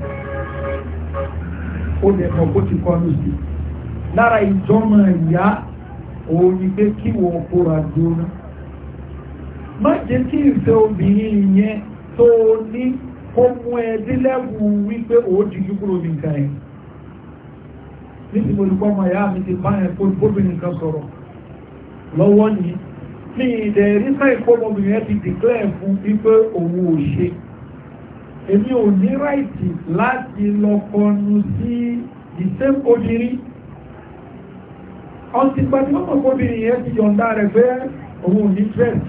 ó dẹ̀ mọ̀ kó ti kọnu sí lára ìjọmọ ìyá òun ni pé kí wọ́n kóra dúró má jẹ́ kí ìfẹ́ obìnrin yẹn tó ní kó mú ẹ délẹ́wù wípé òun ti kúrò ní nǹkan ẹ̀ nítorí olùkọ́ ọmọ ìyá mi ti bá ẹ̀ kó bóbìnrin kan sọ̀rọ̀ lọ́wọ́ ni ní ilẹ̀ rísà ìfọ́mọbìnrin ẹ ti dìklẹ̀ fún wípé òun ò ṣe èmi ò ní ráìtì láti lọ kọnu sí ìsẹ́kọ̀ọ́bìnrin ọtí pàtíwọ́pọ̀ kóbìnrin yẹn ti yọ̀ǹda rẹ̀ pé òun ò ní trend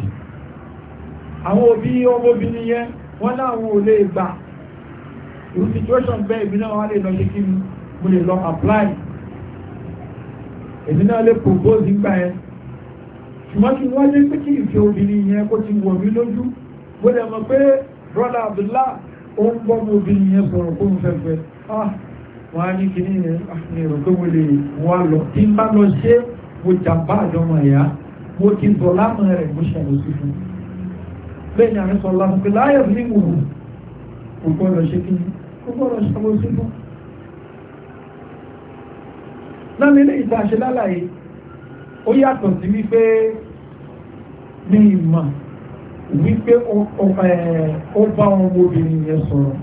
àwọn òbí ọmọbìnrin yẹn wọ́n láwọn ò lè gbà irú situation bẹ́ẹ̀ ìbí náà wà lè lọ ṣe kí mo lè lọ apply èmi náà lè propose nígbà yẹn ṣùgbọ́n kí wọ́n lé pé kí ìfẹ́ obìnrin yẹn kó ti wọ̀ mí lójú bó lè mọ̀ pé brother Abdullah ó ń bọ́ mọ́ obìnrin yẹn sọ̀rọ̀ kó ń ah wọ́n á ní kí ní èrò tó wọ́n lè wá lọ tí n bá lọ ṣe mo jàmbá àjọmọ̀ ẹ̀yà mo ti bọ̀ lámọ̀ rẹ̀ mo ṣàlọ́ sí fún bẹ́ẹ̀ ni àwọn sọ lásán pé láyọ̀ ní wò ó kò gbọ́dọ̀ ṣe kí ni kò gbọ́dọ̀ ṣàlọ́ sí fún. lámì ilé ìta ṣe lálàyé ó yàtọ̀ sí wípé ní ìmọ̀ wípé ó bá ọmọ obìnrin yẹn sọ̀rọ̀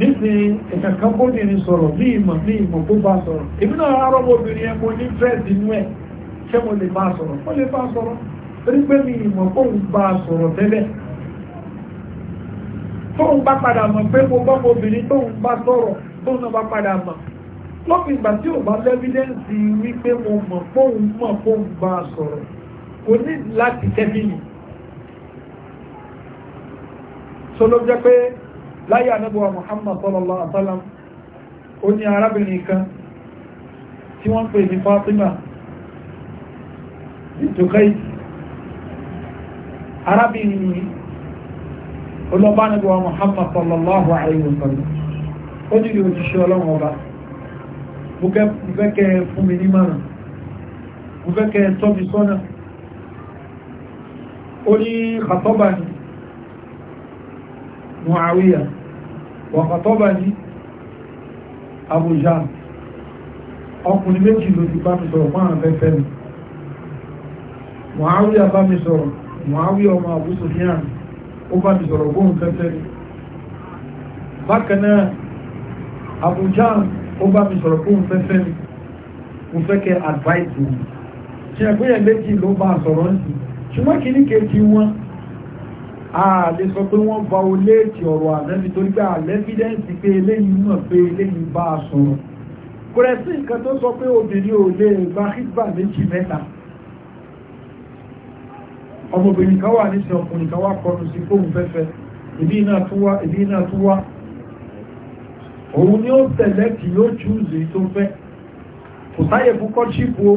níbi ìkankan bóbìnrin sọ̀rọ̀ ní ìmọ̀ ní ìmọ̀ tó bá sọ̀rọ̀ èmi náà rárá ọmọbìnrin ẹ mo ní fẹ́ẹ̀sì inú ẹ̀ ṣé mo lè bá sọ̀rọ̀ mo lè bá sọ̀rọ̀ torí pé mi ìmọ̀ fóun bá sọ̀rọ̀ tẹ́lẹ̀ tóun bá padà mọ̀ pé mo bá ọmọbìnrin tóun bá sọ̀rọ̀ tóun náà bá padà mọ̀ lópin ìgbà tí ò bá lẹ́fídẹ́ǹsì wípé mo mọ̀ fóun mọ̀ fóun bá sọ̀rọ̀ kò ní láti kẹ́bìnì tó ló jẹ́ pé láyé anábọ̀wà muhammad sallallahu alaihi wasallam ó ní arábìnrin kan tí wọ́n pè ní fatima ìtòkẹ́ arábìnrin yìí olọ́bá anábọ̀wà muhammad sallallahu alaihi wasallam ó ní ìrìn òjíṣẹ́ ọlọ́run ọba mo fẹ́ kẹ́ fún mi ní márùn mo fẹ́ sọ́nà ó ní kàtọ́bà ni muawiya wàkàtọ́bàní àbújá ọkùnrin méjì ló ti bá mi sọ̀rọ̀ fún àwọn afẹ́fẹ́ mi mọ̀háwí àbá mi sọ̀rọ̀ mọ̀háwí ọmọ àbúsọ̀ ní àmì ó bá mi sọ̀rọ̀ fún fẹ́fẹ́ mi bákanáà àbújá ó bá mi sọ̀rọ̀ fún fẹ́fẹ́ mi mo fẹ́ kẹ́ advice mi ṣe ẹgbẹ́yẹ méjì ló bá sọ̀rọ̀ ń sì ṣùgbọ́n kìíní kejì wọn ààlè sọ pé wọ́n bá o léèkì ọ̀rọ̀ àlẹ́bí torí pé àlẹ́fídẹ́ǹsì pé eléyìí mọ̀ pé eléyìí bá a sọ̀rọ̀ kò rẹ̀ sí nǹkan tó sọ pé obìnrin ò lè gba hìtbà méjì mẹ́ta ọmọbìnrin kan wà níṣẹ́ ọkùnrin kan wá kọlu sí fóun fẹ́fẹ́ ìbí náà tún wá ìbí náà tún wá òun ni ó tẹ̀lẹ́ kì yóò chúùzì tó fẹ́ kò sáyè fún kọ́ṣípù o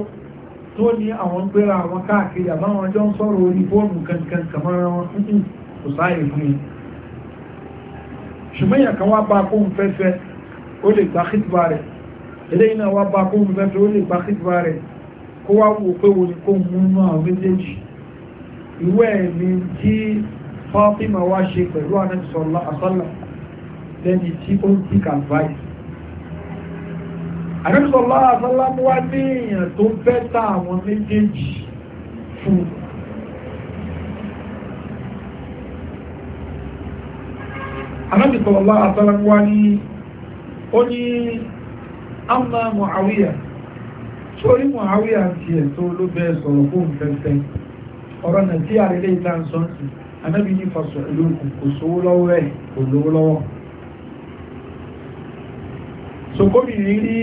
tó ní àwọn gbéra àwọn káàkiri àbáwọn ọjọ́ kò sáàyè fún un ṣùgbọ́n èèyàn kan wá bá kóhun fẹ́fẹ́ ó lè gba kìtìbà rẹ̀ eléyìí náà wá bá kóhun fẹ́fẹ́ ó lè gba kìtìbà rẹ̀ kó wá wò pé wo ni kóhun mú nú àwọn méjèèjì ìwé ẹ̀mí tí Fátímà wá ṣe pẹ̀lú Ànábì sallallahu lẹ́ni tí ó ń anábì sallallahu alaihi wasallam wá ní ó ní amma Muawiya sórí Muawiya ti ẹ̀ tó ló bẹ́ẹ̀ sọ̀rọ̀ fún fẹ́fẹ́ ọ̀rọ̀ nà tí àrílẹ̀ ìlà ń sọ sí anábì ní fasọ̀ ìlú kò sówó lọ́wọ́ ẹ̀ kò lówó lọ́wọ́ sokomi rí rẹ̀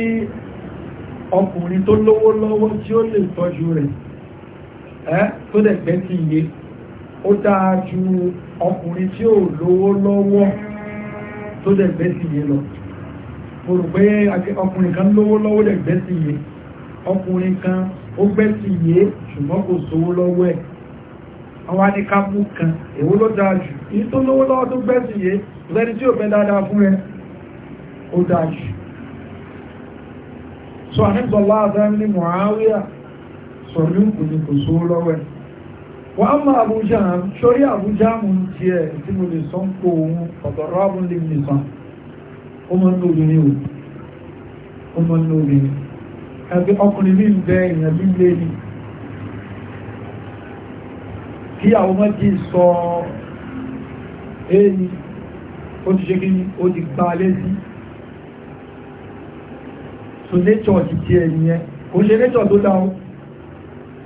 ẹ́ tó tó dẹ̀ gbẹ́sì yé lọ mo rò pé ọkùnrin kan lówó lọ́wọ́ dẹ̀ gbẹ́sì yé ọkùnrin kan ó gbẹ́sì yé ṣùgbọ́n kò sówó lọ́wọ́ ẹ̀ àwọn anìkàmú kan èwo ló dáa jù èyí tó lówó lọ́wọ́ tó gbẹ́sì yé lẹ́ni tí ò fẹ́ dáadáa fún ẹ ó dáa jù so àníbọ̀lá àdáni Muawiya sọ̀rọ̀ ní kò kò sówó lọ́wọ́ ẹ̀ wọ́n á máa Abu Jahm sórí Abu Jahm mú ti ẹ̀ tí mo lè sọ́n kó ohun ọ̀dọ̀rọ̀ àbú lè mi sàn ó mọ́ ní o ó mọ́ ní obìnrin ẹbí ọkùnrin mi ń bẹ èèyàn bí lé ní kí àwọn ọmọ ti sọ èyí ó ti ṣe kí ni ó ti gbá létí so nature ti ti nìyẹn kò ṣe nature tó dáa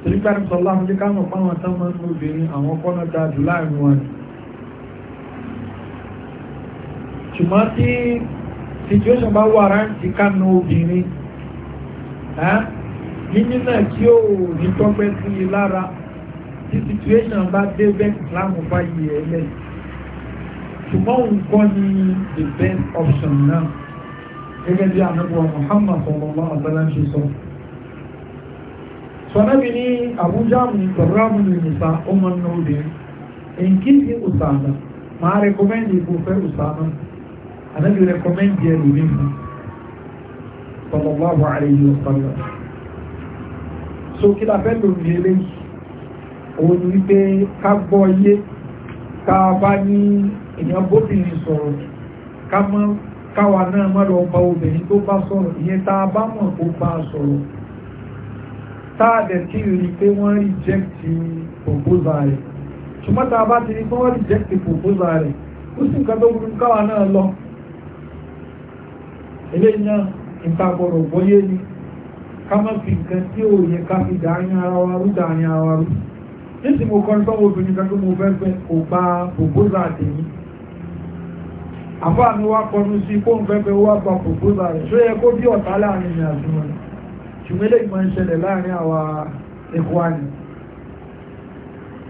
tìrígbà ní sọ láàrín jẹ́ káàmù páwọn tán mọ́ ní obìnrin àwọn kọ́nà dáadù láàrin wọn ṣùgbọ́n tí situation bá wà rántí kánú obìnrin níní náà tí ó ní tọ́pẹ́ sí i lára tí situation bá dé bẹ́ẹ̀ láàmú bá yí ṣùgbọ́n nǹkan ní the best option náà gẹ́gẹ́ bí ànábọ̀ Muhammad sallallahu alaihi wasallam ṣe sọ sọ́nàbí ní àbújá mi pẹ̀lú ní nìsa ọmọ náà obìnrin èyí sí Usama máa rẹkọmẹ́ndì kò fẹ́ Usama ànábì rẹkọmẹ́ndì ẹ̀rù ní fún sallallahu alayhi wa sallam so kí la fẹ́ lòmí eléyìí òun wípé ká gbọ́ yé ká bá ní èèyàn bóbìnrin sọ̀rọ̀ ká wà náà má lọ obìnrin tó bá sọ̀rọ̀ ìyẹn tá bá mọ̀ kó bá sọ̀rọ̀ stardust tí rí pé wọ́n rìjẹ́kìtì proposal rẹ̀ ṣùgbọ́n tá a bá ti rí pé wọ́n rìjẹ́kìtì proposal rẹ̀ ó lọ eléyìí náà nǹkan ni ká má fi fi mo kọrin gba proposal tèmi àfáà mi wá kọrin sí n gba proposal rẹ̀ ṣó yẹ ṣùgbọ́n ilé ìmọ̀ ìṣẹ̀lẹ̀ láàrin àwa ẹ̀kọ́ ni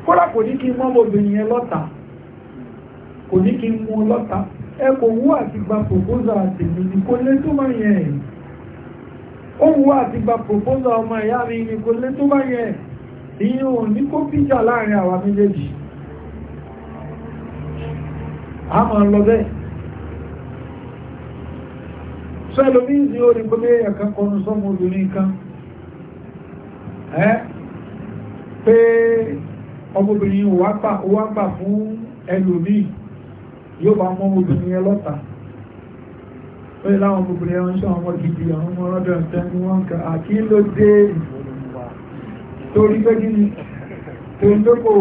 kọ́lá kò ní kí n mọ́ obìnrin yẹn lọ́ta kò ní kí mú lọ́ta ẹ kò wú àti gba proposal àtẹ̀mí ni kò lé tó bá yẹn ó wú àti gba proposal ọmọ ìyá mi ni kò lé tó bá yẹn ìyẹn ò ní kó fíjà láàrin àwa méjèèjì a máa lọ bẹ́ẹ̀ sọ ẹlòmí izi orí gbogbo èèyàn kan kọnu sọmọ obìnrin kan ẹ́ pé ọmọbìnrin wà gbà fún ẹlòmí yóò bá mọ́ obìnrin la pé ẹran ṣe ọmọ gidi àwọn ọmọ ọlọ́dọ̀ ẹ̀tẹ́ ní wọ́n kà àkí ló dé torí torí pé kò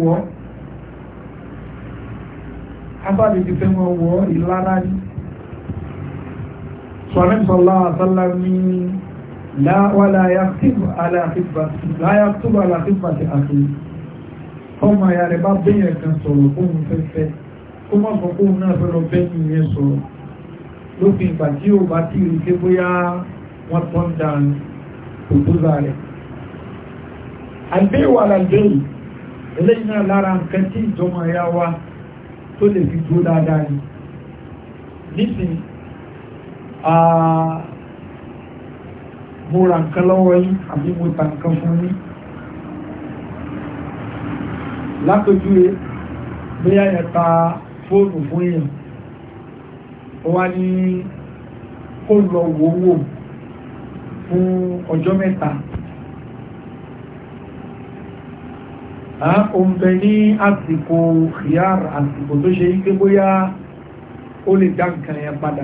gbà abáde ti fẹ́ mọ́ wọ́ ìlara ní sọ̀rọ̀sọ̀lá àtàlà ní láwàlá yàtúbà aláàfífà ti àti ọmọ ìyá rẹ̀ bá bẹ́yẹ̀ kan sọ̀rọ̀ fóun fẹ́fẹ́ kó mọ́ sọ fóun náà fẹ́ lọ bẹ́yìn yẹn sọ̀rọ̀ lófin ìgbà tí ó bá tí rí pé wọ́n tọ́ ń dànù rẹ̀ àgbéwà làgbéyì eléyìí lára nǹkan tí ìjọmọ̀ ẹ̀yà wa tó lè fi dúró dáadáa ni nísìnyí mo ra nǹkan lọ́wọ́ yín àbí mo ta nǹkan fún yín látòjúwe bóyá yẹn ta fóònù fún yẹn ó wá ní kó lọ wò fún ọjọ́ mẹ́ta ó ń bẹ ní àsìkò khiyar àsìkò tó ṣe ike bóyá ó lè dá nǹkan yẹn padà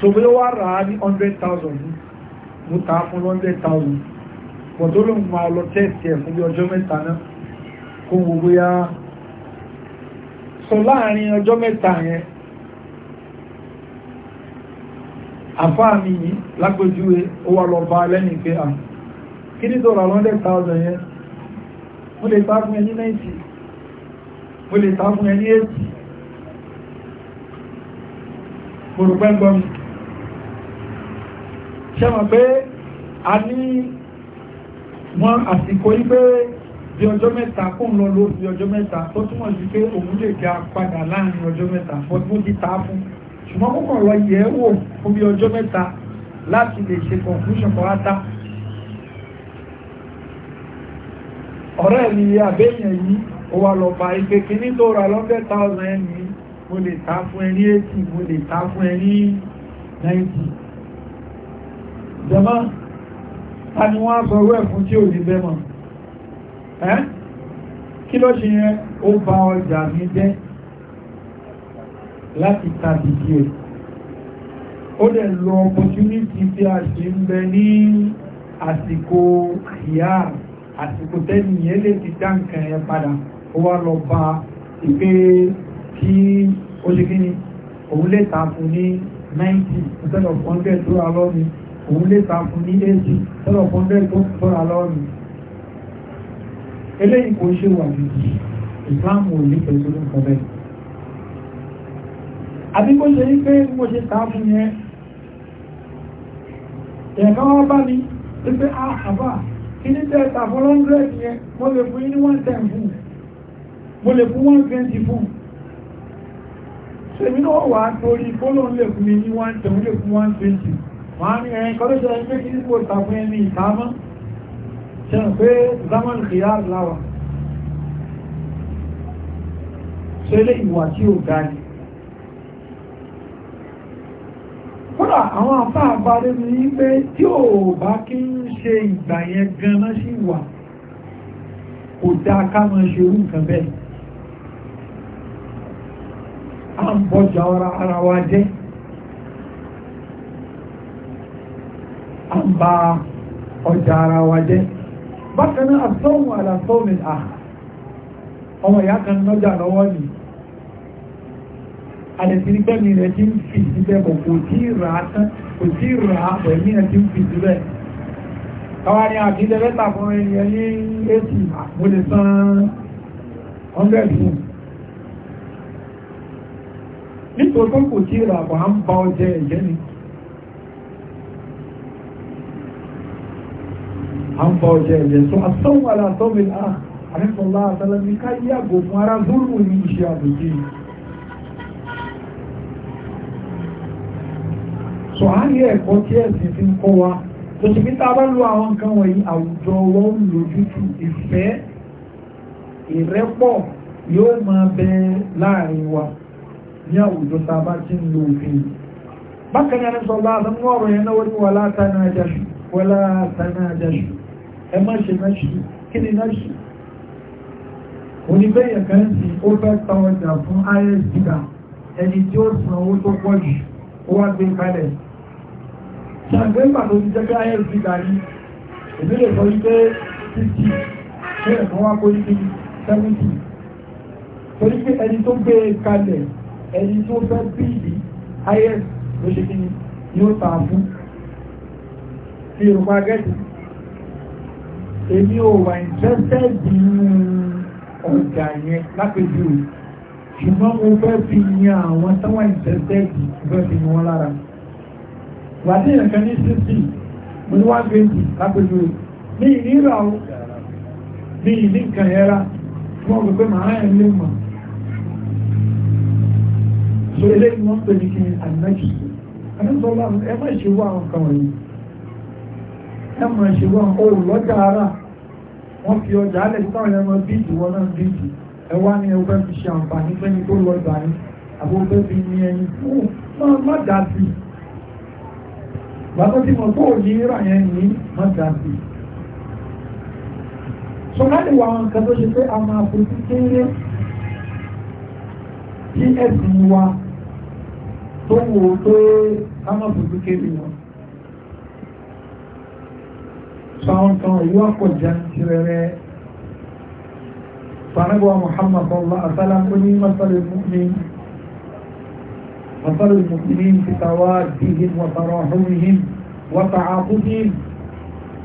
so bóyá wà rà á ní 100,000 mú ta fún 100,000 pọ̀ tó ló ń máa lọ tẹ́ẹ̀tì ẹ̀ fún bí ọjọ́ mẹ́ta náà kó wo bóyá sọ láàrin ọjọ́ mẹ́ta yẹn àfáà mi yìí lágbójúwe ó wà lọ bá lẹ́yìn pé à ah, kí ní tọ́rọ 100,000 yẹn mo lè ta fún ẹni 90 mo lè ta fún ẹni 80 mo rò pẹ́ gbọ́n ṣe mọ̀ pé a ní wọn àsìkò yí pé bí ọjọ́ mẹ́ta kún lọ ló bí ọjọ́ mẹ́ta tó túnmọ̀ sí pé òun lè ga padà láàrin ọjọ́ mẹ́ta fọ́n tó ti ta fún ṣùgbọ́n kókò ọ̀rọ̀ ọ̀rẹ́ mi àbẹ́yàn yìí ó wà lọ bá ipé kìíní tó ra lọ́gbẹ́ 1000 ní mo lè ta fún ẹni 80 mo lè ta fún ẹni 90 jẹmọ́ ta ni wọ́n sọ rẹ̀ fún tí ò ní bẹ́mọ̀ ẹ́ kí ló ṣe yẹn ó ba ọjà mi jẹ́ láti tàbí sí ẹ̀ ó dẹ̀ lọ opportunity tí a ṣe ń bẹ ní àsìkò yáà àsìkò tẹ́lì yẹn lè ti dá nǹkan ẹ padà ó wá lọ bá ìpé kí ó ṣe kí ni òun lè ta fún ní 90 instead of 100 tó ra lọ́mi òun lè ta fún ní 80 instead of 100 tó ra lọ́mi eléyìí kò ṣe wà nìyí ìsìláàmù ò ní pẹ̀lú nǹkan bẹ́ẹ̀ àbí kó ṣe ní mo ṣe ta fún yẹn ẹ̀ẹ̀kan bá ní pé ah, àbá kíní tẹ́ta fún hundred yẹn mo lè fún ní one ten fún mo lè fún one twenty fún ṣèmi náà wà á torí bọ́lọ̀ ń lè fún mi ní one ten ó lè fún one twenty máa ní ẹ̀yìn kọ́lẹ́ṣọ́ ẹgbẹ́ kíní tí mo ta fún ẹni ìtàmọ́ ṣe ń pé zaman khiyar láwà ṣe lè ìwà tí ò ga ni kódà àwọn afá àbáre ní wípé tí ò bá kí ń ṣe ìgbà yẹn ganan sí wà kò dáa ká máa ṣe irú nǹkan bẹ́ẹ̀ à ń bọjà ara wa jẹ́ a ń ba ọjà ara wa jẹ́ bákan náà àtọ́hùn àlàtọ́hùn àhà ọmọ ìyá kan nájà lọ́wọ́ nìí àdẹ̀sírí pẹ́mi rẹ̀ ti ń fi síbẹ̀ kò kò tí rà á tán kò tí rà á pẹ̀ mí rẹ̀ ti ń fi síbẹ̀ káwa ni àbí lẹ́lẹ́ta fún ẹyẹ ní èsì mo lè san 100 fún nítorí pé kò tí rà wà ń ba ọjẹ́ ẹ̀jẹ́ ni à ń ba ọjẹ́ ẹ̀jẹ́ so àtọ́wọ́ àlàtọ́ mi náà àrẹ́sọ̀lá àtàlẹ́mí ká yàgò fún ara zúrù ní so a ní ẹ̀kọ́ tí ẹ̀sìn fi ń kọ́ wa tó ti fi tá a bá lo àwọn nǹkan wọ̀nyí àwùjọ wọn ń lójútu ìfẹ́ ìrẹ́pọ̀ yóò máa bẹ láàrin wa ní àwùjọ tá a bá ti ń lo òfin bákan náà sọ bá àtàwọn ọ̀rọ̀ yẹn náà wọ́n ní wà látàná àjàṣù wọ́n látàná àjàṣù ẹ má ṣe náà ṣù kí ni náà ṣù oníbẹ̀yẹ̀ kan sì ó fẹ́ ta ọjà fún isdr ẹni tí ó san owó tó pọ̀ jù ó wá gbé kalẹ̀ ṣàgbéǹgbà tó ti jẹ́ pé IFC gari èmi lè sọ wípé 50 ṣé ẹ̀kan wá kó sí 70 torí pé ẹni tó gbé e kalẹ̀ ẹni tó fẹ́ bíìlì IFC ló ṣe kí ni ó ta fún fi òun agẹ́tì èmi ò wà interested nínú ọjà yẹn lápẹjú ṣùgbọ́n mo fẹ́ fi yan àwọn táwọn interested fẹ́ fi wọn lára mi wà ní ẹ̀kan ní 60 mo ní 120 lápẹjú ní ìnira o ní ìní nǹkan ẹ̀ra tí wọ́n gbogbo màá ẹ̀ lé mọ̀ so eléyìí wọ́n pè ní kí ànájì àdúgbò ẹ má ṣe wá àwọn kan wọ̀nyí ẹ má ṣe wá àwọn olùlọ́jà ara wọ́n fi ọjà alẹ́ tí táwọn ẹran bíìtì wọn náà bíìtì ẹ wá ní ẹ fẹ́ fi ṣe àǹfààní fẹ́ni tó lọ gbà ní àbúrò fẹ́ fi ní ẹni fún má dá sí i gbàtọ́ tí mo tó ní rà yẹn ní mọ́tàbí so láti wà àwọn nǹkan tó ṣe pé a máa fojú kéré tí ẹ̀sìn wa tó wò ó pé a máa fojú kéré wọn so àwọn kan ìlú àkọjá ti rẹrẹ fanagbọ́ Muhammad sallallahu alaihi wa sallam ó ní masalẹ̀ mú ní وصل المسلمين بتوادهم وتراحمهم وتعاطفهم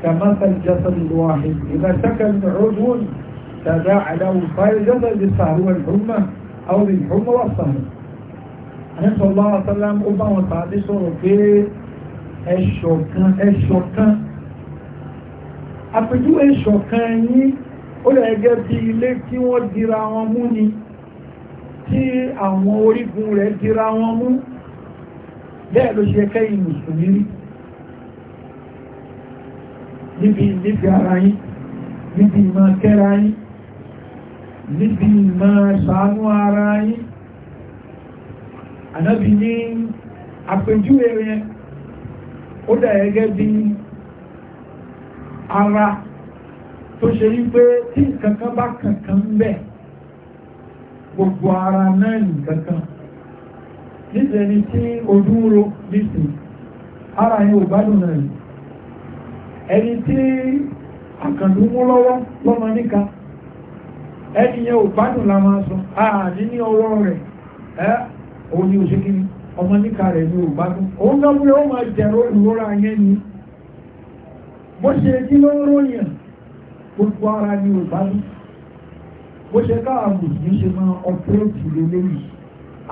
كمثل جسد الواحد إذا سكن عضو تداعى له سائر الجسد بالسهر والحمى أو بالحمى والسهر النبي صلى الله عليه وسلم أبا وتعالي sọ̀rọ̀ pé ẹ̀ṣọ̀kan ẹ̀ṣọ̀kan àpèjúwe ẹ̀ṣọ̀kan yín ó lè gẹ́ bí ilé tí wọ́n tí àwọn orígun rẹ̀ dira wọn mú bẹ́ẹ̀ ló ṣe kẹ́yìn mùsùlùmí níbi nífẹ̀ẹ́ ara yín níbi ìmọ̀ kẹ́ra yín níbi ìmọ̀ ṣàánú ara yín ànábì ní àpèjúwe yẹn ó dà bí ara tó ṣe wípé tí nǹkan bá kankan bẹ́ẹ̀ gbogbo ara náà kankan nítorí ẹni tí ojú nísìn ara yẹn ò gbádùn náà yìí ẹni tí àkàndùn mú lọ́wọ́ níka ẹni yẹn ò la máa sọ àní ní ọwọ́ rẹ̀ ẹ́ òun ni òṣèké ni ọmọ níka rẹ̀ ni ò gbádùn òun náà ó máa jẹ̀rọ yẹn ni bó ṣe gbogbo bó ṣe káàbù ní ṣe máa ọpẹ́ẹ̀tì lélẹ́yìí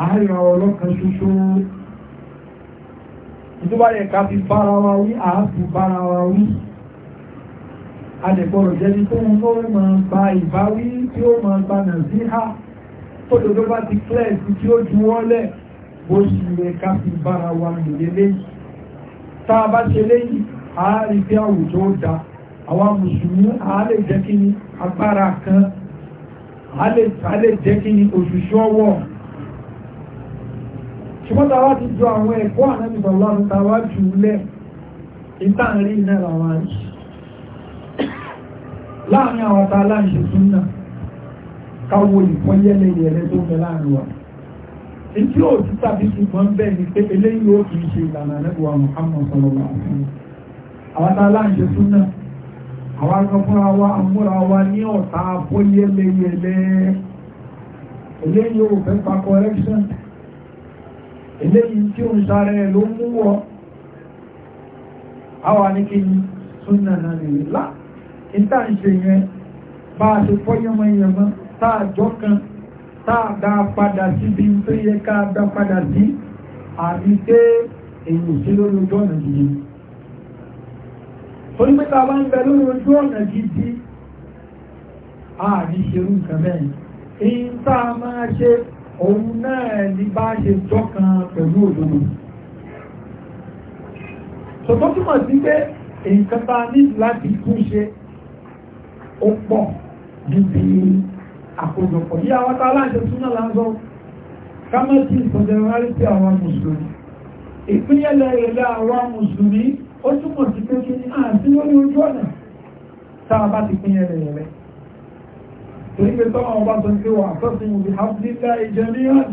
àárín àwọn ọlọ́kan ṣoṣo ìjọba yẹ ká fi bára wa wí àáfi bára wa wí adẹ̀gbọ́rọ̀ jẹ́ni tó ń lọ́wọ́ máa gba ìbáwí tí ó máa gba nàìjíríà tó dodo bá ti kílẹ̀sì tí ó ju wọ́lẹ̀ bó ṣe yẹ ká fi bára wa lélẹ́yìí tá a bá ṣe lẹ́yìn àárín bí àwùjọ da àwa mùsùlùmí àá lè jẹ́ kí agbára kan a jẹ́ kí ni òṣùṣù ọwọ́ ṣùgbọ́n tàwa ti àwọn ẹ̀kọ́ ànábìbọ̀ lọ́rùn tàwa jù lẹ̀ ìtàrí iná làwọn àrí láàrin àwọn ta aláìṣe tún náà káwo ìpọ́n yẹ́lẹ̀ yẹ̀rẹ́ tó bẹ láàrin wa ò ti tàbí bẹ́ẹ̀ ni pé eléyìí ó kìí ṣe ìlànà àwọn ta tún náà àwọn akọ́kọ́ra wa amúra wa ní ọ̀tá fóyẹ́lẹ́yẹlẹ́ eléyìí ò fẹ́ pa correction eléyìí tí ó ń sáré ló mú wọ àwa ní kí ni súnà náà lá ìta ń ṣe yẹn bá a ṣe fọ́yẹ́mọ́yẹ́mọ́ tá a jọ kan tá a dá padà síbi tó yẹ ká dá padà sí àbí pé èyí sí lórí ojú ọ̀nà torí pé ta bá ń bẹ lórí ojú ọ̀nà gidi ààrí ṣerú nǹkan mẹ́rin èyí tá a máa ṣe òun náà ní bá ṣe jọ́kan pẹ̀lú òdodo tòtó túmọ̀ sí pé nǹkan tá a ní láti tún ṣe ó pọ̀ níbi àkójọpọ̀ yí àwọn tá a láṣẹ súná lásán ká má sí sí àwọn mùsùlùmí ìpínyẹ̀lẹ̀ ìlẹ̀ àwọn mùsùlùmí ó túmọ̀ sí pé kí àti lórí ojú ọ̀nà tá a bá ti pín ẹrẹ̀ rẹ̀ torí pé tọ́wọ́ ọba tó ń pè wà tọ́sìn ìwé hafdílá ìjẹmíhàn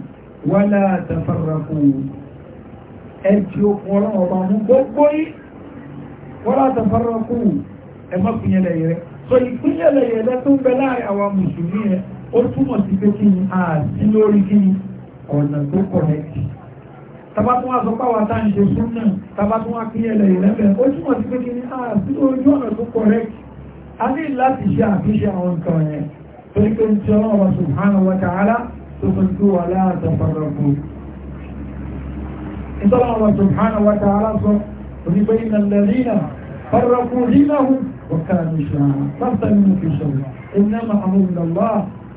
wà látàfàràkù ẹ̀tì okùn ọlọ́run ọba mú gbogbo yìí wà látàfàràkù ẹ̀mọ́ pín ẹrẹ̀ rẹ̀ so ìpínlẹ̀ ẹ̀rẹ́ tó ń bẹ láàrin àwọn mùsùlùmí ẹ̀ ó túmọ̀ sí pé àti lórí kí ọ̀nà tó kọ̀rẹ́tì tabatun wa sọpá wa tán ìdè fún náà tabatun wa kí ẹlẹ ìrẹ́bẹ̀ ó túmọ̀ sí pé kí ní a ah, sí ojú ọ̀nà tó correct a ní láti ṣe àtúnṣe àwọn nǹkan yẹn torí pé ti ọlọ́run wa subhanahu wa ta'ala tó sọ pé wà láàtọ̀ fàgbàgbò ìtọ́lọ́run wa subhanahu wa ta'ala sọ òní fi ṣọ̀rọ̀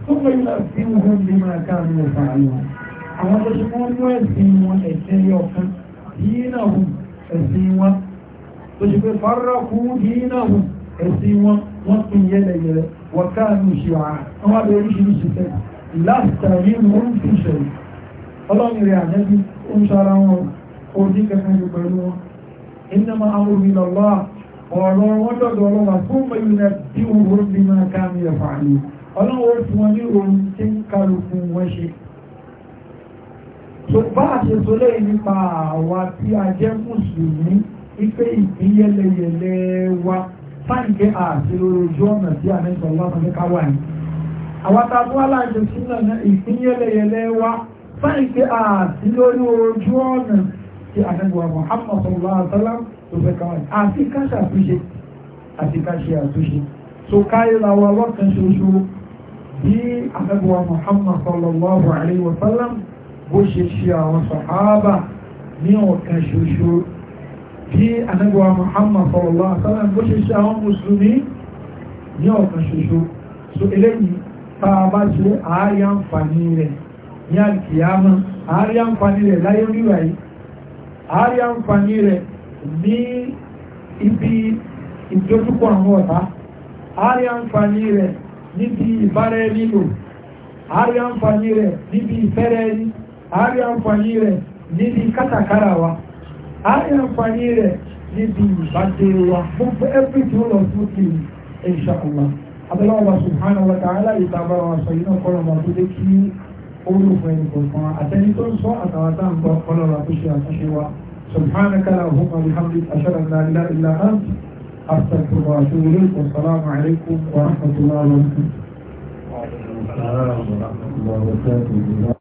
tó fẹ́ ilá sí ihun bí máa ká àwọn tó ṣe wọ́n mú ẹ̀sìn wọn ẹ̀sìn ẹyọ kan dínàhùn ẹ̀sìn wọn tó ṣe pé fárọ́kù dínàhùn ẹ̀sìn wọn wọ́n pín yẹ́lẹ̀yẹ̀lẹ̀ wọ́n káàmù ṣe àà wọ́n wá bẹ̀rẹ̀ oríṣiríṣi fẹ́ látàrí wọn ń fi ṣẹ̀lẹ̀ ọlọ́run rẹ̀ àjẹ́bí ó ń ṣara wọn ó dín kankan ní òun tí ń ṣùgbọ́n àṣetolé nípa àwa tí a jẹ́ mùsùlùmí ife ìpínyẹlẹyẹlẹ wa fáìgẹ́ àti ojú ọ̀nà tí a mẹ́sàn ọlá ọ̀nàmẹ́ká wà ní àwọn tàbí wà láìsẹ̀ sínú ọ̀nà ìpínyẹlẹyẹlẹ wa fáìgẹ́ àti lórí ojú ọ̀nà tí a mẹ́sàn Muhammad sallallahu alaihi wasallam tó fẹ́ káwà ní àti káṣe àtúnṣe àti káṣe àtúnṣe tó káyé làwọn ọlọ́kan ṣoṣo bí a mẹ́sàn Muhammad sallallahu alaihi wasallam bó ṣe ṣe àwọn sàhábà ní ọ̀kan ṣoṣo bí anábíwá Muhammad sallallahu alaihi wasallam bó ṣe ṣe àwọn mùsùlùmí ní ọ̀kan ṣoṣo so eléyìí tá a bá ṣe àárí àǹfààní rẹ̀ ní àkìyàmọ́ àárí àǹfààní rẹ̀ láyé ríra yìí àárí àǹfààní rẹ̀ ní ibi ìdójúkọ a rí àǹfààní rẹ̀ níbi kátàkárà wa a rí àǹfààní rẹ̀ níbi ìbáṣe wa gbogbo everything lọ fún ti ìṣàkùnmá abẹ́lẹ́wọ̀n bá subhanahu wa ta'ala ìtàbá wa sọ iná kọ́lọ̀ máa tó dé kí ó lò àtẹni tó ń sọ àtàwátà ń gbọ́ kọ́lọ̀ wa tó ṣe àtúnṣe wa سبحانك اللهم وبحمدك اشهد ان لا اله الا انت استغفرك واتوب اليك والسلام عليكم ورحمه الله وبركاته